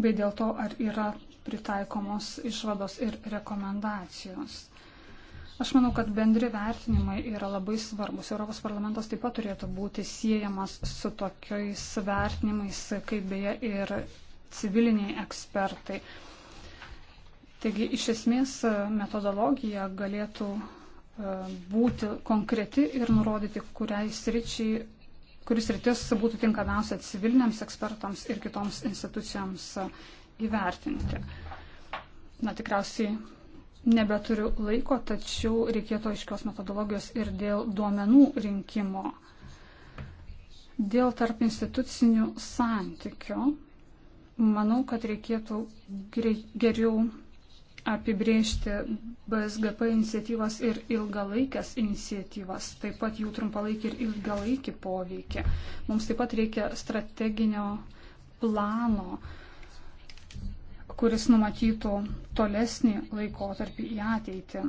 bei dėl to, ar yra pritaikomos išvados ir rekomendacijos. Aš manau, kad bendri vertinimai yra labai svarbus. Europos parlamentas taip pat turėtų būti siejamas su tokiais vertinimais, kaip beje ir civiliniai ekspertai. Taigi, iš esmės, metodologija galėtų e, būti konkreti ir nurodyti, kuriai sričiai kuris rytis būtų tinkamiausia civiliniams ekspertams ir kitoms institucijoms įvertinti. Na, tikriausiai nebeturiu laiko, tačiau reikėtų aiškios metodologijos ir dėl duomenų rinkimo. Dėl tarp institucinių santykių, manau, kad reikėtų geriau apibriežti BSGP iniciatyvas ir ilgalaikės iniciatyvas, taip pat jų trumpalaikį ir ilgalaikį poveikį. Mums taip pat reikia strateginio plano, kuris numatytų tolesnį laikotarpį į ateitį.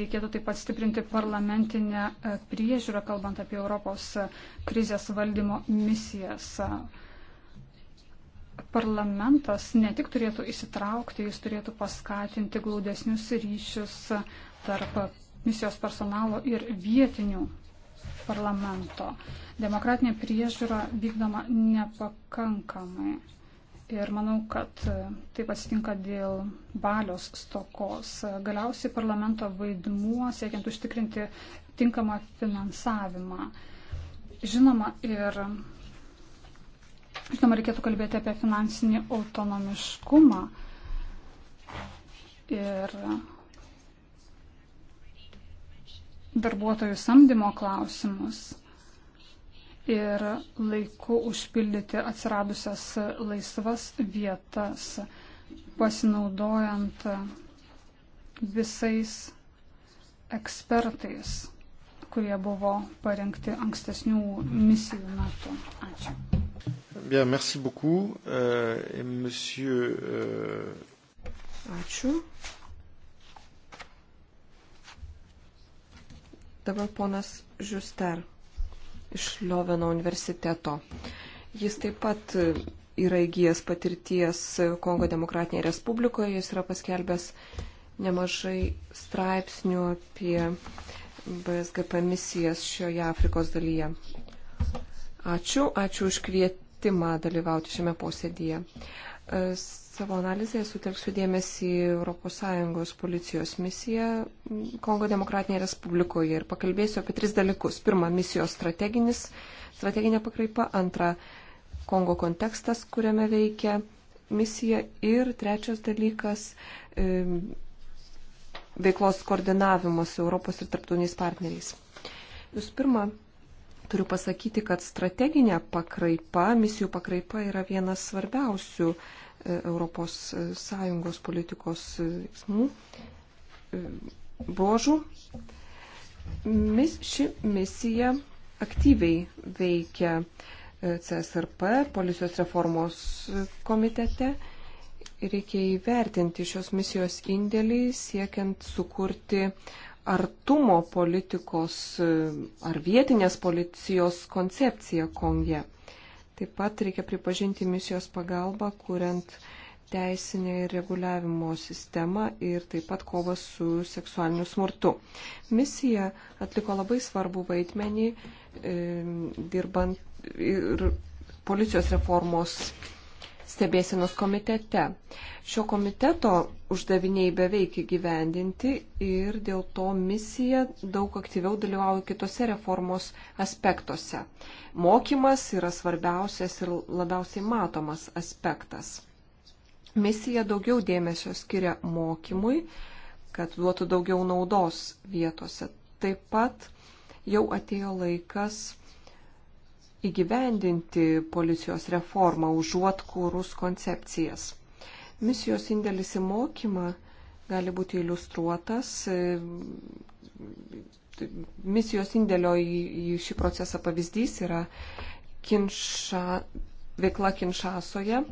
Reikėtų taip pat stiprinti parlamentinę priežiūrą, kalbant apie Europos krizės valdymo misijas parlamentas ne tik turėtų įsitraukti, jis turėtų paskatinti glaudesnius ryšius tarp misijos personalo ir vietinių parlamento. Demokratinė priežiūra vykdoma nepakankamai. Ir manau, kad taip atsitinka dėl valios stokos. Galiausiai parlamento vaidmuo siekiant užtikrinti tinkamą finansavimą. Žinoma, ir Žinoma, reikėtų kalbėti apie finansinį autonomiškumą ir darbuotojų samdymo klausimus ir laiku užpildyti atsiradusias laisvas vietas, pasinaudojant visais ekspertais, kurie buvo parengti ankstesnių misijų metu. Ačiū. Bien, merci beaucoup. Euh, et monsieur. Euh... Ačiū. Dabar ponas Žuster iš Lioveno universiteto. Jis taip pat yra įgyjęs patirties Kongo demokratinėje respublikoje, jis yra paskelbęs nemažai straipsnių apie BSGP misijas šioje Afrikos dalyje. Ačiū, ačiū už kvietimą kvietimą dalyvauti šiame posėdėje. E, savo analizėje sutelksiu dėmesį ES policijos misiją Kongo Demokratinėje Respublikoje ir pakalbėsiu apie tris dalykus. Pirma, misijos strateginis, strateginė pakraipa. Antra, Kongo kontekstas, kuriame veikia misija. Ir trečias dalykas e, veiklos koordinavimas su Europos ir tarptautiniais partneriais. Jūs pirma, Turiu pasakyti, kad strateginė pakraipa, misijų pakraipa yra vienas svarbiausių ES e, politikos e, veiksmų e, bruožų. Mis, ši misija aktyviai veikia CSRP, policijos reformos komitete. Reikia įvertinti šios misijos indėlį siekiant sukurti artumo politikos e, ar vietinės policijos koncepciją Konge. Taip pat reikia pripažinti misijos pagalbą, kuriant teisinę ir reguliavimo sistemą ir taip pat kovą su seksualiniu smurtu. Misija atliko labai svarbų vaidmenį e, dirbant ir policijos reformos stebėsienos komitete. Šio komiteto uždaviniai beveik įgyvendinti ir dėl to misija daug aktyviau dalyvauja kitose reformos aspektuose. Mokymas yra svarbiausias ir labiausiai matomas aspektas. Misija daugiau dėmesio skiria mokymui, kad duotų daugiau naudos vietose. Taip pat jau atėjo laikas įgyvendinti policijos reformą užuot kūrus koncepcijas. Misijos indėlis į mokymą gali būti iliustruotas. Misijos indėlio į, į šį procesą pavyzdys yra kinša, veikla Kinšasoje.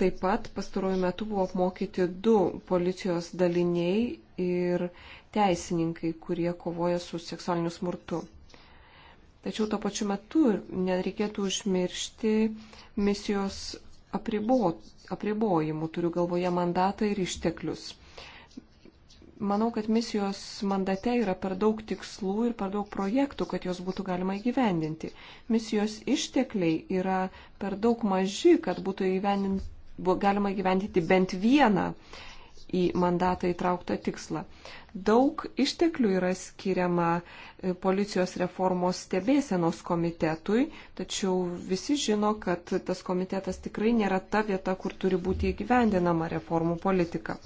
Taip pat pastaruoju metu buvo apmokyti du policijos daliniai ir teisininkai, kurie kovoja su seksualiniu smurtu. Tačiau tuo pačiu metu nereikėtų užmiršti misijos apribo, apribojimų, turiu galvoje mandatą ir išteklius. Manau, kad misijos mandate yra per daug tikslų ir per daug projektų, kad jos būtų galima įgyvendinti. Misijos ištekliai yra per daug maži, kad būtų įgyvendinti galima įgyvendinti bent vieną uh, į mandatą įtrauktą tikslą. Daug išteklių yra skiriama e, policijos reformos stebėsenos komitetui, tačiau visi žino, kad tas komitetas tikrai nėra ta vieta, kur turi būti įgyvendinama reformų politika.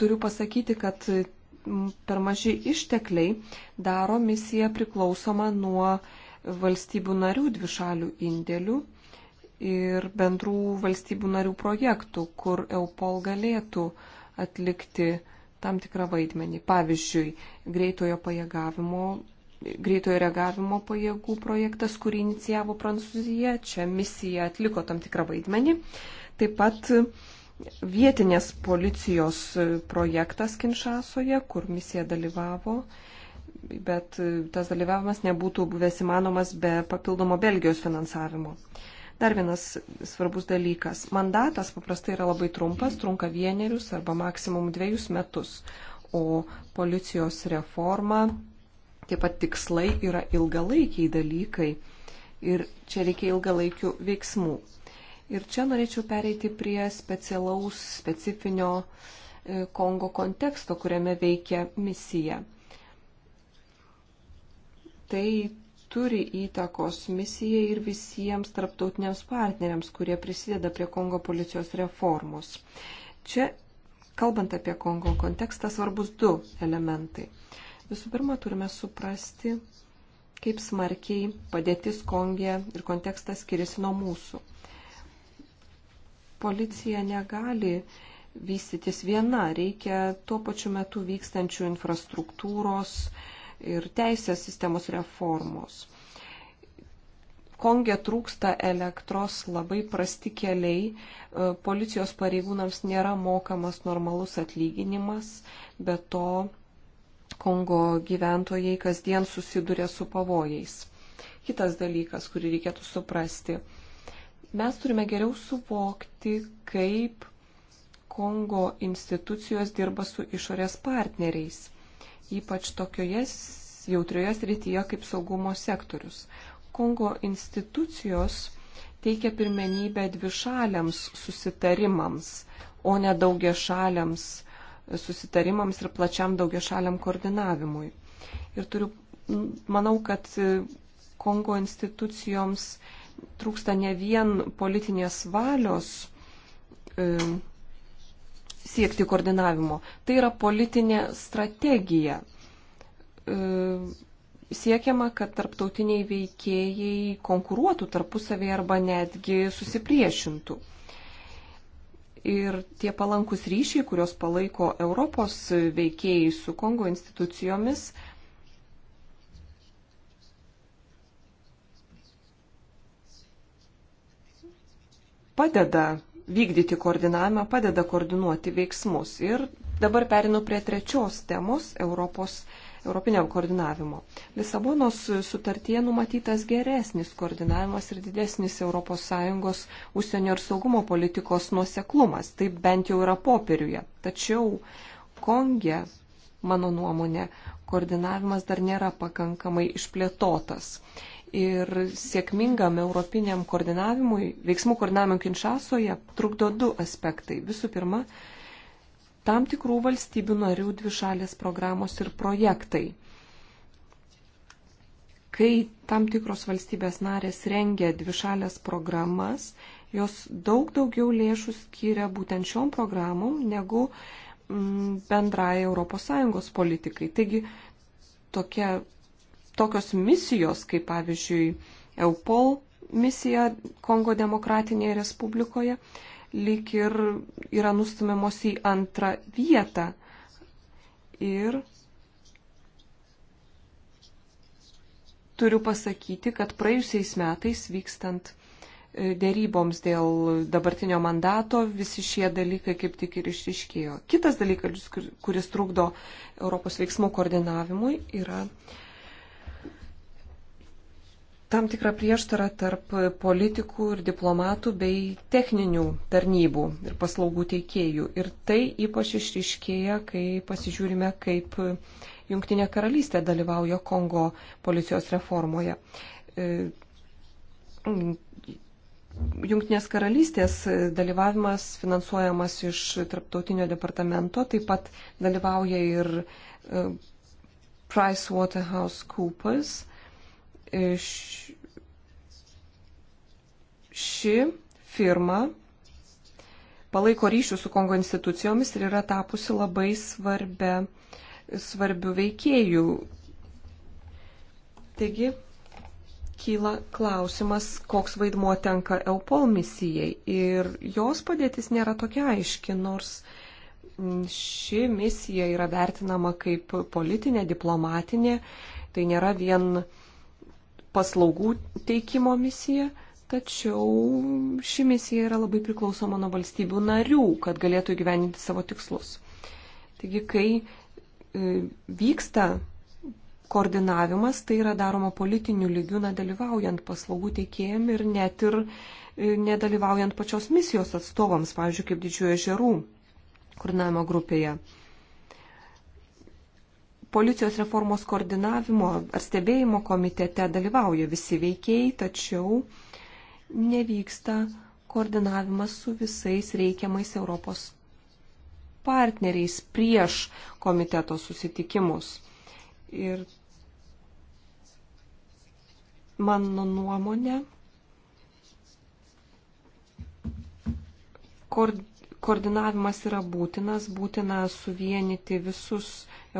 Turiu pasakyti, kad per maži ištekliai daro misiją priklausomą nuo valstybių narių dvišalių indėlių ir bendrų valstybių narių projektų, kur EUPOL galėtų atlikti tam tikrą vaidmenį. Pavyzdžiui, greitojo, greitojo reagavimo pajėgų projektas, kurį inicijavo Prancūzija, čia misija atliko tam tikrą vaidmenį. Taip pat vietinės policijos projektas Kinšasoje, kur misija dalyvavo bet tas dalyvavimas nebūtų buvęs įmanomas be papildomo Belgijos finansavimo. Dar vienas svarbus dalykas. Mandatas paprastai yra labai trumpas, trunka vienerius arba maksimum dviejus metus, o policijos reforma, taip pat tikslai yra ilgalaikiai dalykai ir čia reikia ilgalaikių veiksmų. Ir čia norėčiau pereiti prie specialaus, specifinio e, Kongo konteksto, kuriame veikia misija. Tai turi įtakos misijai ir visiems tarptautiniams partneriams, kurie prisideda prie Kongo policijos reformos. Čia, kalbant apie Kongo kontekstą, svarbus du elementai. Visų pirma, turime suprasti, kaip smarkiai padėtis Kongė ir kontekstas skiriasi nuo mūsų. Policija negali vystytis viena, reikia tuo pačiu metu vykstančių infrastruktūros, uh, ir teisės sistemos reformos. Kongė trūksta elektros labai prasti keliai, e, policijos pareigūnams nėra mokamas normalus atlyginimas, be to Kongo gyventojai kasdien susiduria su pavojais. Kitas dalykas, kurį reikėtų suprasti. Mes turime geriau suvokti, kaip Kongo institucijos dirba su išorės partneriais ypač tokioje jautrioje srityje kaip saugumo sektorius. Kongo institucijos teikia pirmenybę dvišaliams susitarimams, o ne daugia šaliams e, susitarimams ir plačiam daugia šaliam koordinavimui. Ir turiu, manau, kad e, Kongo institucijoms trūksta ne vien politinės valios, e, siekti koordinavimo. Tai yra politinė strategija. E, siekiama, kad tarptautiniai veikėjai konkuruotų tarpusavėje arba netgi susipriešintų. Ir tie palankus ryšiai, kurios palaiko Europos veikėjai su Kongo institucijomis, padeda vykdyti koordinavimą, padeda koordinuoti veiksmus. Ir dabar perinu prie trečios temos Europos. Europinio koordinavimo. Lisabonos sutartie numatytas geresnis koordinavimas ir didesnis ES užsienio ir saugumo politikos nuoseklumas. Taip bent jau yra popieriuje. Tačiau Konge, mano nuomonė, koordinavimas dar nėra pakankamai išplėtotas ir sėkmingam europiniam koordinavimui, veiksmų koordinavimui Kinšasoje trukdo du aspektai. Visų pirma, tam tikrų valstybių narių dvišalės programos ir projektai. Kai tam tikros valstybės narės rengia dvišalės programas, jos daug daugiau lėšų skiria būtent šiom programom negu mm, bendrai ES politikai. Taigi tokia tokios misijos, kaip pavyzdžiui EUPOL misija Kongo demokratinėje respublikoje, lyg ir yra nustumiamos į antrą vietą. Ir turiu pasakyti, kad praėjusiais metais vykstant e, dėryboms dėl dabartinio mandato visi šie dalykai kaip tik ir išriškėjo. Kitas dalykas, kuris trukdo Europos veiksmų koordinavimui, yra uh, tam tikrą prieštarą tarp politikų ir diplomatų bei techninių tarnybų ir paslaugų teikėjų. Ir tai ypač išryškėja, kai pasižiūrime, kaip Junktinė karalystė dalyvauja Kongo policijos reformoje. E, Junktinės karalystės dalyvavimas finansuojamas iš Tarptautinio departamento, taip pat dalyvauja ir e, PricewaterhouseCoopers ši firma palaiko ryšių su Kongo institucijomis ir yra tapusi labai svarbia, svarbių veikėjų. Taigi, kyla klausimas, koks vaidmuo tenka EUPOL misijai. Ir jos padėtis nėra tokia aiški, nors ši misija yra vertinama kaip politinė, diplomatinė. Tai nėra vien paslaugų teikimo misija, tačiau ši misija yra labai priklausoma nuo valstybių narių, kad galėtų įgyveninti savo tikslus. Taigi, kai e, vyksta koordinavimas, tai yra daroma politiniu lygiu, nedalyvaujant paslaugų teikėjim ir net ir e, nedalyvaujant pačios misijos atstovams, pavyzdžiui, kaip didžiųjų ežerų koordinavimo grupėje policijos reformos koordinavimo ar stebėjimo komitete dalyvauja visi veikiai, tačiau nevyksta koordinavimas su visais reikiamais Europos partneriais prieš komiteto susitikimus. Ir mano nuomonė, koordinavimas yra būtinas, būtina suvienyti visus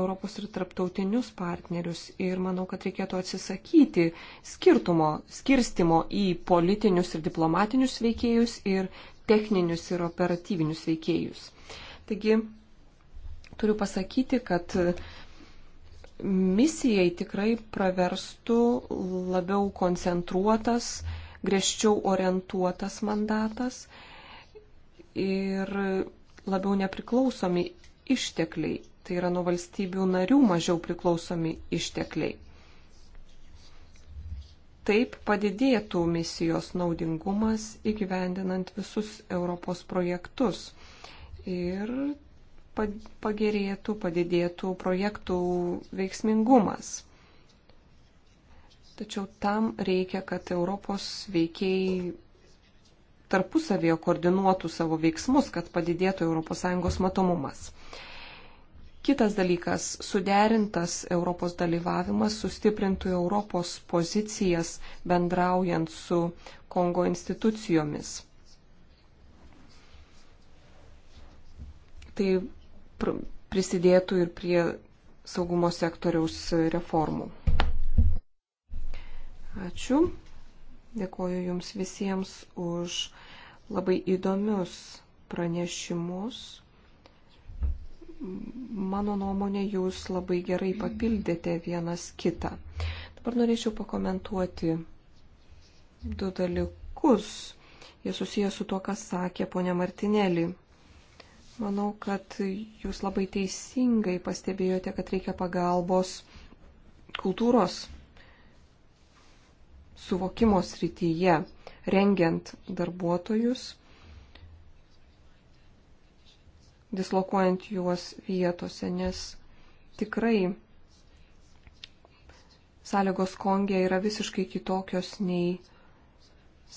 Europos ir tarptautinius partnerius ir manau, kad reikėtų atsisakyti skirtumo, skirstimo į politinius ir diplomatinius veikėjus ir techninius ir operatyvinius veikėjus. Taigi, turiu pasakyti, kad misijai tikrai praverstų labiau koncentruotas, greščiau orientuotas mandatas ir labiau nepriklausomi ištekliai, tai yra nuo valstybių narių mažiau priklausomi ištekliai. Taip padidėtų misijos naudingumas įgyvendinant visus Europos projektus ir pagerėtų, padidėtų projektų veiksmingumas. Tačiau tam reikia, kad Europos veikiai tarpusavėje koordinuotų savo veiksmus, kad padidėtų ES matomumas. Kitas dalykas - suderintas Europos dalyvavimas sustiprintų Europos pozicijas bendraujant su Kongo institucijomis. Tai pr prisidėtų ir prie saugumo sektoriaus reformų. Ačiū. Dėkuoju Jums visiems už labai įdomius pranešimus. Mano nuomonė, Jūs labai gerai papildėte vienas kitą. Dabar norėčiau pakomentuoti du dalykus. Jie susijęs su tuo, kas sakė ponia Martinelį. Manau, kad jūs labai teisingai pastebėjote, kad reikia pagalbos kultūros suvokimo srityje, rengiant darbuotojus, dislokuojant juos vietose, nes tikrai sąlygos Kongė yra visiškai kitokios nei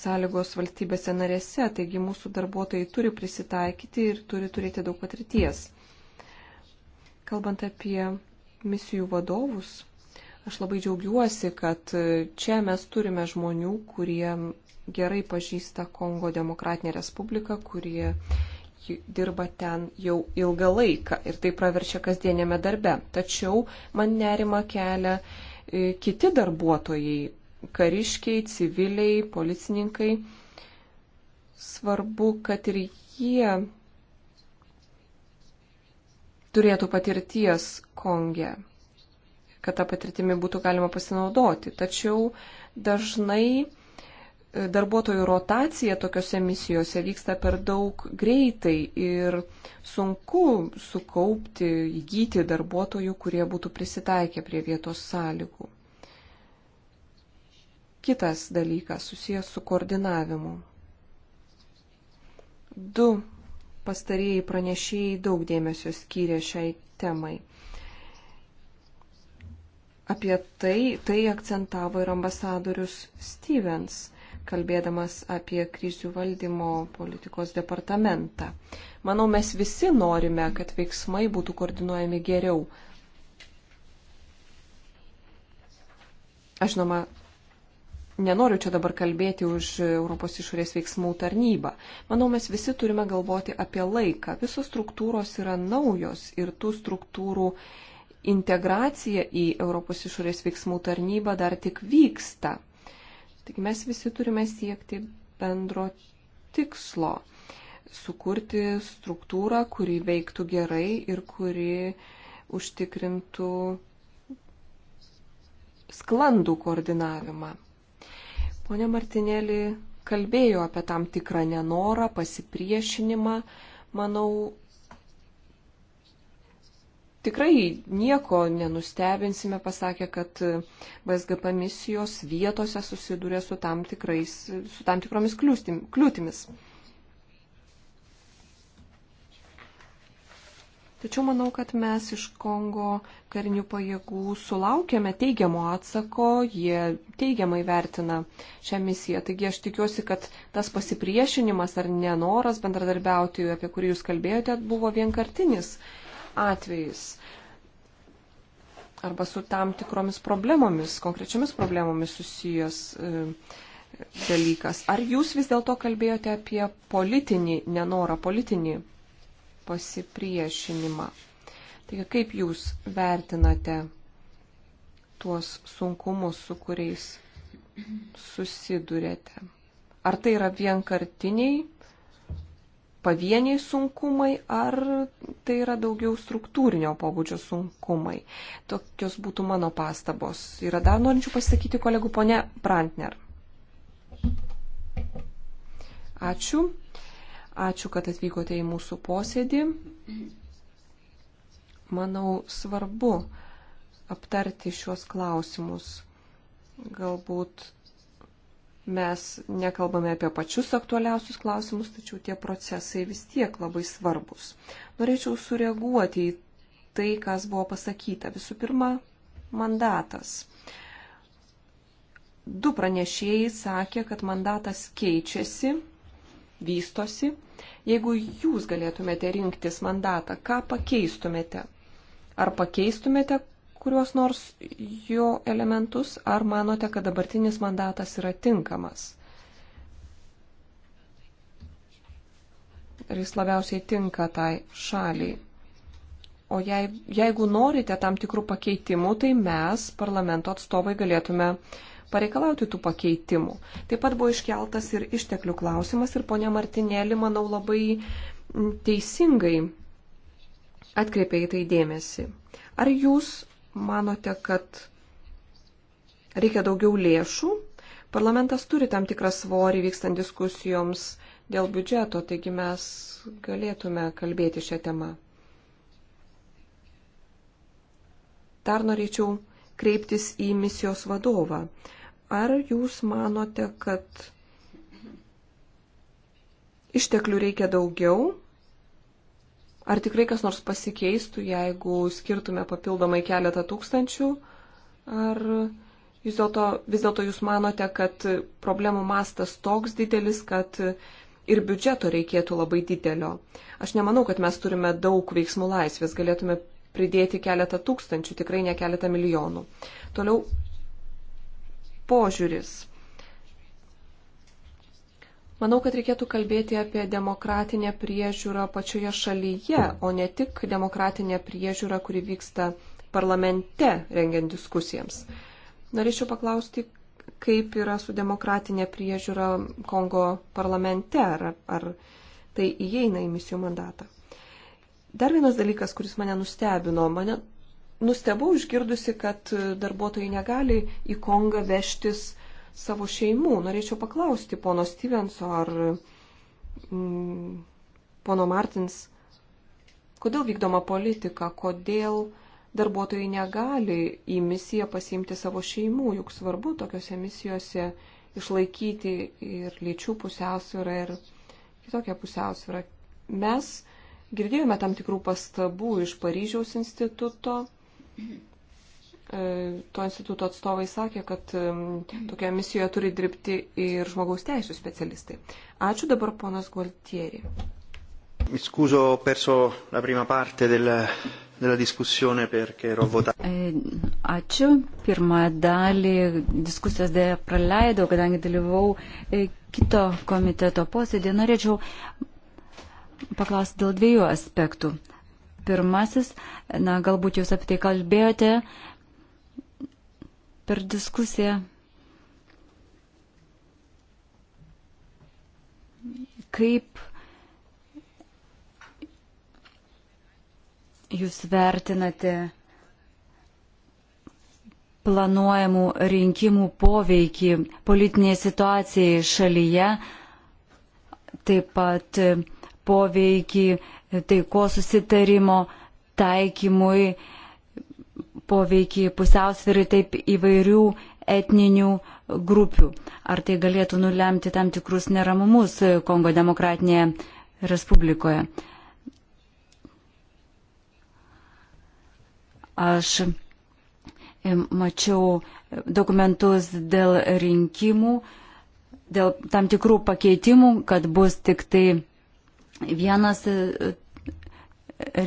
sąlygos valstybėse narėse, taigi mūsų darbuotojai turi prisitaikyti ir turi turėti daug patirties. Kalbant apie misijų vadovus, Aš labai džiaugiuosi, kad čia mes turime žmonių, kurie gerai pažįsta Kongo demokratinę respubliką, kurie dirba ten jau ilgą laiką ir tai praverčia kasdienėme darbe. Tačiau man nerima kelia e, kiti darbuotojai - kariškiai, civiliai, policininkai. Svarbu, kad ir jie turėtų patirties Konge kad tą patirtimį būtų galima pasinaudoti. Tačiau dažnai e, darbuotojų rotacija tokiuose misijose vyksta per daug greitai ir sunku sukaupti, įgyti darbuotojų, kurie būtų prisitaikę prie vietos sąlygų. Kitas dalykas susijęs su koordinavimu. Du pastarieji pranešėjai daug dėmesio skyrė šiai temai. Apie tai, tai akcentavo ir ambasadorius Stevens, kalbėdamas apie krizių valdymo politikos departamentą. Manau, mes visi norime, kad veiksmai būtų koordinuojami geriau. Aš žinoma, nenoriu čia dabar kalbėti už Europos išorės veiksmų tarnybą. Manau, mes visi turime galvoti apie laiką. Visos struktūros yra naujos ir tų struktūrų uh, integracija į Europos išorės veiksmų tarnybą dar tik vyksta. Tik mes visi turime siekti bendro tikslo - sukurti struktūrą, kuri veiktų gerai ir kuri užtikrintų sklandų koordinavimą. Pone Martinėlį kalbėjo apie tam tikrą nenorą, pasipriešinimą. Manau, tikrai nieko nenustebinsime pasakę, kad BSGP misijos vietose susiduria su tam, tikrais, su tam tikromis kliūtimis. Tačiau manau, kad mes iš Kongo karinių pajėgų sulaukėme teigiamo atsako, jie teigiamai vertina šią misiją. Taigi aš tikiuosi, kad tas pasipriešinimas ar nenoras bendradarbiauti, apie kurį jūs kalbėjote, buvo vienkartinis. Uh, atvejais arba su tam tikromis problemomis, konkrečiomis problemomis susijęs e, dalykas. Ar jūs vis dėlto kalbėjote apie politinį nenorą, politinį pasipriešinimą? Taigi kaip jūs vertinate tuos sunkumus, su kuriais susidurėte? Ar tai yra vienkartiniai pavieniai sunkumai, ar tai yra daugiau struktūrinio pobūdžio sunkumai. Tokios būtų mano pastabos. Yra dar norinčių pasakyti kolegų ponė Brantner. Ačiū. Ačiū, kad atvykote į mūsų posėdį. Manau, svarbu aptarti šios klausimus. Galbūt Mes nekalbame apie pačius aktualiausius klausimus, tačiau tie procesai vis tiek labai svarbus. Norėčiau sureaguoti į tai, kas buvo pasakyta. Visų pirma, mandatas. Du pranešėjai sakė, kad mandatas keičiasi, vystosi. Jeigu jūs galėtumėte rinktis mandatą, ką pakeistumėte? Ar pakeistumėte kuriuos nors jo elementus, ar manote, kad dabartinis mandatas yra tinkamas? Ar jis labiausiai tinka tai šaliai? O jei, jeigu norite tam tikrų pakeitimų, tai mes, parlamento atstovai, galėtume pareikalauti tų pakeitimų. Taip pat buvo iškeltas ir išteklių klausimas ir ponia Martinėlė, manau, labai teisingai atkreipė į tai dėmesį. Ar jūs manote, kad reikia daugiau lėšų. Parlamentas turi tam tikrą svorį vykstant diskusijoms dėl biudžeto, taigi mes galėtume kalbėti šią temą. Dar norėčiau kreiptis į misijos vadovą. Ar jūs manote, kad išteklių reikia daugiau, Ar tikrai kas nors pasikeistų, jeigu skirtume papildomai keletą tūkstančių? Ar vis dėlto, vis dėlto jūs manote, kad problemų mastas toks didelis, kad ir biudžeto reikėtų labai didelio? Aš nemanau, kad mes turime daug veiksmų laisvės, galėtume pridėti keletą tūkstančių, tikrai ne keletą milijonų. Toliau požiūris. Manau, kad reikėtų kalbėti apie demokratinę priežiūrą pačioje šalyje, o ne tik demokratinę priežiūrą, kuri vyksta parlamente rengiant diskusijams. Norėčiau paklausti, kaip yra su demokratinė priežiūra Kongo parlamente, ar, ar tai įeina į misijų mandatą. Dar vienas dalykas, kuris mane nustebino, mane nustebau išgirdusi, kad darbuotojai negali į Kongą vežtis savo šeimų. Norėčiau paklausti pono Stevenso ar mm, pono Martins, kodėl vykdoma politika, kodėl darbuotojai negali į misiją pasiimti savo šeimų, juk svarbu tokiuose misijose išlaikyti ir lyčių pusiausvyrą ir kitokią pusiausvyrą. Mes girdėjome tam tikrų pastabų iš Paryžiaus instituto, E, to instituto atstovai sakė, kad tokia misijoje turi dirbti ir žmogaus teisų specialistai. Ačiū dabar ponas Gualtieri. Mi scuso, ho perso la prima parte della, della discussione perché ero votato. E, ačiū. Pirmą dalį diskusijos dėja praleidau, kadangi dalyvau e, kito komiteto posėdį. Norėčiau paklausti dėl dviejų aspektų. Pirmasis, na, galbūt jūs apie tai kalbėjote, per diskusiją, kaip jūs vertinate planuojamų rinkimų poveikį politinė situacijai šalyje, taip pat poveikį taiko susitarimo taikymui poveikį pusiausvyrį taip įvairių etninių grupių. Ar tai galėtų nulemti tam tikrus neramumus Kongo demokratinėje Respublikoje. Aš mačiau dokumentus dėl rinkimų, dėl tam tikrų pakeitimų, kad bus tik tai vienas e,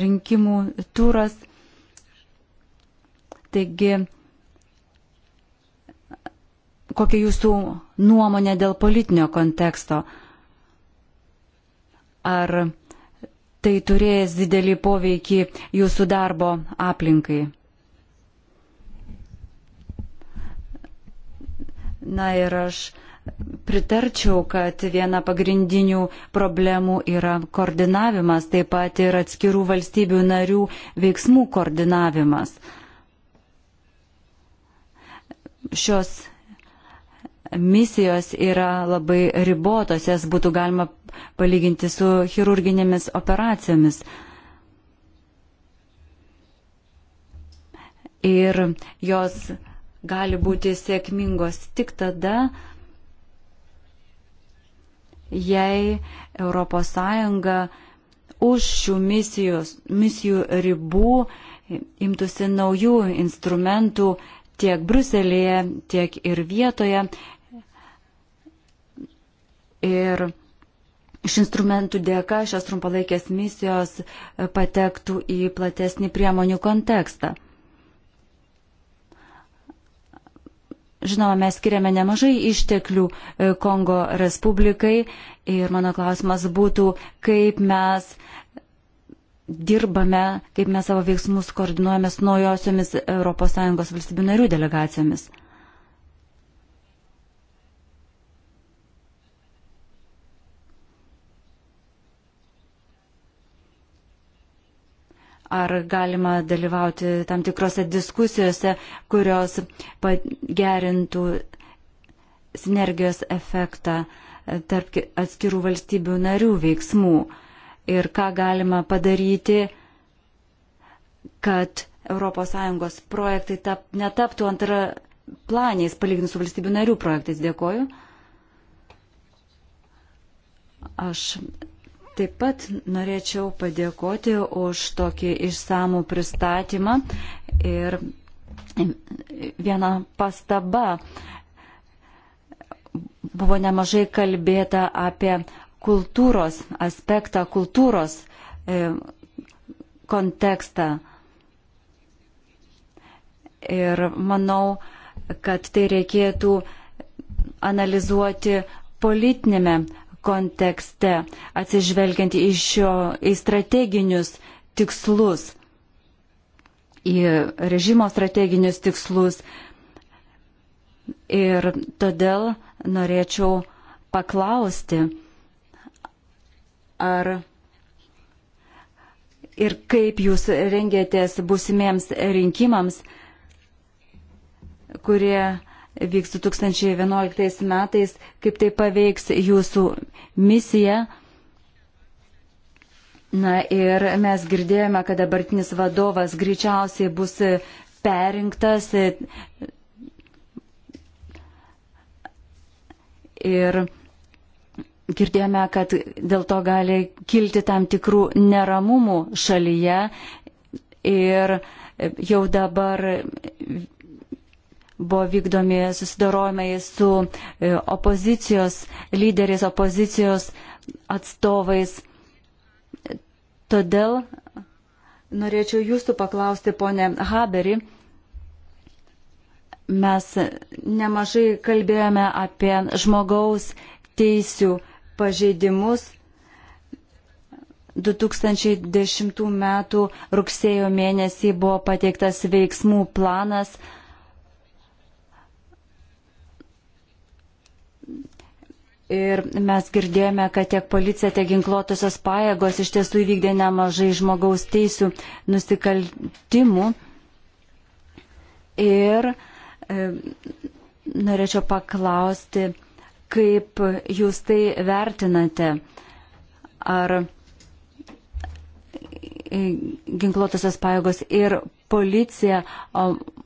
rinkimų turas. Taigi, kokia jūsų nuomonė dėl politinio konteksto? Ar tai turės didelį poveikį jūsų darbo aplinkai? Na ir aš pritarčiau, kad viena pagrindinių problemų yra koordinavimas, taip pat ir atskirų valstybių narių veiksmų koordinavimas. Uh, šios misijos yra labai ribotos, jas būtų galima palyginti su chirurginėmis operacijomis. Ir jos gali būti sėkmingos tik tada, jei ES už šių misijos, misijų ribų imtųsi naujų instrumentų tiek Bruselėje, tiek ir vietoje. Ir iš instrumentų dėka šios trumpalaikės misijos patektų į platesnį priemonių kontekstą. Žinoma, mes skiriame nemažai išteklių e, Kongo Respublikai ir mano klausimas būtų, kaip mes dirbame, kaip mes savo veiksmus koordinuojame su naujosiomis ES valstybių narių delegacijomis. Ar galima dalyvauti tam tikrose diskusijose, kurios pagerintų sinergijos efektą tarp atskirų valstybių narių veiksmų? ir ką galima padaryti, kad ES projektai tap, netaptų antra planiais palyginus su valstybių narių projektais. Dėkoju. Aš taip pat norėčiau padėkoti už tokį išsamų pristatymą ir viena pastaba. Buvo nemažai kalbėta apie kultūros aspektą, kultūros e, kontekstą. Ir manau, kad tai reikėtų analizuoti politinėme kontekste, atsižvelgiant į, šio, į strateginius tikslus, į režimo strateginius tikslus. Ir todėl norėčiau paklausti, ar ir kaip jūs rengėtės būsimiems rinkimams, kurie vyks 2011 metais, kaip tai paveiks jūsų misiją. Na ir mes girdėjome, kad dabartinis vadovas greičiausiai bus perinktas ir girdėjome, kad dėl to gali kilti tam tikrų neramumų šalyje ir jau dabar buvo vykdomi susidarojimai su e, opozicijos lyderiais, opozicijos atstovais. Todėl norėčiau jūsų paklausti, ponė Haberi, mes nemažai kalbėjome apie žmogaus teisių pažeidimus 2010 m. rugsėjo mėnesį buvo pateiktas veiksmų planas Ir mes girdėjome, kad tiek policija, tiek ginkluotosios pajėgos iš tiesų įvykdė nemažai žmogaus teisų nusikaltimų. Ir e, norėčiau paklausti, Kaip jūs tai vertinate? Ar ginkluotasios pajėgos ir policija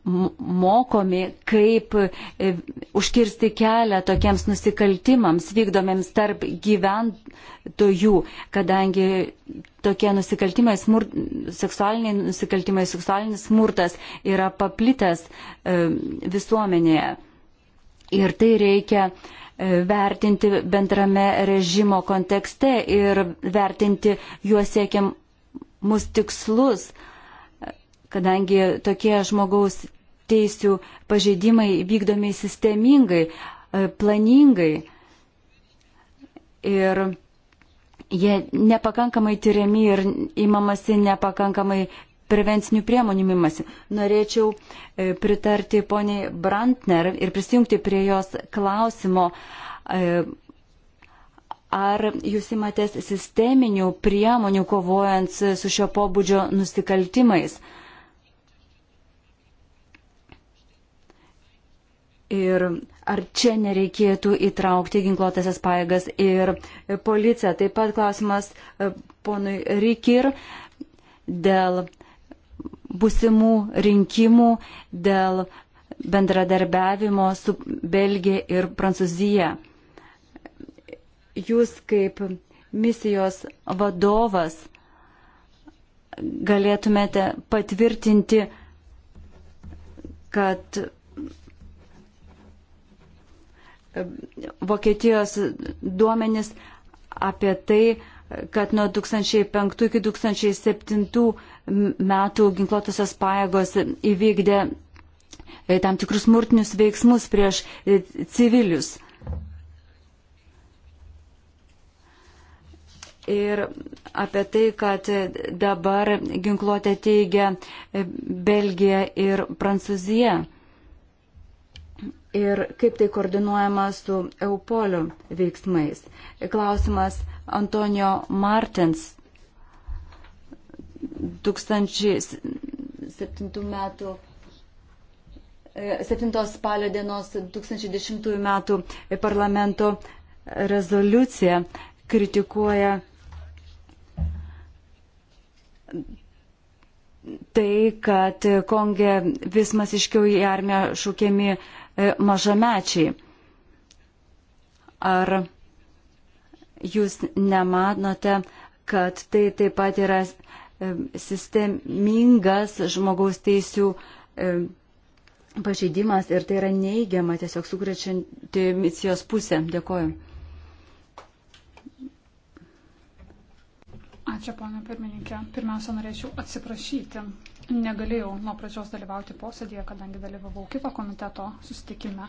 mokomi, kaip e, užkirsti kelią tokiems nusikaltimams vykdomiems tarp gyventojų, kadangi tokie nusikaltimai, smur, seksualiniai nusikaltimai, seksualinis smurtas yra paplitęs e, visuomenėje. Ir tai reikia uh, E, vertinti bendrame režimo kontekste ir vertinti juos siekiamus tikslus, kadangi tokie žmogaus teisių pažeidimai vykdomi sistemingai, e, planingai ir jie nepakankamai tyriami ir įmamasi nepakankamai prevencinių priemonių mimasi. Norėčiau e, pritarti poniai Brantner ir prisijungti prie jos klausimo, e, ar jūs imatės sisteminių priemonių kovojant su šio pobūdžio nusikaltimais. Ir ar čia nereikėtų įtraukti ginkluotasias paėgas ir policiją? Taip pat klausimas e, ponui Rikir dėl busimų rinkimų dėl bendradarbiavimo su Belgija ir Prancūzija. Jūs kaip misijos vadovas galėtumėte patvirtinti, kad Vokietijos duomenis apie tai, kad nuo 2005 iki 2007 metų ginkluotosios pajėgos įvykdė e, tam tikrus smurtinius veiksmus prieš e, civilius. Ir apie tai, kad dabar ginkluotę teigia e, Belgija ir Prancūzija. Ir kaip tai koordinuojama su Eupoliu veiksmais. Klausimas Antonio Martins 2007 metų 7 e, spalio dienos 2010 metų parlamento rezoliucija kritikuoja tai, kad Konge vis masiškiau į armiją šūkiami e, mažamečiai. Ar jūs nemanote, kad tai taip pat yra sistemingas žmogaus teisų pažeidimas ir tai yra neigiama, tiesiog sukrečianti misijos pusė. Dėkoju. Ačiū, ponia pirmininkė. Pirmiausia, norėčiau atsiprašyti. Negalėjau nuo pradžios dalyvauti posėdėje, kadangi dalyvavau kito komiteto susitikime.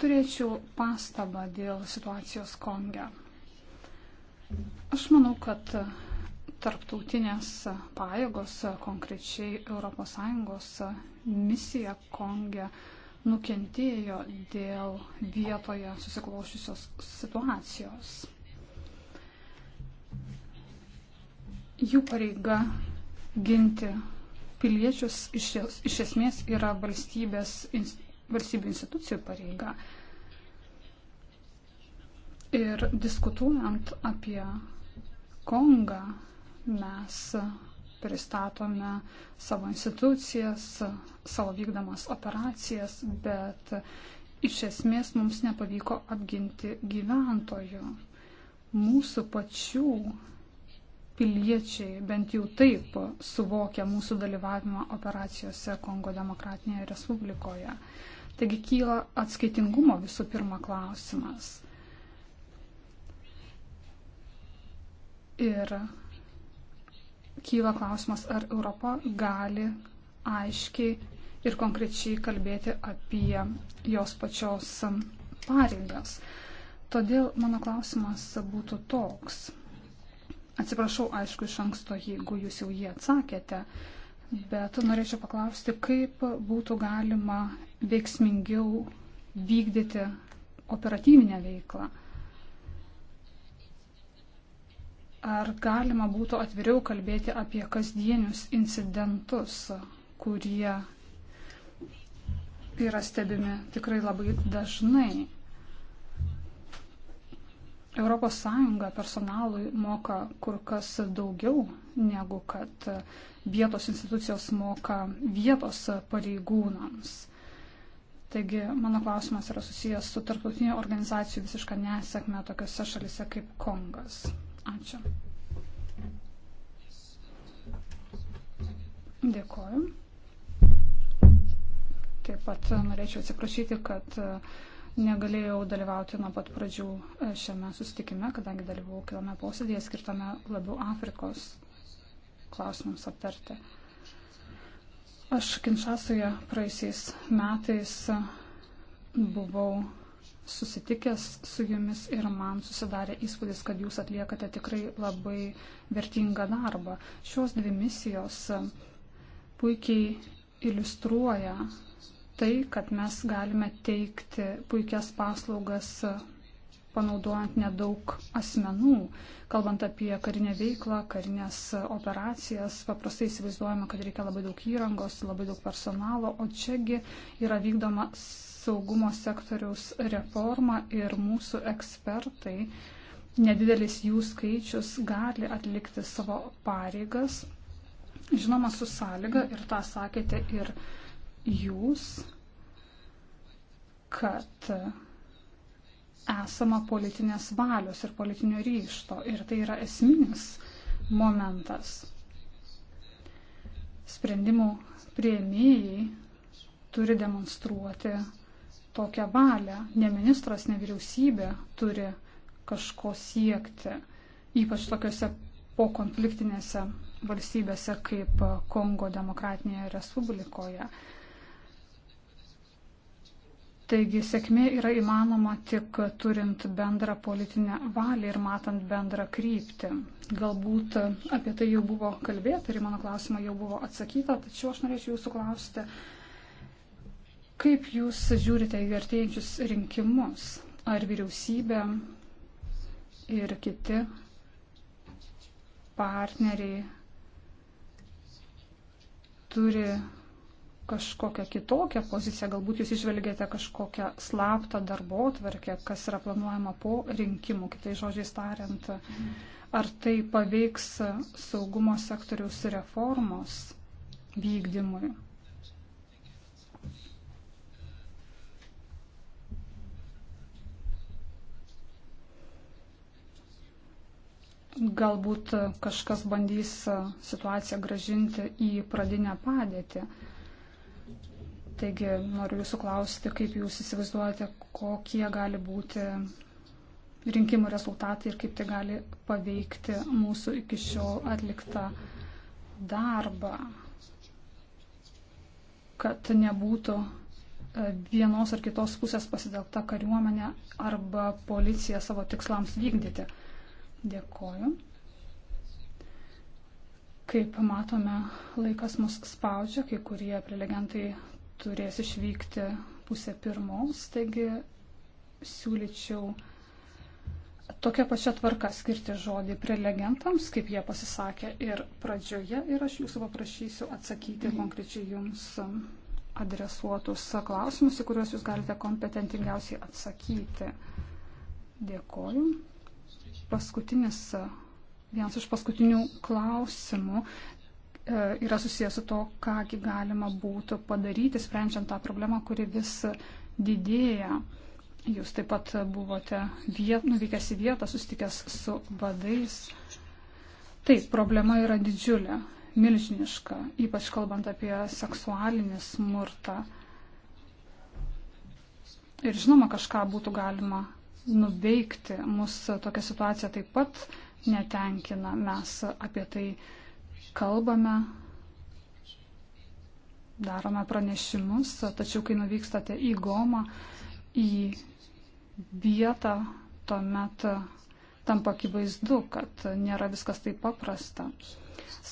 Turėčiau pastabą dėl situacijos Konge. Aš manau, kad tarptautinės pajėgos, konkrečiai ES misija Konge nukentėjo dėl vietoje susiklošusios situacijos. Jų pareiga ginti piliečius iš, iš esmės yra valstybės, valstybių institucijų pareiga. Ir diskutuojant apie Kongą, mes pristatome savo institucijas, savo vykdamas operacijas, bet iš esmės mums nepavyko apginti gyventojų. Mūsų pačių piliečiai bent jau taip suvokia mūsų dalyvavimą operacijose Kongo Demokratinėje Respublikoje. Taigi kyla atskaitingumo visų pirma klausimas. Ir kyla klausimas, ar Europa gali aiškiai ir konkrečiai kalbėti apie jos pačios pareigas. Todėl mano klausimas būtų toks. Atsiprašau, aišku, iš anksto, jeigu jūs jau jį atsakėte, bet norėčiau paklausti, kaip būtų galima veiksmingiau vykdyti operatyvinę veiklą. Ar galima būtų atviriau kalbėti apie kasdienius incidentus, kurie yra stebimi tikrai labai dažnai? ES personalui moka kur kas daugiau negu kad vietos institucijos moka vietos pareigūnams. Taigi mano klausimas yra susijęs su tarptautiniu organizacijų visišką nesėkmę tokiuose šalise kaip Kongas. Ačiū. Dėkoju. Taip pat norėčiau atsiprašyti, kad e, negalėjau dalyvauti nuo pat pradžių e, šiame susitikime, kadangi dalyvau kilame posėdėje skirtame labiau Afrikos klausimams aptarti. Aš Kinšasoje praeisiais metais buvau susitikęs su jumis ir man susidarė įspūdis, kad jūs atliekate tikrai labai vertingą darbą. Šios dvi misijos e, puikiai iliustruoja tai, kad mes galime teikti puikias paslaugas e, panaudojant nedaug asmenų. Kalbant apie karinę veiklą, karinės e, operacijas, paprastai įsivaizduojama, kad reikia labai daug įrangos, labai daug personalo, o čiagi yra vykdomas saugumo sektoriaus reformą ir mūsų ekspertai, nedidelis jų skaičius, gali atlikti savo pareigas. Žinoma, su sąlyga, ir tą sakėte ir jūs, kad esama politinės valios ir politinio ryšto. Ir tai yra esminis momentas. Sprendimų prieimėjai turi demonstruoti tokią valią. Ne ministras, ne vyriausybė turi kažko siekti, ypač tokiuose pokonfliktinėse valstybėse kaip Kongo demokratinėje respublikoje. Taigi sėkmė yra įmanoma tik turint bendrą politinę valią ir matant bendrą kryptį. Galbūt apie tai jau buvo kalbėta ir mano klausimą jau buvo atsakyta, tačiau aš norėčiau jūsų klausyti, Kaip Jūs žiūrite į artėjančius rinkimus? Ar vyriausybė ir kiti partneriai turi kažkokią kitokią poziciją, galbūt jūs išvelgėte kažkokią slaptą darbo tvarkę, kas yra planuojama po rinkimų, kitai žodžiai tariant, ar tai paveiks saugumo sektoriaus reformos vykdymui. galbūt kažkas bandys situaciją gražinti į pradinę padėtį. Taigi noriu jūsų klausyti, kaip jūs įsivaizduojate, kokie gali būti rinkimų rezultatai ir kaip tai gali paveikti mūsų iki šiol atliktą darbą, kad nebūtų e, vienos ar kitos pusės pasitelkta kariuomenė arba policija savo tikslams vykdyti. Dėkoju. Kaip matome, laikas mus spaudžia, kai kurie prelegentai turės išvykti pusę pirmos, taigi siūlyčiau tokia pačia tvarka skirti žodį prelegentams, kaip jie pasisakė ir pradžioje, ir aš jūsų paprašysiu atsakyti konkrečiai jums adresuotus klausimus, į kuriuos jūs galite kompetentingiausiai atsakyti. Dėkoju paskutinis, vienas iš paskutinių klausimų e, yra susijęs su to, kągi galima būtų padaryti, sprendžiant tą problemą, kuri vis didėja. Jūs taip pat buvote viet, nuvykęs į vietą, sustikęs su vadais. Taip, problema yra didžiulė, milžiniška, ypač kalbant apie seksualinį smurtą. Ir žinoma, kažką būtų galima nuveikti. Mus tokia situacija taip pat netenkina. Mes apie tai kalbame, darome pranešimus, tačiau kai nuvykstate į Gomą, į vietą, tuomet tampa akivaizdu, kad nėra viskas taip paprasta.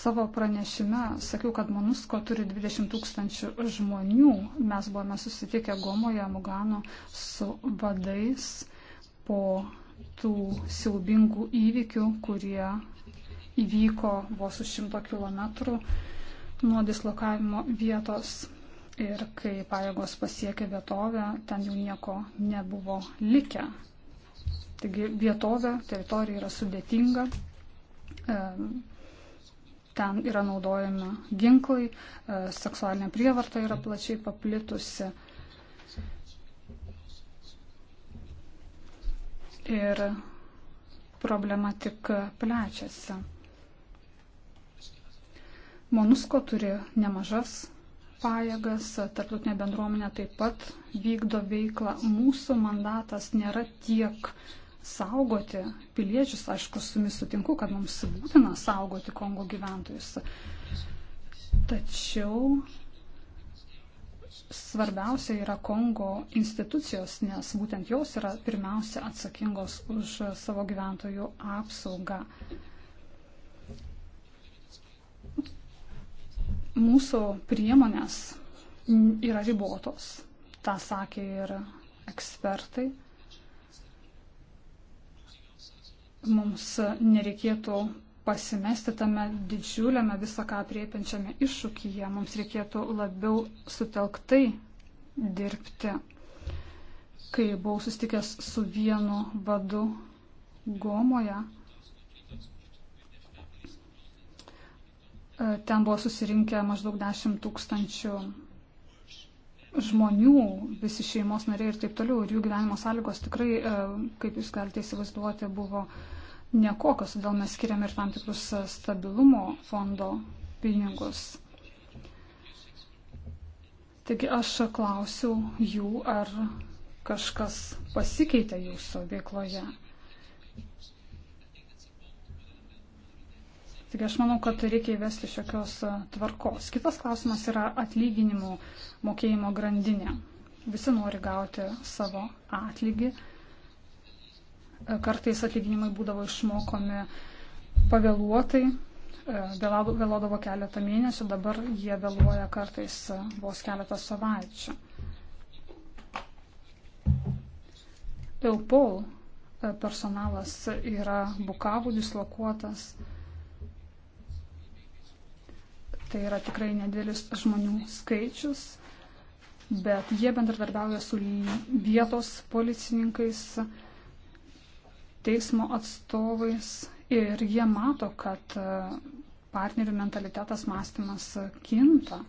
Savo pranešime sakiau, kad Monusko turi 20 tūkstančių žmonių. Mes buvome susitikę Gomoje, Mugano su vadais po tų siaubingų įvykių, kurie įvyko vos už šimto kilometrų nuo dislokavimo vietos. Ir kai pajėgos pasiekė vietovę, ten jau nieko nebuvo likę. Taigi vietovė, teritorija yra sudėtinga. E, ten yra naudojami ginklai, e, seksualinė prievarta yra plačiai paplitusi. ir problema tik plečiasi. Monusko turi nemažas pajėgas, tarptautinė bendruomenė taip pat vykdo veiklą. Mūsų mandatas nėra tiek saugoti piliečius, aišku, su jumis sutinku, kad mums būtina saugoti Kongo gyventojus. Tačiau svarbiausia yra Kongo institucijos, nes būtent jos yra pirmiausia atsakingos už savo gyventojų apsaugą. Mūsų priemonės yra ribotos, tą sakė ir ekspertai. Mums nereikėtų pasimesti tame didžiuliame visą ką priepiančiame iššūkyje. Mums reikėtų labiau sutelktai dirbti. Kai buvau sustikęs su vienu vadu Gomoje, e, ten buvo susirinkę maždaug 10 tūkstančių žmonių, visi šeimos nariai ir taip toliau, ir jų gyvenimo sąlygos tikrai, e, kaip jūs galite įsivaizduoti, buvo uh, nekokios, todėl mes skiriam ir tam tikrus stabilumo fondo pinigus. Taigi aš klausiau jų, ar kažkas pasikeitė jūsų veikloje. Taigi aš manau, kad reikia įvesti šiokios tvarkos. Kitas klausimas yra atlyginimų mokėjimo grandinė. Visi nori gauti savo atlygį, Kartais atlyginimai būdavo išmokomi pavėluotai, e, vėluodavo keletą mėnesių, dabar jie vėluoja kartais e, vos keletą savaičių. Eupol e, personalas yra bukavų dislokuotas. Tai yra tikrai nedėlis žmonių skaičius, bet jie bendradarbiauja su vietos policininkais, teismo atstovais ir jie mato, kad e, partnerių mentalitetas, mąstymas kinta.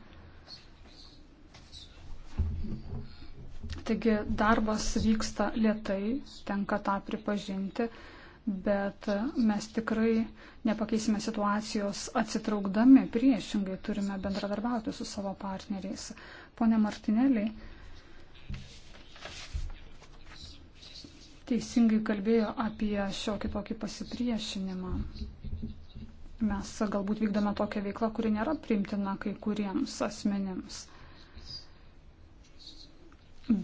Taigi darbas vyksta lietai, tenka tą pripažinti, bet mes tikrai nepakeisime situacijos atsitraukdami, priešingai turime bendradarbiauti su savo partneriais. Pone Martineliai, teisingai kalbėjo apie šiokį tokį pasipriešinimą. Mes galbūt vykdome tokią veiklą, kuri nėra primtina kai kuriems asmenims.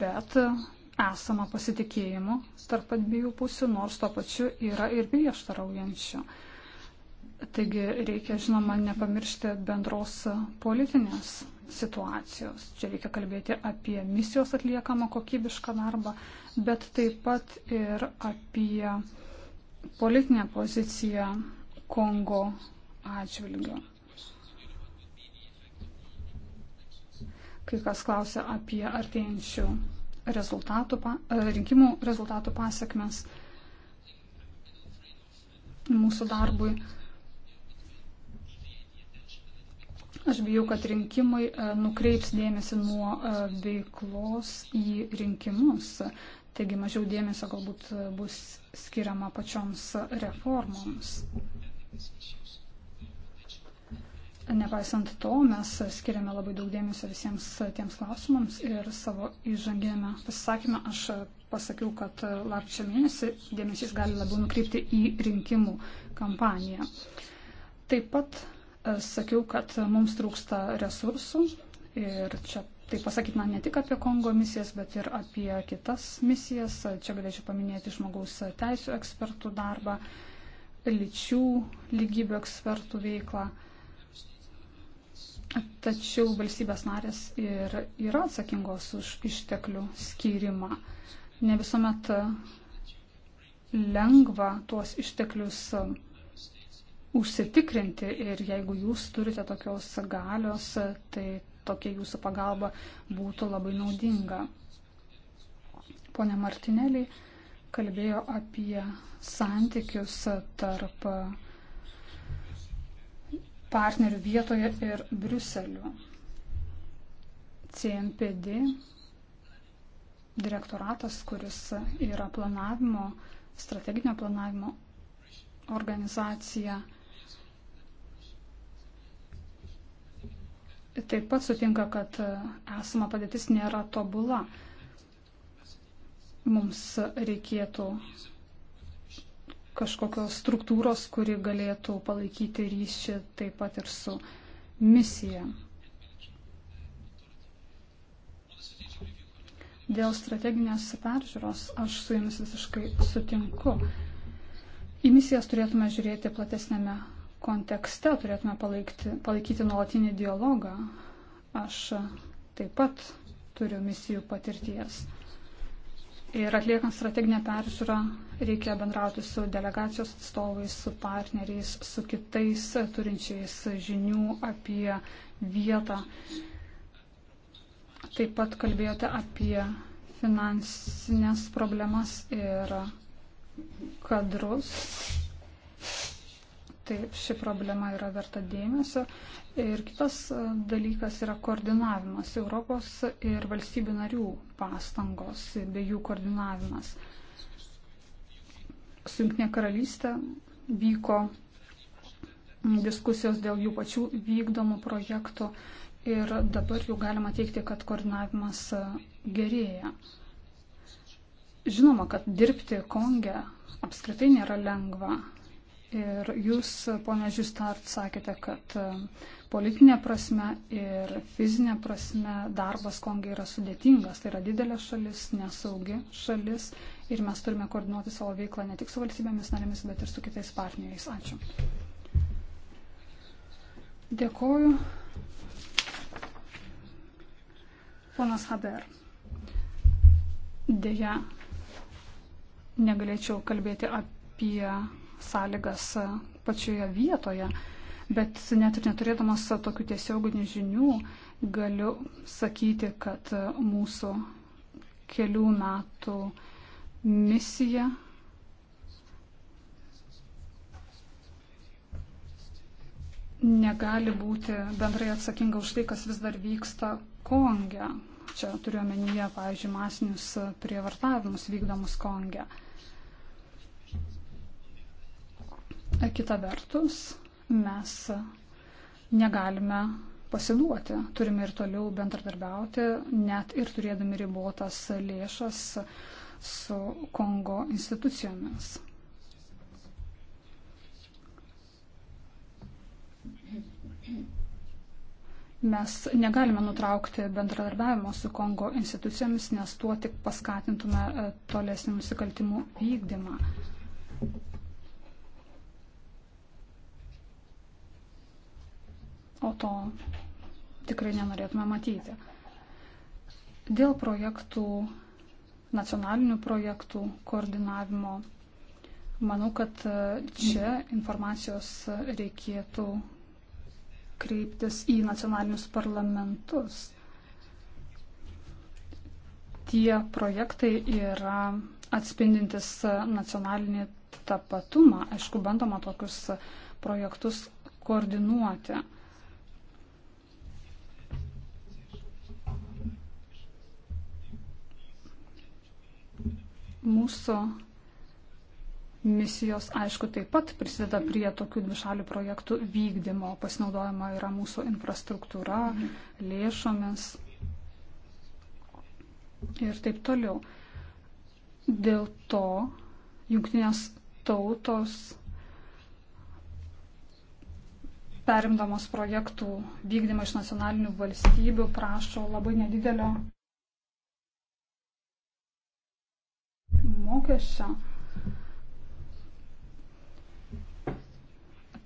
Bet esama pasitikėjimo tarp abiejų pusių, nors to pačiu yra ir prieštaraujančių. Taigi reikia, žinoma, nepamiršti bendros politinės situacijos. Čia reikia kalbėti apie misijos atliekamą kokybišką darbą, bet taip pat ir apie politinę poziciją Kongo atžvilgiu. Kai kas klausia apie artėjančių rezultatų, e, rinkimų rezultatų pasiekmes mūsų darbui. Aš bijau, kad rinkimai e, nukreips dėmesį nuo e, veiklos į rinkimus. Taigi mažiau dėmesio galbūt e, bus skiriama pačioms reformoms. Nepaisant to, mes skiriame labai daug dėmesio visiems tiems klausimams ir savo įžanginėme pasisakymę aš pasakiau, kad lapčio mėnesį dėmesys gali labiau nukreipti į rinkimų kampaniją. Taip pat e, sakiau, kad mums trūksta resursų ir čia Tai pasakytina ne tik apie Kongo misijas, bet ir apie kitas misijas. Čia galėčiau paminėti žmogaus teisų ekspertų darbą, lyčių lygybių ekspertų veiklą. Tačiau valstybės narės ir yra atsakingos už išteklių skyrimą. Ne visuomet lengva tuos išteklius užsitikrinti ir jeigu jūs turite tokios galios, tai tokia jūsų pagalba būtų labai naudinga. Pone Martinelį kalbėjo apie santykius tarp partnerių vietoje ir Briuseliu. CMPD direktoratas, kuris yra planavimo, strateginio planavimo organizacija, taip pat sutinka, kad e, esama padėtis nėra tobula. Mums reikėtų kažkokios struktūros, kuri galėtų palaikyti ryšį taip pat ir su misija. Dėl strateginės peržiūros aš su jumis visiškai sutinku. Į misijas turėtume žiūrėti platesnėme kontekste turėtume palaikti, palaikyti nuolatinį dialogą. Aš taip pat turiu misijų patirties. Ir atliekant strateginę peržiūrą reikia bendrauti su delegacijos atstovais, su partneriais, su kitais turinčiais žinių apie vietą. Taip pat kalbėjote apie finansinės problemas ir kadrus. Taip, ši problema yra verta dėmesio. Ir kitas e, dalykas yra koordinavimas Europos ir valstybių narių pastangos bei jų koordinavimas. Su Junktinė karalystė vyko diskusijos dėl jų pačių vykdomų projektų ir dabar jau galima teikti, kad koordinavimas e, gerėja. Žinoma, kad dirbti Konge apskritai nėra lengva. Ir jūs, ponė Žistart, sakėte, kad e, politinė prasme ir fizinė prasme darbas Kongai yra sudėtingas. Tai yra didelė šalis, nesaugi šalis ir mes turime koordinuoti savo veiklą ne tik su valstybėmis narėmis, bet ir su kitais partneriais. Ačiū. Dėkoju. Ponas Haber. Deja, negalėčiau kalbėti apie sąlygas e, pačioje vietoje, bet net ir neturėdamas tokių tiesioginių žinių galiu sakyti, kad e, mūsų kelių metų misija negali būti bendrai atsakinga už tai, kas vis dar vyksta Konge. Čia turiu omenyje, pavyzdžiui, masinius prievartavimus vykdomus Konge. Uh, Kita vertus, mes negalime pasiduoti, turime ir toliau bendradarbiauti, net ir turėdami ribotas lėšas su Kongo institucijomis. Mes negalime nutraukti bendradarbiavimo su Kongo institucijomis, nes tuo tik paskatintume tolesnį nusikaltimų vykdymą. o to tikrai nenorėtume matyti. Dėl projektų, nacionalinių projektų koordinavimo, manau, kad e, čia informacijos reikėtų kreiptis į nacionalinius parlamentus. Tie projektai yra atspindintis nacionalinį tapatumą. Aišku, bandoma tokius projektus koordinuoti. Mūsų misijos, aišku, taip pat prisideda prie tokių dvišalių projektų vykdymo. Pasinaudojama yra mūsų infrastruktūra, mhm. lėšomis ir taip toliau. Dėl to jungtinės tautos perimdamos projektų vykdymą iš nacionalinių valstybių prašo labai nedidelio mokesčio.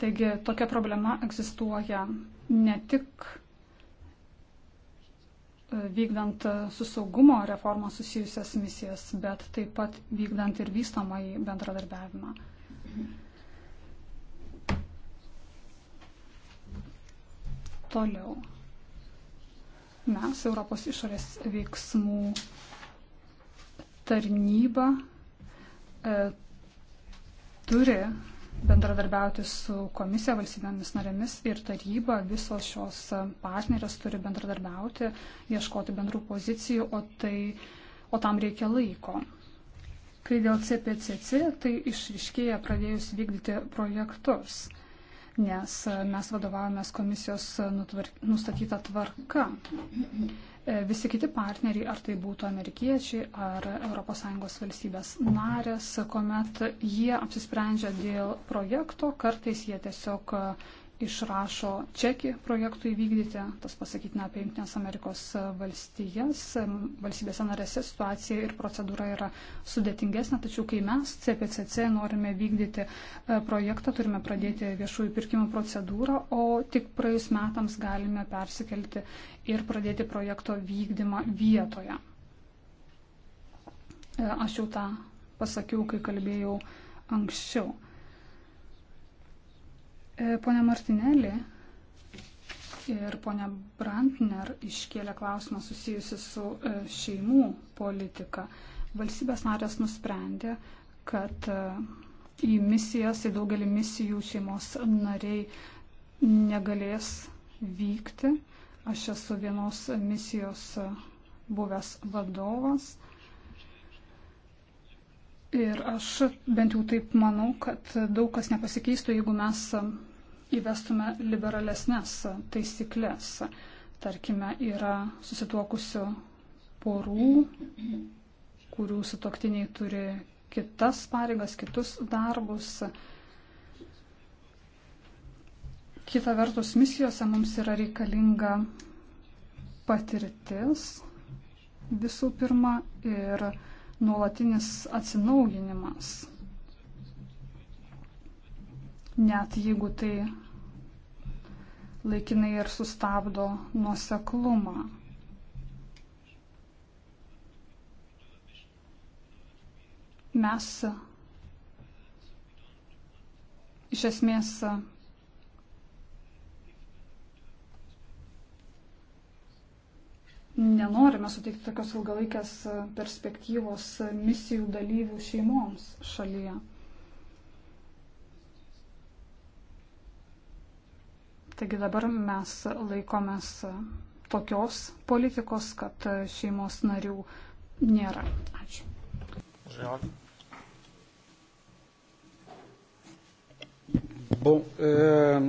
Taigi tokia problema egzistuoja ne tik e, vykdant su saugumo reformą susijusias misijas, bet taip pat vykdant ir vystamąjį bendradarbiavimą. Toliau. Mes, Europos išorės veiksmų tarnyba, E, turi bendradarbiauti su komisija valstybėmis narėmis ir taryba, visos šios partnerės turi bendradarbiauti, ieškoti bendrų pozicijų, o, tai, o tam reikia laiko. Kai dėl CPCC, tai išriškėja pradėjus vykdyti projektus, nes mes vadovavomės komisijos nustatytą tvarką. E, visi kiti partneriai, ar tai būtų amerikiečiai ar ES valstybės narės, kuomet jie apsisprendžia dėl projekto, kartais jie tiesiog išrašo čekį projektui vykdyti, tas pasakytina apie Junktinės Amerikos valstijas. Valstybėse narėse situacija ir procedūra yra sudėtingesnė, tačiau kai mes CPCC norime vykdyti e, projektą, turime pradėti viešųjų pirkimų procedūrą, o tik praėjus metams galime persikelti ir pradėti projekto vykdymą vietoje. E, aš jau tą pasakiau, kai kalbėjau anksčiau. E, pone Martinelli ir pone Brantner iškėlė klausimą susijusi su e, šeimų politika. Valstybės narės nusprendė, kad e, į misijas, į daugelį misijų šeimos nariai negalės vykti. Aš esu vienos misijos buvęs vadovas. Ir aš bent jau taip manau, kad daug kas nepasikeistų, jeigu mes įvestume liberalesnės taisyklės. Tarkime, yra susituokusių porų, kurių sutoktiniai turi kitas pareigas, kitus darbus. Kita vertus, misijose mums yra reikalinga patirtis visų pirma ir nuolatinis atsinaujinimas net jeigu tai laikinai ir sustabdo nuoseklumą. Mes iš esmės nenorime suteikti tokios ilgalaikės perspektyvos misijų dalyvių šeimoms šalyje. Taigi dabar mes laikomės tokios politikos, kad šeimos narių nėra. Ačiū. Žiūrėk. Bon, euh,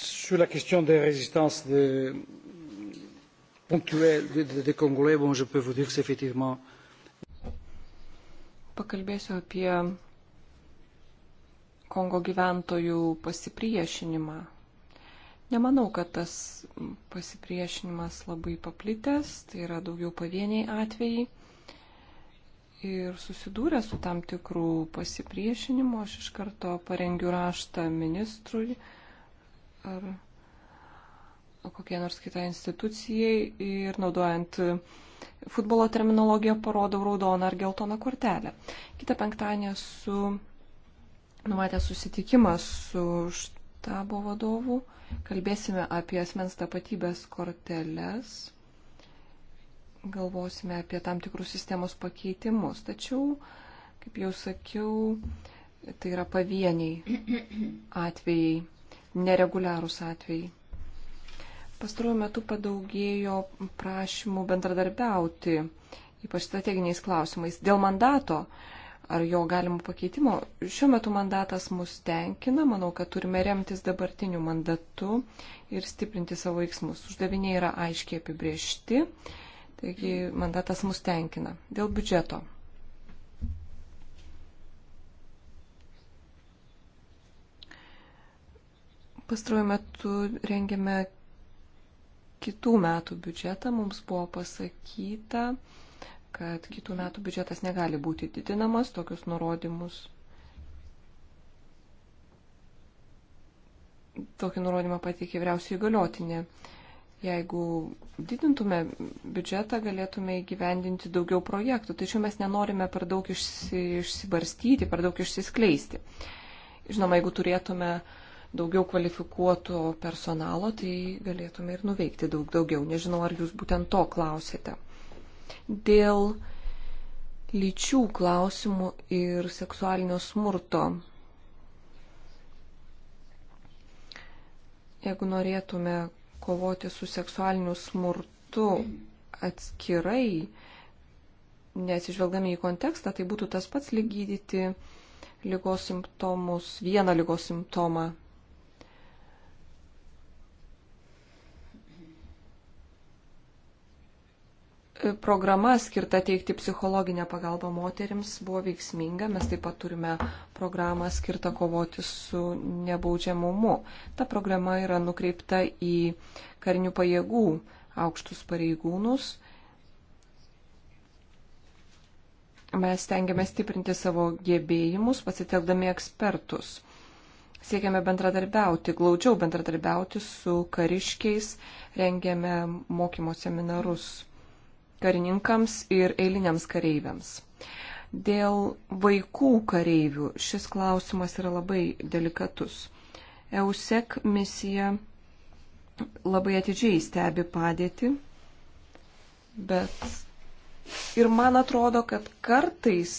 sur la question des résistances de, ponctuelles des de, de Congolais, bon, je peux vous dire que c'est effectivement. Pakalbėsiu apie Kongo gyventojų pasipriešinimą Nemanau, kad tas pasipriešinimas labai paplitęs, tai yra daugiau pavieniai atvejai. Ir susidūrę su tam tikrų pasipriešinimu, aš iš karto parengiu raštą ministrui ar kokie nors kitai institucijai ir naudojant futbolo terminologiją parodau raudoną ar geltoną kortelę. Kita penktadienį su numatė susitikimą su štabo vadovu Kalbėsime apie asmens tapatybės korteles, galvosime apie tam tikrus sistemos pakeitimus. Tačiau, kaip jau sakiau, tai yra pavieniai atvejai, nereguliarūs atvejai. Pastaruoju metu padaugėjo prašymų bendradarbiauti, ypač strateginiais klausimais. Dėl mandato ar jo galimo pakeitimo. Šiuo metu mandatas mus tenkina, manau, kad turime remtis dabartiniu mandatu ir stiprinti savo veiksmus. Uždaviniai yra aiškiai apibriešti, taigi mandatas mus tenkina. Dėl biudžeto. Pastaruoju metu rengiame kitų metų biudžetą, mums buvo pasakyta, kad kitų metų biudžetas negali būti didinamas, tokius nurodymus. Tokį nurodymą pateikė vyriausiai įgaliotinė. Jeigu didintume biudžetą, galėtume įgyvendinti daugiau projektų, tačiau mes nenorime per daug išsi, išsibarstyti, per daug išsiskleisti. Žinoma, jeigu turėtume daugiau kvalifikuoto personalo, tai galėtume ir nuveikti daug daugiau. Nežinau, ar jūs būtent to klausėte dėl lyčių klausimų ir seksualinio smurto. Jeigu norėtume kovoti su seksualiniu smurtu atskirai, nesižvelgdami į kontekstą, tai būtų tas pats lyg gydyti lygos simptomus, vieną lygos simptomą programa skirta teikti psichologinę pagalbą moterims buvo veiksminga. Mes taip pat turime programą skirtą kovoti su nebaudžiamumu. Ta programa yra nukreipta į karinių pajėgų aukštus pareigūnus. Mes stengiame stiprinti savo gebėjimus, pasitelkdami ekspertus. Siekiame bendradarbiauti, glaudžiau bendradarbiauti su kariškiais, rengiame mokymo seminarus karininkams ir eiliniams kareiviams. Dėl vaikų kareivių šis klausimas yra labai delikatus. EUSEC misija labai atidžiai stebi padėtį, bet ir man atrodo, kad kartais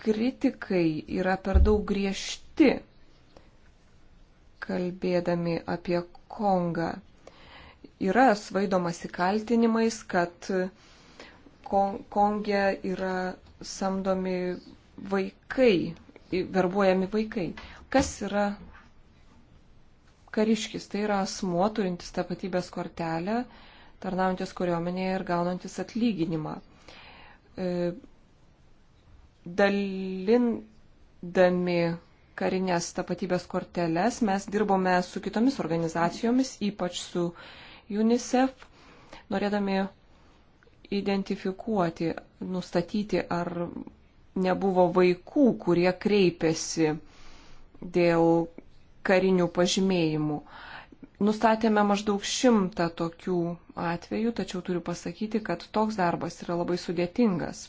kritikai yra per daug griežti, kalbėdami apie Kongą yra svaidomasi kaltinimais, kad Konge yra samdomi vaikai, verbuojami vaikai. Kas yra kariškis? Tai yra asmuo turintis tapatybės kortelę, tarnaujantis kariuomenėje ir gaunantis atlyginimą. E, dalindami karinės tapatybės korteles mes dirbome su kitomis organizacijomis, ypač su uh, UNICEF, norėdami identifikuoti, nustatyti, ar nebuvo vaikų, kurie kreipėsi dėl karinių pažymėjimų. Nustatėme maždaug šimtą tokių atvejų, tačiau turiu pasakyti, kad toks darbas yra labai sudėtingas.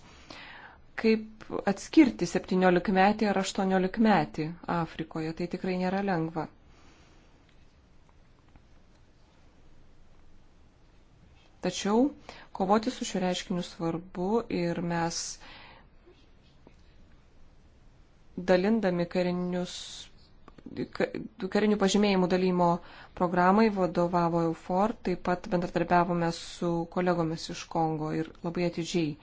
Kaip atskirti 17 metį ar 18 metį Afrikoje, tai tikrai nėra lengva. Tačiau kovoti su šiuo reiškiniu svarbu ir mes dalindami karinius karinių pažymėjimų dalymo programai vadovavo EUFOR, taip pat bendradarbiavome su kolegomis iš Kongo ir labai atidžiai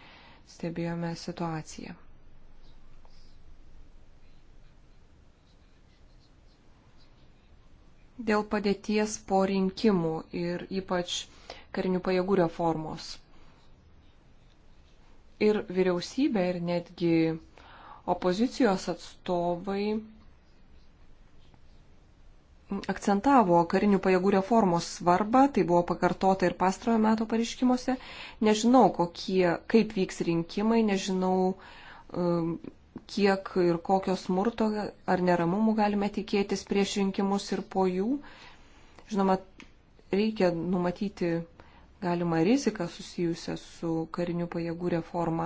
stebėjome situaciją. Dėl padėties po rinkimų ir ypač karinių pajėgų reformos. Ir vyriausybė, ir netgi opozicijos atstovai akcentavo karinių pajėgų reformos svarbą, tai buvo pakartota ir pastarojo meto pareiškimuose. Nežinau, kokie, kaip vyks rinkimai, nežinau, um, kiek ir kokio smurto ar neramumų galime tikėtis prieš rinkimus ir po jų. Žinoma, reikia numatyti galimą riziką susijusią su karinių pajėgų reforma.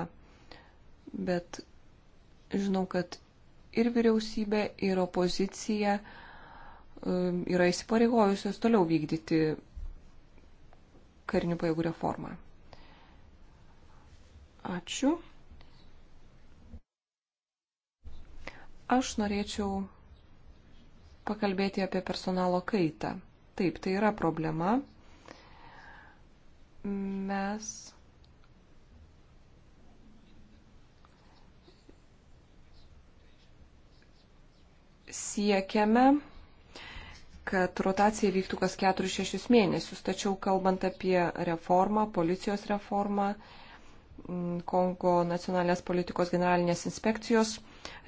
Bet žinau, kad ir vyriausybė, ir opozicija um, yra įsipareigojusios toliau vykdyti karinių pajėgų reformą. Ačiū. Aš norėčiau pakalbėti apie personalo kaitą. Taip, tai yra problema mes siekiame, kad rotacija vyktų kas 4-6 mėnesius. Tačiau kalbant apie reformą, policijos reformą, Kongo nacionalinės politikos generalinės inspekcijos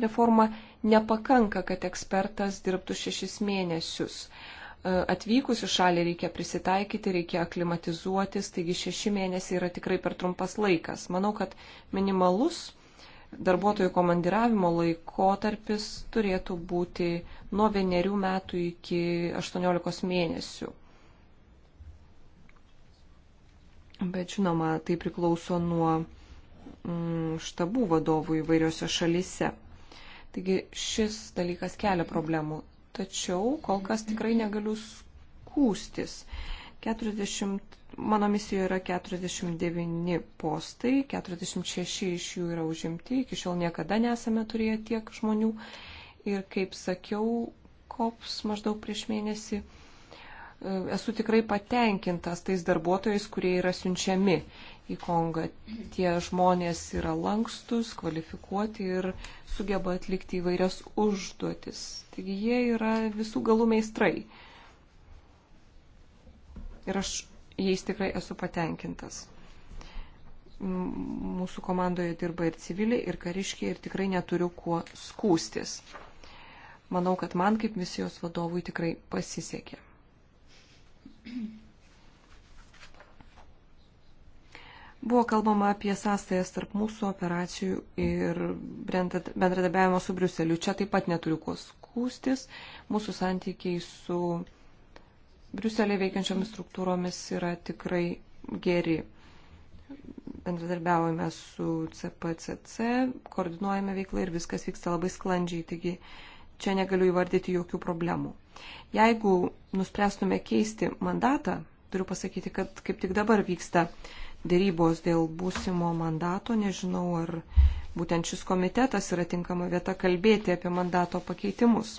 reformą, nepakanka, kad ekspertas dirbtų 6 mėnesius. E, atvykus į šalį reikia prisitaikyti, reikia aklimatizuotis, taigi šeši mėnesiai yra tikrai per trumpas laikas. Manau, kad minimalus darbuotojų komandiravimo laikotarpis turėtų būti nuo vienerių metų iki 18 mėnesių. Bet žinoma, tai priklauso nuo mm, štabų vadovų įvairiose šalise. Taigi šis dalykas kelia problemų tačiau kol kas tikrai negaliu skūstis. 40, mano misijoje yra 49 postai, 46 iš jų yra užimti, iki šiol niekada nesame turėję tiek žmonių. Ir kaip sakiau, kops maždaug prieš mėnesį, e, esu tikrai patenkintas tais darbuotojais, kurie yra siunčiami į Kongą. Tie žmonės yra lankstus, kvalifikuoti ir sugeba atlikti įvairias užduotis. Taigi jie yra visų galų meistrai. Ir aš jais tikrai esu patenkintas. Mūsų komandoje dirba ir civiliai, ir kariškiai, ir tikrai neturiu kuo skūstis. Manau, kad man kaip misijos vadovui tikrai pasisekė. Thank you. Buvo kalbama apie sąsajas tarp mūsų operacijų ir bendradarbiavimo su Briuseliu. Čia taip pat neturiu ko skūstis. Mūsų santykiai su Briuselė veikiančiomis struktūromis yra tikrai geri. Bendradarbiaujame su CPCC, koordinuojame veiklą ir viskas vyksta labai sklandžiai, taigi čia negaliu įvardyti jokių problemų. Jeigu nuspręstume keisti mandatą, turiu pasakyti, kad kaip tik dabar vyksta dėrybos dėl būsimo mandato. Nežinau, ar būtent šis komitetas yra tinkama vieta kalbėti apie mandato pakeitimus.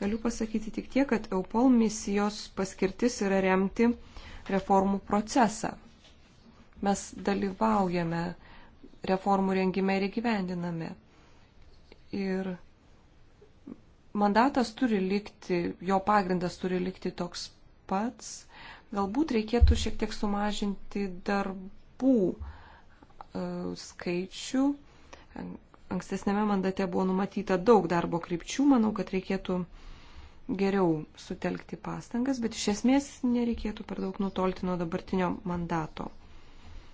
Galiu pasakyti tik tiek, kad EUPOL misijos paskirtis yra remti reformų procesą. Mes dalyvaujame reformų rengime ir įgyvendiname. Ir mandatas turi likti, jo pagrindas turi likti toks pats Galbūt reikėtų šiek tiek sumažinti darbų e, skaičių. Ankstesnėme mandate buvo numatyta daug darbo krypčių. Manau, kad reikėtų geriau sutelkti pastangas, bet iš esmės nereikėtų per daug nutolti nuo dabartinio mandato.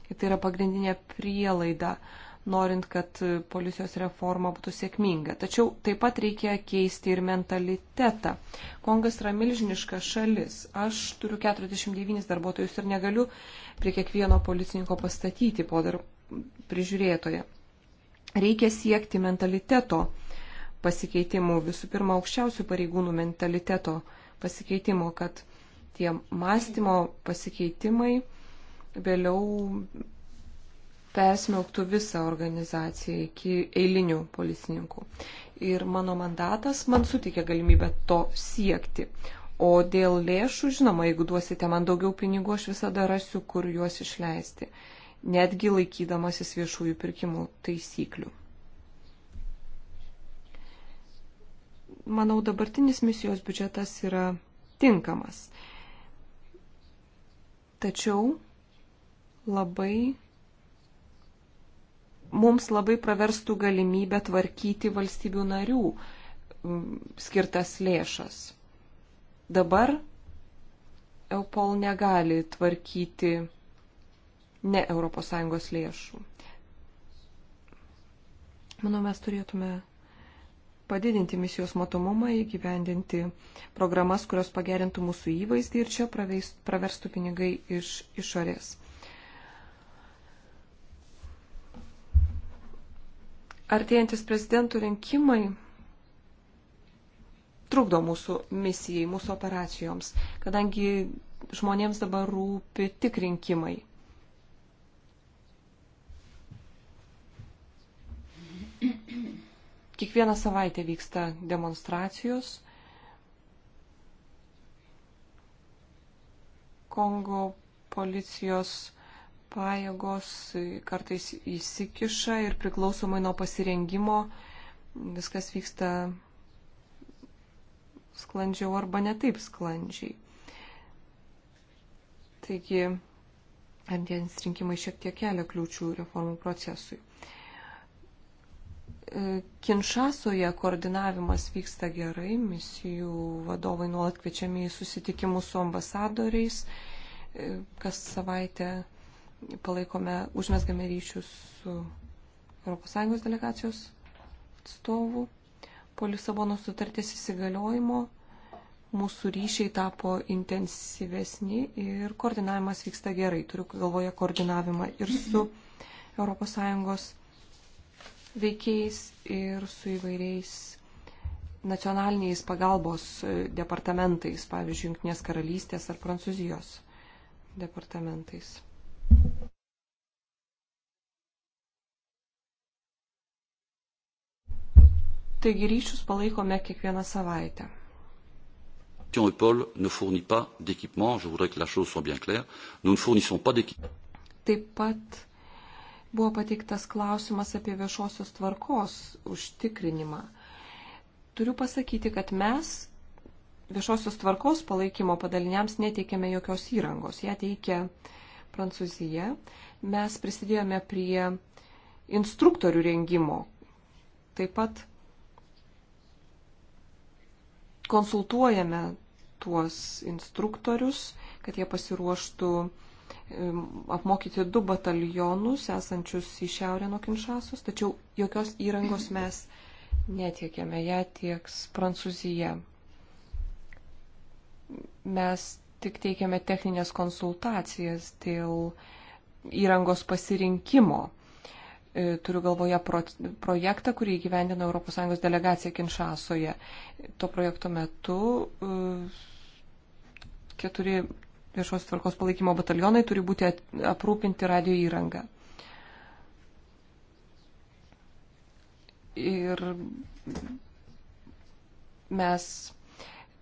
Ir tai yra pagrindinė prielaida uh, norint, kad policijos reforma būtų sėkminga. Tačiau taip pat reikia keisti ir mentalitetą. Kongas yra milžiniška šalis. Aš turiu 49 darbuotojus ir negaliu prie kiekvieno policininko pastatyti po dar prižiūrėtoje. Reikia siekti mentaliteto pasikeitimų, visų pirma, aukščiausių pareigūnų mentaliteto pasikeitimo, kad tie mąstymo pasikeitimai vėliau persmelktų visą organizaciją iki eilinių policininkų. Ir mano mandatas man sutikė galimybę to siekti. O dėl lėšų, žinoma, jeigu duosite man daugiau pinigų, aš visada rasiu, kur juos išleisti, netgi laikydamasis viešųjų pirkimų taisyklių. Manau, dabartinis misijos biudžetas yra tinkamas. Tačiau labai mums labai praverstų galimybę tvarkyti valstybių narių skirtas lėšas. Dabar EUPOL negali tvarkyti ne ES lėšų. Manau, mes turėtume padidinti misijos matomumą, įgyvendinti programas, kurios pagerintų mūsų įvaizdį ir čia praveistų, praverstų pinigai iš išorės. artėjantis prezidentų rinkimai trukdo mūsų misijai, mūsų operacijoms, kadangi žmonėms dabar rūpi tik rinkimai. Kiekvieną savaitę vyksta demonstracijos. Kongo policijos pajėgos kartais įsikiša ir priklausomai nuo pasirengimo viskas vyksta sklandžiau arba netaip sklandžiai. Taigi, antienis rinkimai šiek tiek kelia kliūčių reformų procesui. E, Kinšasoje koordinavimas vyksta gerai, misijų vadovai nuolat kviečiami į susitikimus su ambasadoriais, e, kas savaitę palaikome, užmesgame ryšius su ES delegacijos atstovų. Po Lisabonos sutarties įsigaliojimo mūsų ryšiai tapo intensyvesni ir koordinavimas vyksta gerai. Turiu galvoje koordinavimą ir su ES veikėjais, ir su įvairiais nacionaliniais pagalbos departamentais, pavyzdžiui, Junktinės karalystės ar Prancūzijos departamentais. Taigi ryšius palaikome kiekvieną savaitę. EPOL ne fournit pas d'équipement, je voudrais que la chose soit bien claire, nous ne fournissons pas d'équipement. Taip pat buvo pateiktas klausimas apie viešosios tvarkos užtikrinimą. Turiu pasakyti, kad mes viešosios tvarkos palaikymo padaliniams neteikėme jokios įrangos. Jie teikia Prancūzija. Mes prisidėjome prie instruktorių rengimo. Taip pat konsultuojame tuos instruktorius, kad jie pasiruoštų apmokyti du batalionus esančius į šiaurę nuo Kinšasos, tačiau jokios įrangos mes netiekėme, ją tieks Prancūzija. Mes tik teikiame techninės konsultacijas dėl įrangos pasirinkimo E, turiu galvoje pro, projektą, kurį įgyvendino ES delegacija Kinšasoje. To projekto metu e, keturi viešos tvarkos palaikymo batalionai turi būti aprūpinti radio įrangą. Ir mes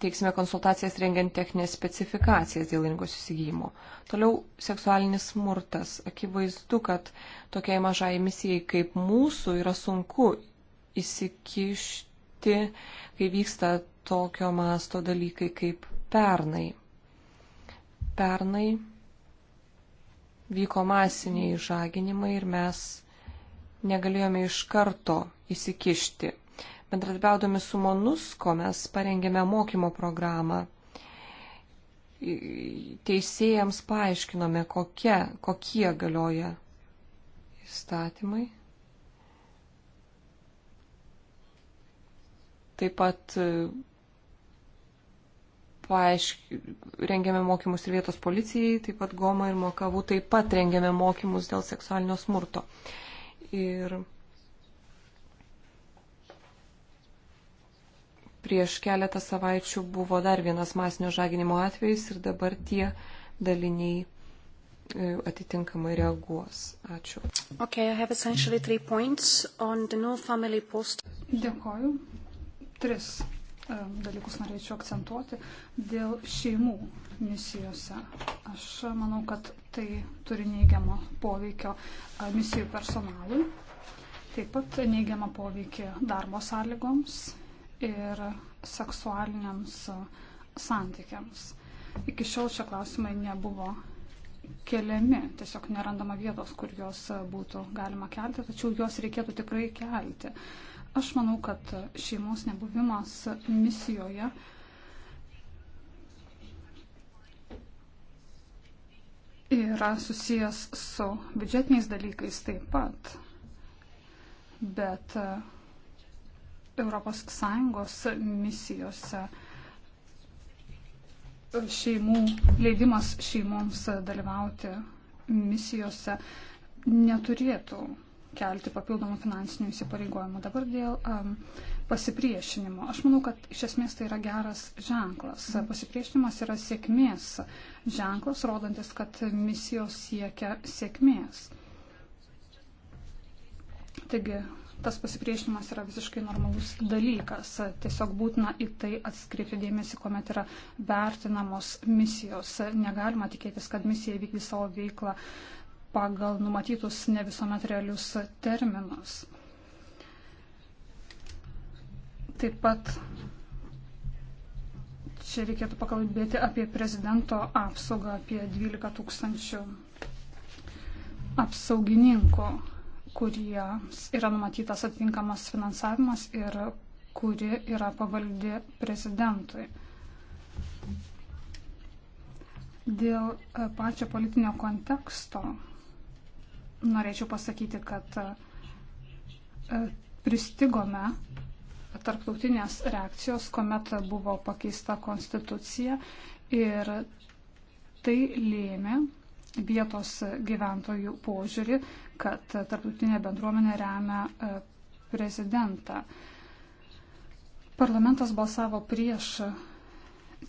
teiksime konsultacijas rengiant techninės specifikacijas dėl rinkos įsigijimo. Toliau seksualinis smurtas. Akivaizdu, kad tokiai mažai misijai kaip mūsų yra sunku įsikišti, kai vyksta tokio masto dalykai kaip pernai. Pernai vyko masiniai žaginimai ir mes negalėjome iš karto įsikišti bendradarbiaudami su Monusko mes parengėme mokymo programą. Teisėjams paaiškinome, kokie, kokie galioja įstatymai. Taip pat e, paaišk... rengiame mokymus ir vietos policijai, taip pat Goma ir Mokavų taip pat rengiame mokymus dėl seksualinio smurto. Ir Prieš keletą savaičių buvo dar vienas masinio žaginimo atvejis ir dabar tie daliniai e, atitinkamai reaguos. Ačiū. Okay, Dėkoju. Tris e, dalykus norėčiau akcentuoti dėl šeimų misijose. Aš manau, kad tai turi neigiamą poveikio e, misijų personalui, taip pat neigiamą poveikį darbo sąlygoms ir seksualiniams santykiams. Iki šiol šie klausimai nebuvo keliami, tiesiog nerandama vietos, kur juos būtų galima kelti, tačiau juos reikėtų tikrai kelti. Aš manau, kad šeimos nebuvimas misijoje yra susijęs su biudžetiniais dalykais taip pat. Bet uh, ES misijose šeimų, leidimas šeimoms dalyvauti misijose neturėtų kelti papildomų finansinių įsipareigojimų. Dabar dėl um, pasipriešinimo. Aš manau, kad iš esmės tai yra geras ženklas. Pasipriešinimas yra sėkmės ženklas, rodantis, kad misijos siekia sėkmės. Taigi tas pasipriešinimas yra visiškai normalus dalykas. Tiesiog būtina į tai atskreipti dėmesį, kuomet yra vertinamos misijos. Negalima tikėtis, kad misija įvykdys savo veiklą pagal numatytus ne visuomet realius terminus. Taip pat čia reikėtų pakalbėti apie prezidento apsaugą, apie 12 tūkstančių apsaugininkų kuriems yra numatytas atitinkamas finansavimas ir kuri yra pavaldi prezidentui. Dėl e, pačio politinio konteksto norėčiau pasakyti, kad e, pristigome tarptautinės reakcijos, kuomet buvo pakeista konstitucija ir tai lėmė, vietos gyventojų požiūrį, kad tarptautinė bendruomenė remia e, prezidentą. Parlamentas balsavo prieš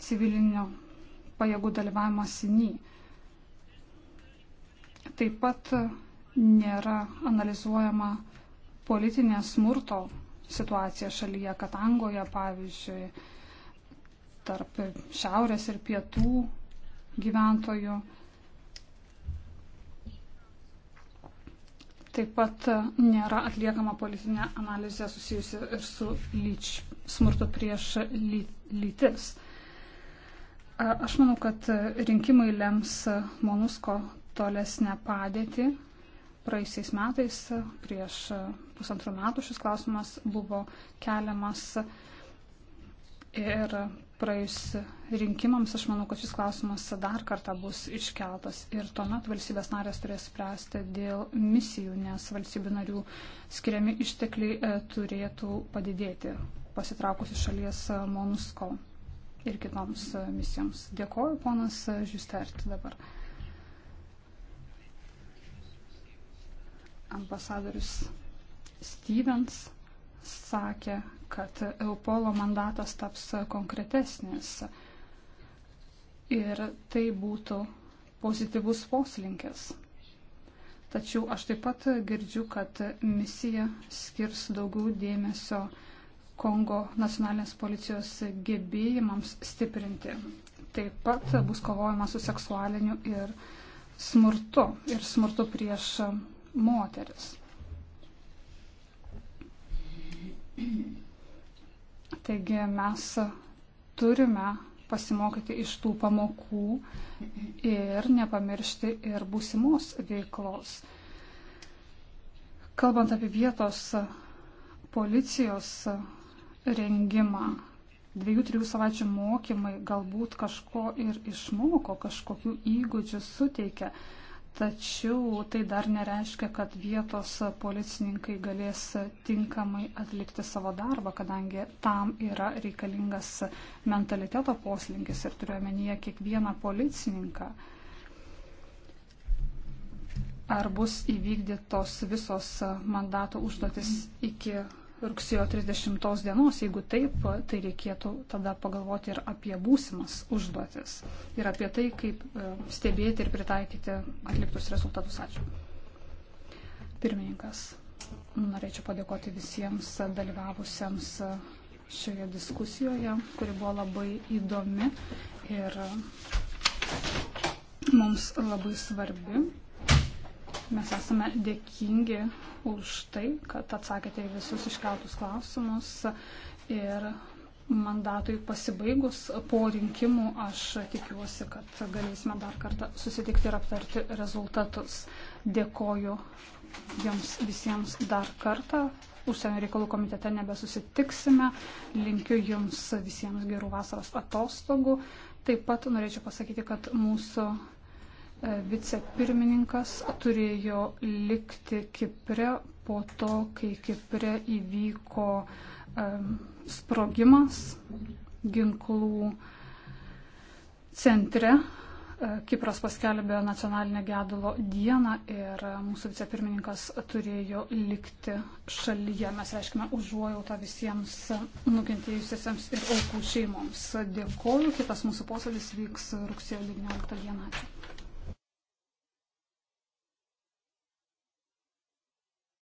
civilinio pajėgų dalyvavimą Siny. Taip pat nėra analizuojama politinė smurto situacija šalyje, Katangoje pavyzdžiui, tarp šiaurės ir pietų gyventojų Taip pat nėra atliekama politinė analizė susijusi ir su lyč, smurtu prieš ly, lytis. Aš manau, kad rinkimai lems Monusko tolesnę padėtį. Praeisiais metais, prieš pusantrų metų šis klausimas buvo keliamas ir praėjus rinkimams, aš manau, kad šis klausimas dar kartą bus iškeltas ir tuomet valstybės narės turės spręsti dėl misijų, nes valstybių narių skiriami ištekliai e, turėtų padidėti pasitraukus iš šalies e, Monusko ir kitoms e, misijoms. Dėkoju, ponas Žiustert dabar. Ambasadorius Stevens sakė, kad Eupolo mandatas taps konkretesnis. Ir tai būtų pozityvus poslinkis. Tačiau aš taip pat girdžiu, kad misija skirs daugiau dėmesio Kongo nacionalinės policijos gebėjimams stiprinti. Taip pat bus kovojama su seksualiniu ir smurtu ir smurtu prieš moteris. Taigi mes turime pasimokyti iš tų pamokų ir nepamiršti ir būsimos veiklos. Kalbant apie vietos policijos rengimą, dviejų, trijų savaičių mokymai galbūt kažko ir išmoko, kažkokių įgūdžių suteikia. Tačiau tai dar nereiškia, kad vietos policininkai galės tinkamai atlikti savo darbą, kadangi tam yra reikalingas mentaliteto poslinkis ir turiuomenyje kiekvieną policininką. Ar bus įvykdytos visos mandato užduotis iki rugsėjo 30 dienos. Jeigu taip, tai reikėtų tada pagalvoti ir apie būsimas užduotis ir apie tai, kaip e, stebėti ir pritaikyti atliktus rezultatus. Ačiū. Pirmininkas, norėčiau padėkoti visiems dalyvavusiems šioje diskusijoje, kuri buvo labai įdomi ir mums labai svarbi. Mes esame dėkingi už tai, kad atsakėte į visus iškeltus klausimus ir mandatui pasibaigus po rinkimų aš tikiuosi, kad galėsime dar kartą susitikti ir aptarti rezultatus. Dėkoju jums visiems dar kartą. Užsienio reikalų komitete nebesusitiksime. Linkiu jums visiems gerų vasaros atostogų. Taip pat norėčiau pasakyti, kad mūsų E, vicepirmininkas turėjo likti Kipre po to, kai Kipre įvyko e, sprogimas ginklų centre. E, Kipras paskelbė nacionalinę gedulo dieną ir mūsų vicepirmininkas turėjo likti šalyje. Mes reiškime užuojautą visiems nukentėjusiesiems ir aukų šeimoms. Dėkoju. Kitas mūsų posėdis vyks rugsėjo 19 dieną. Ačiū.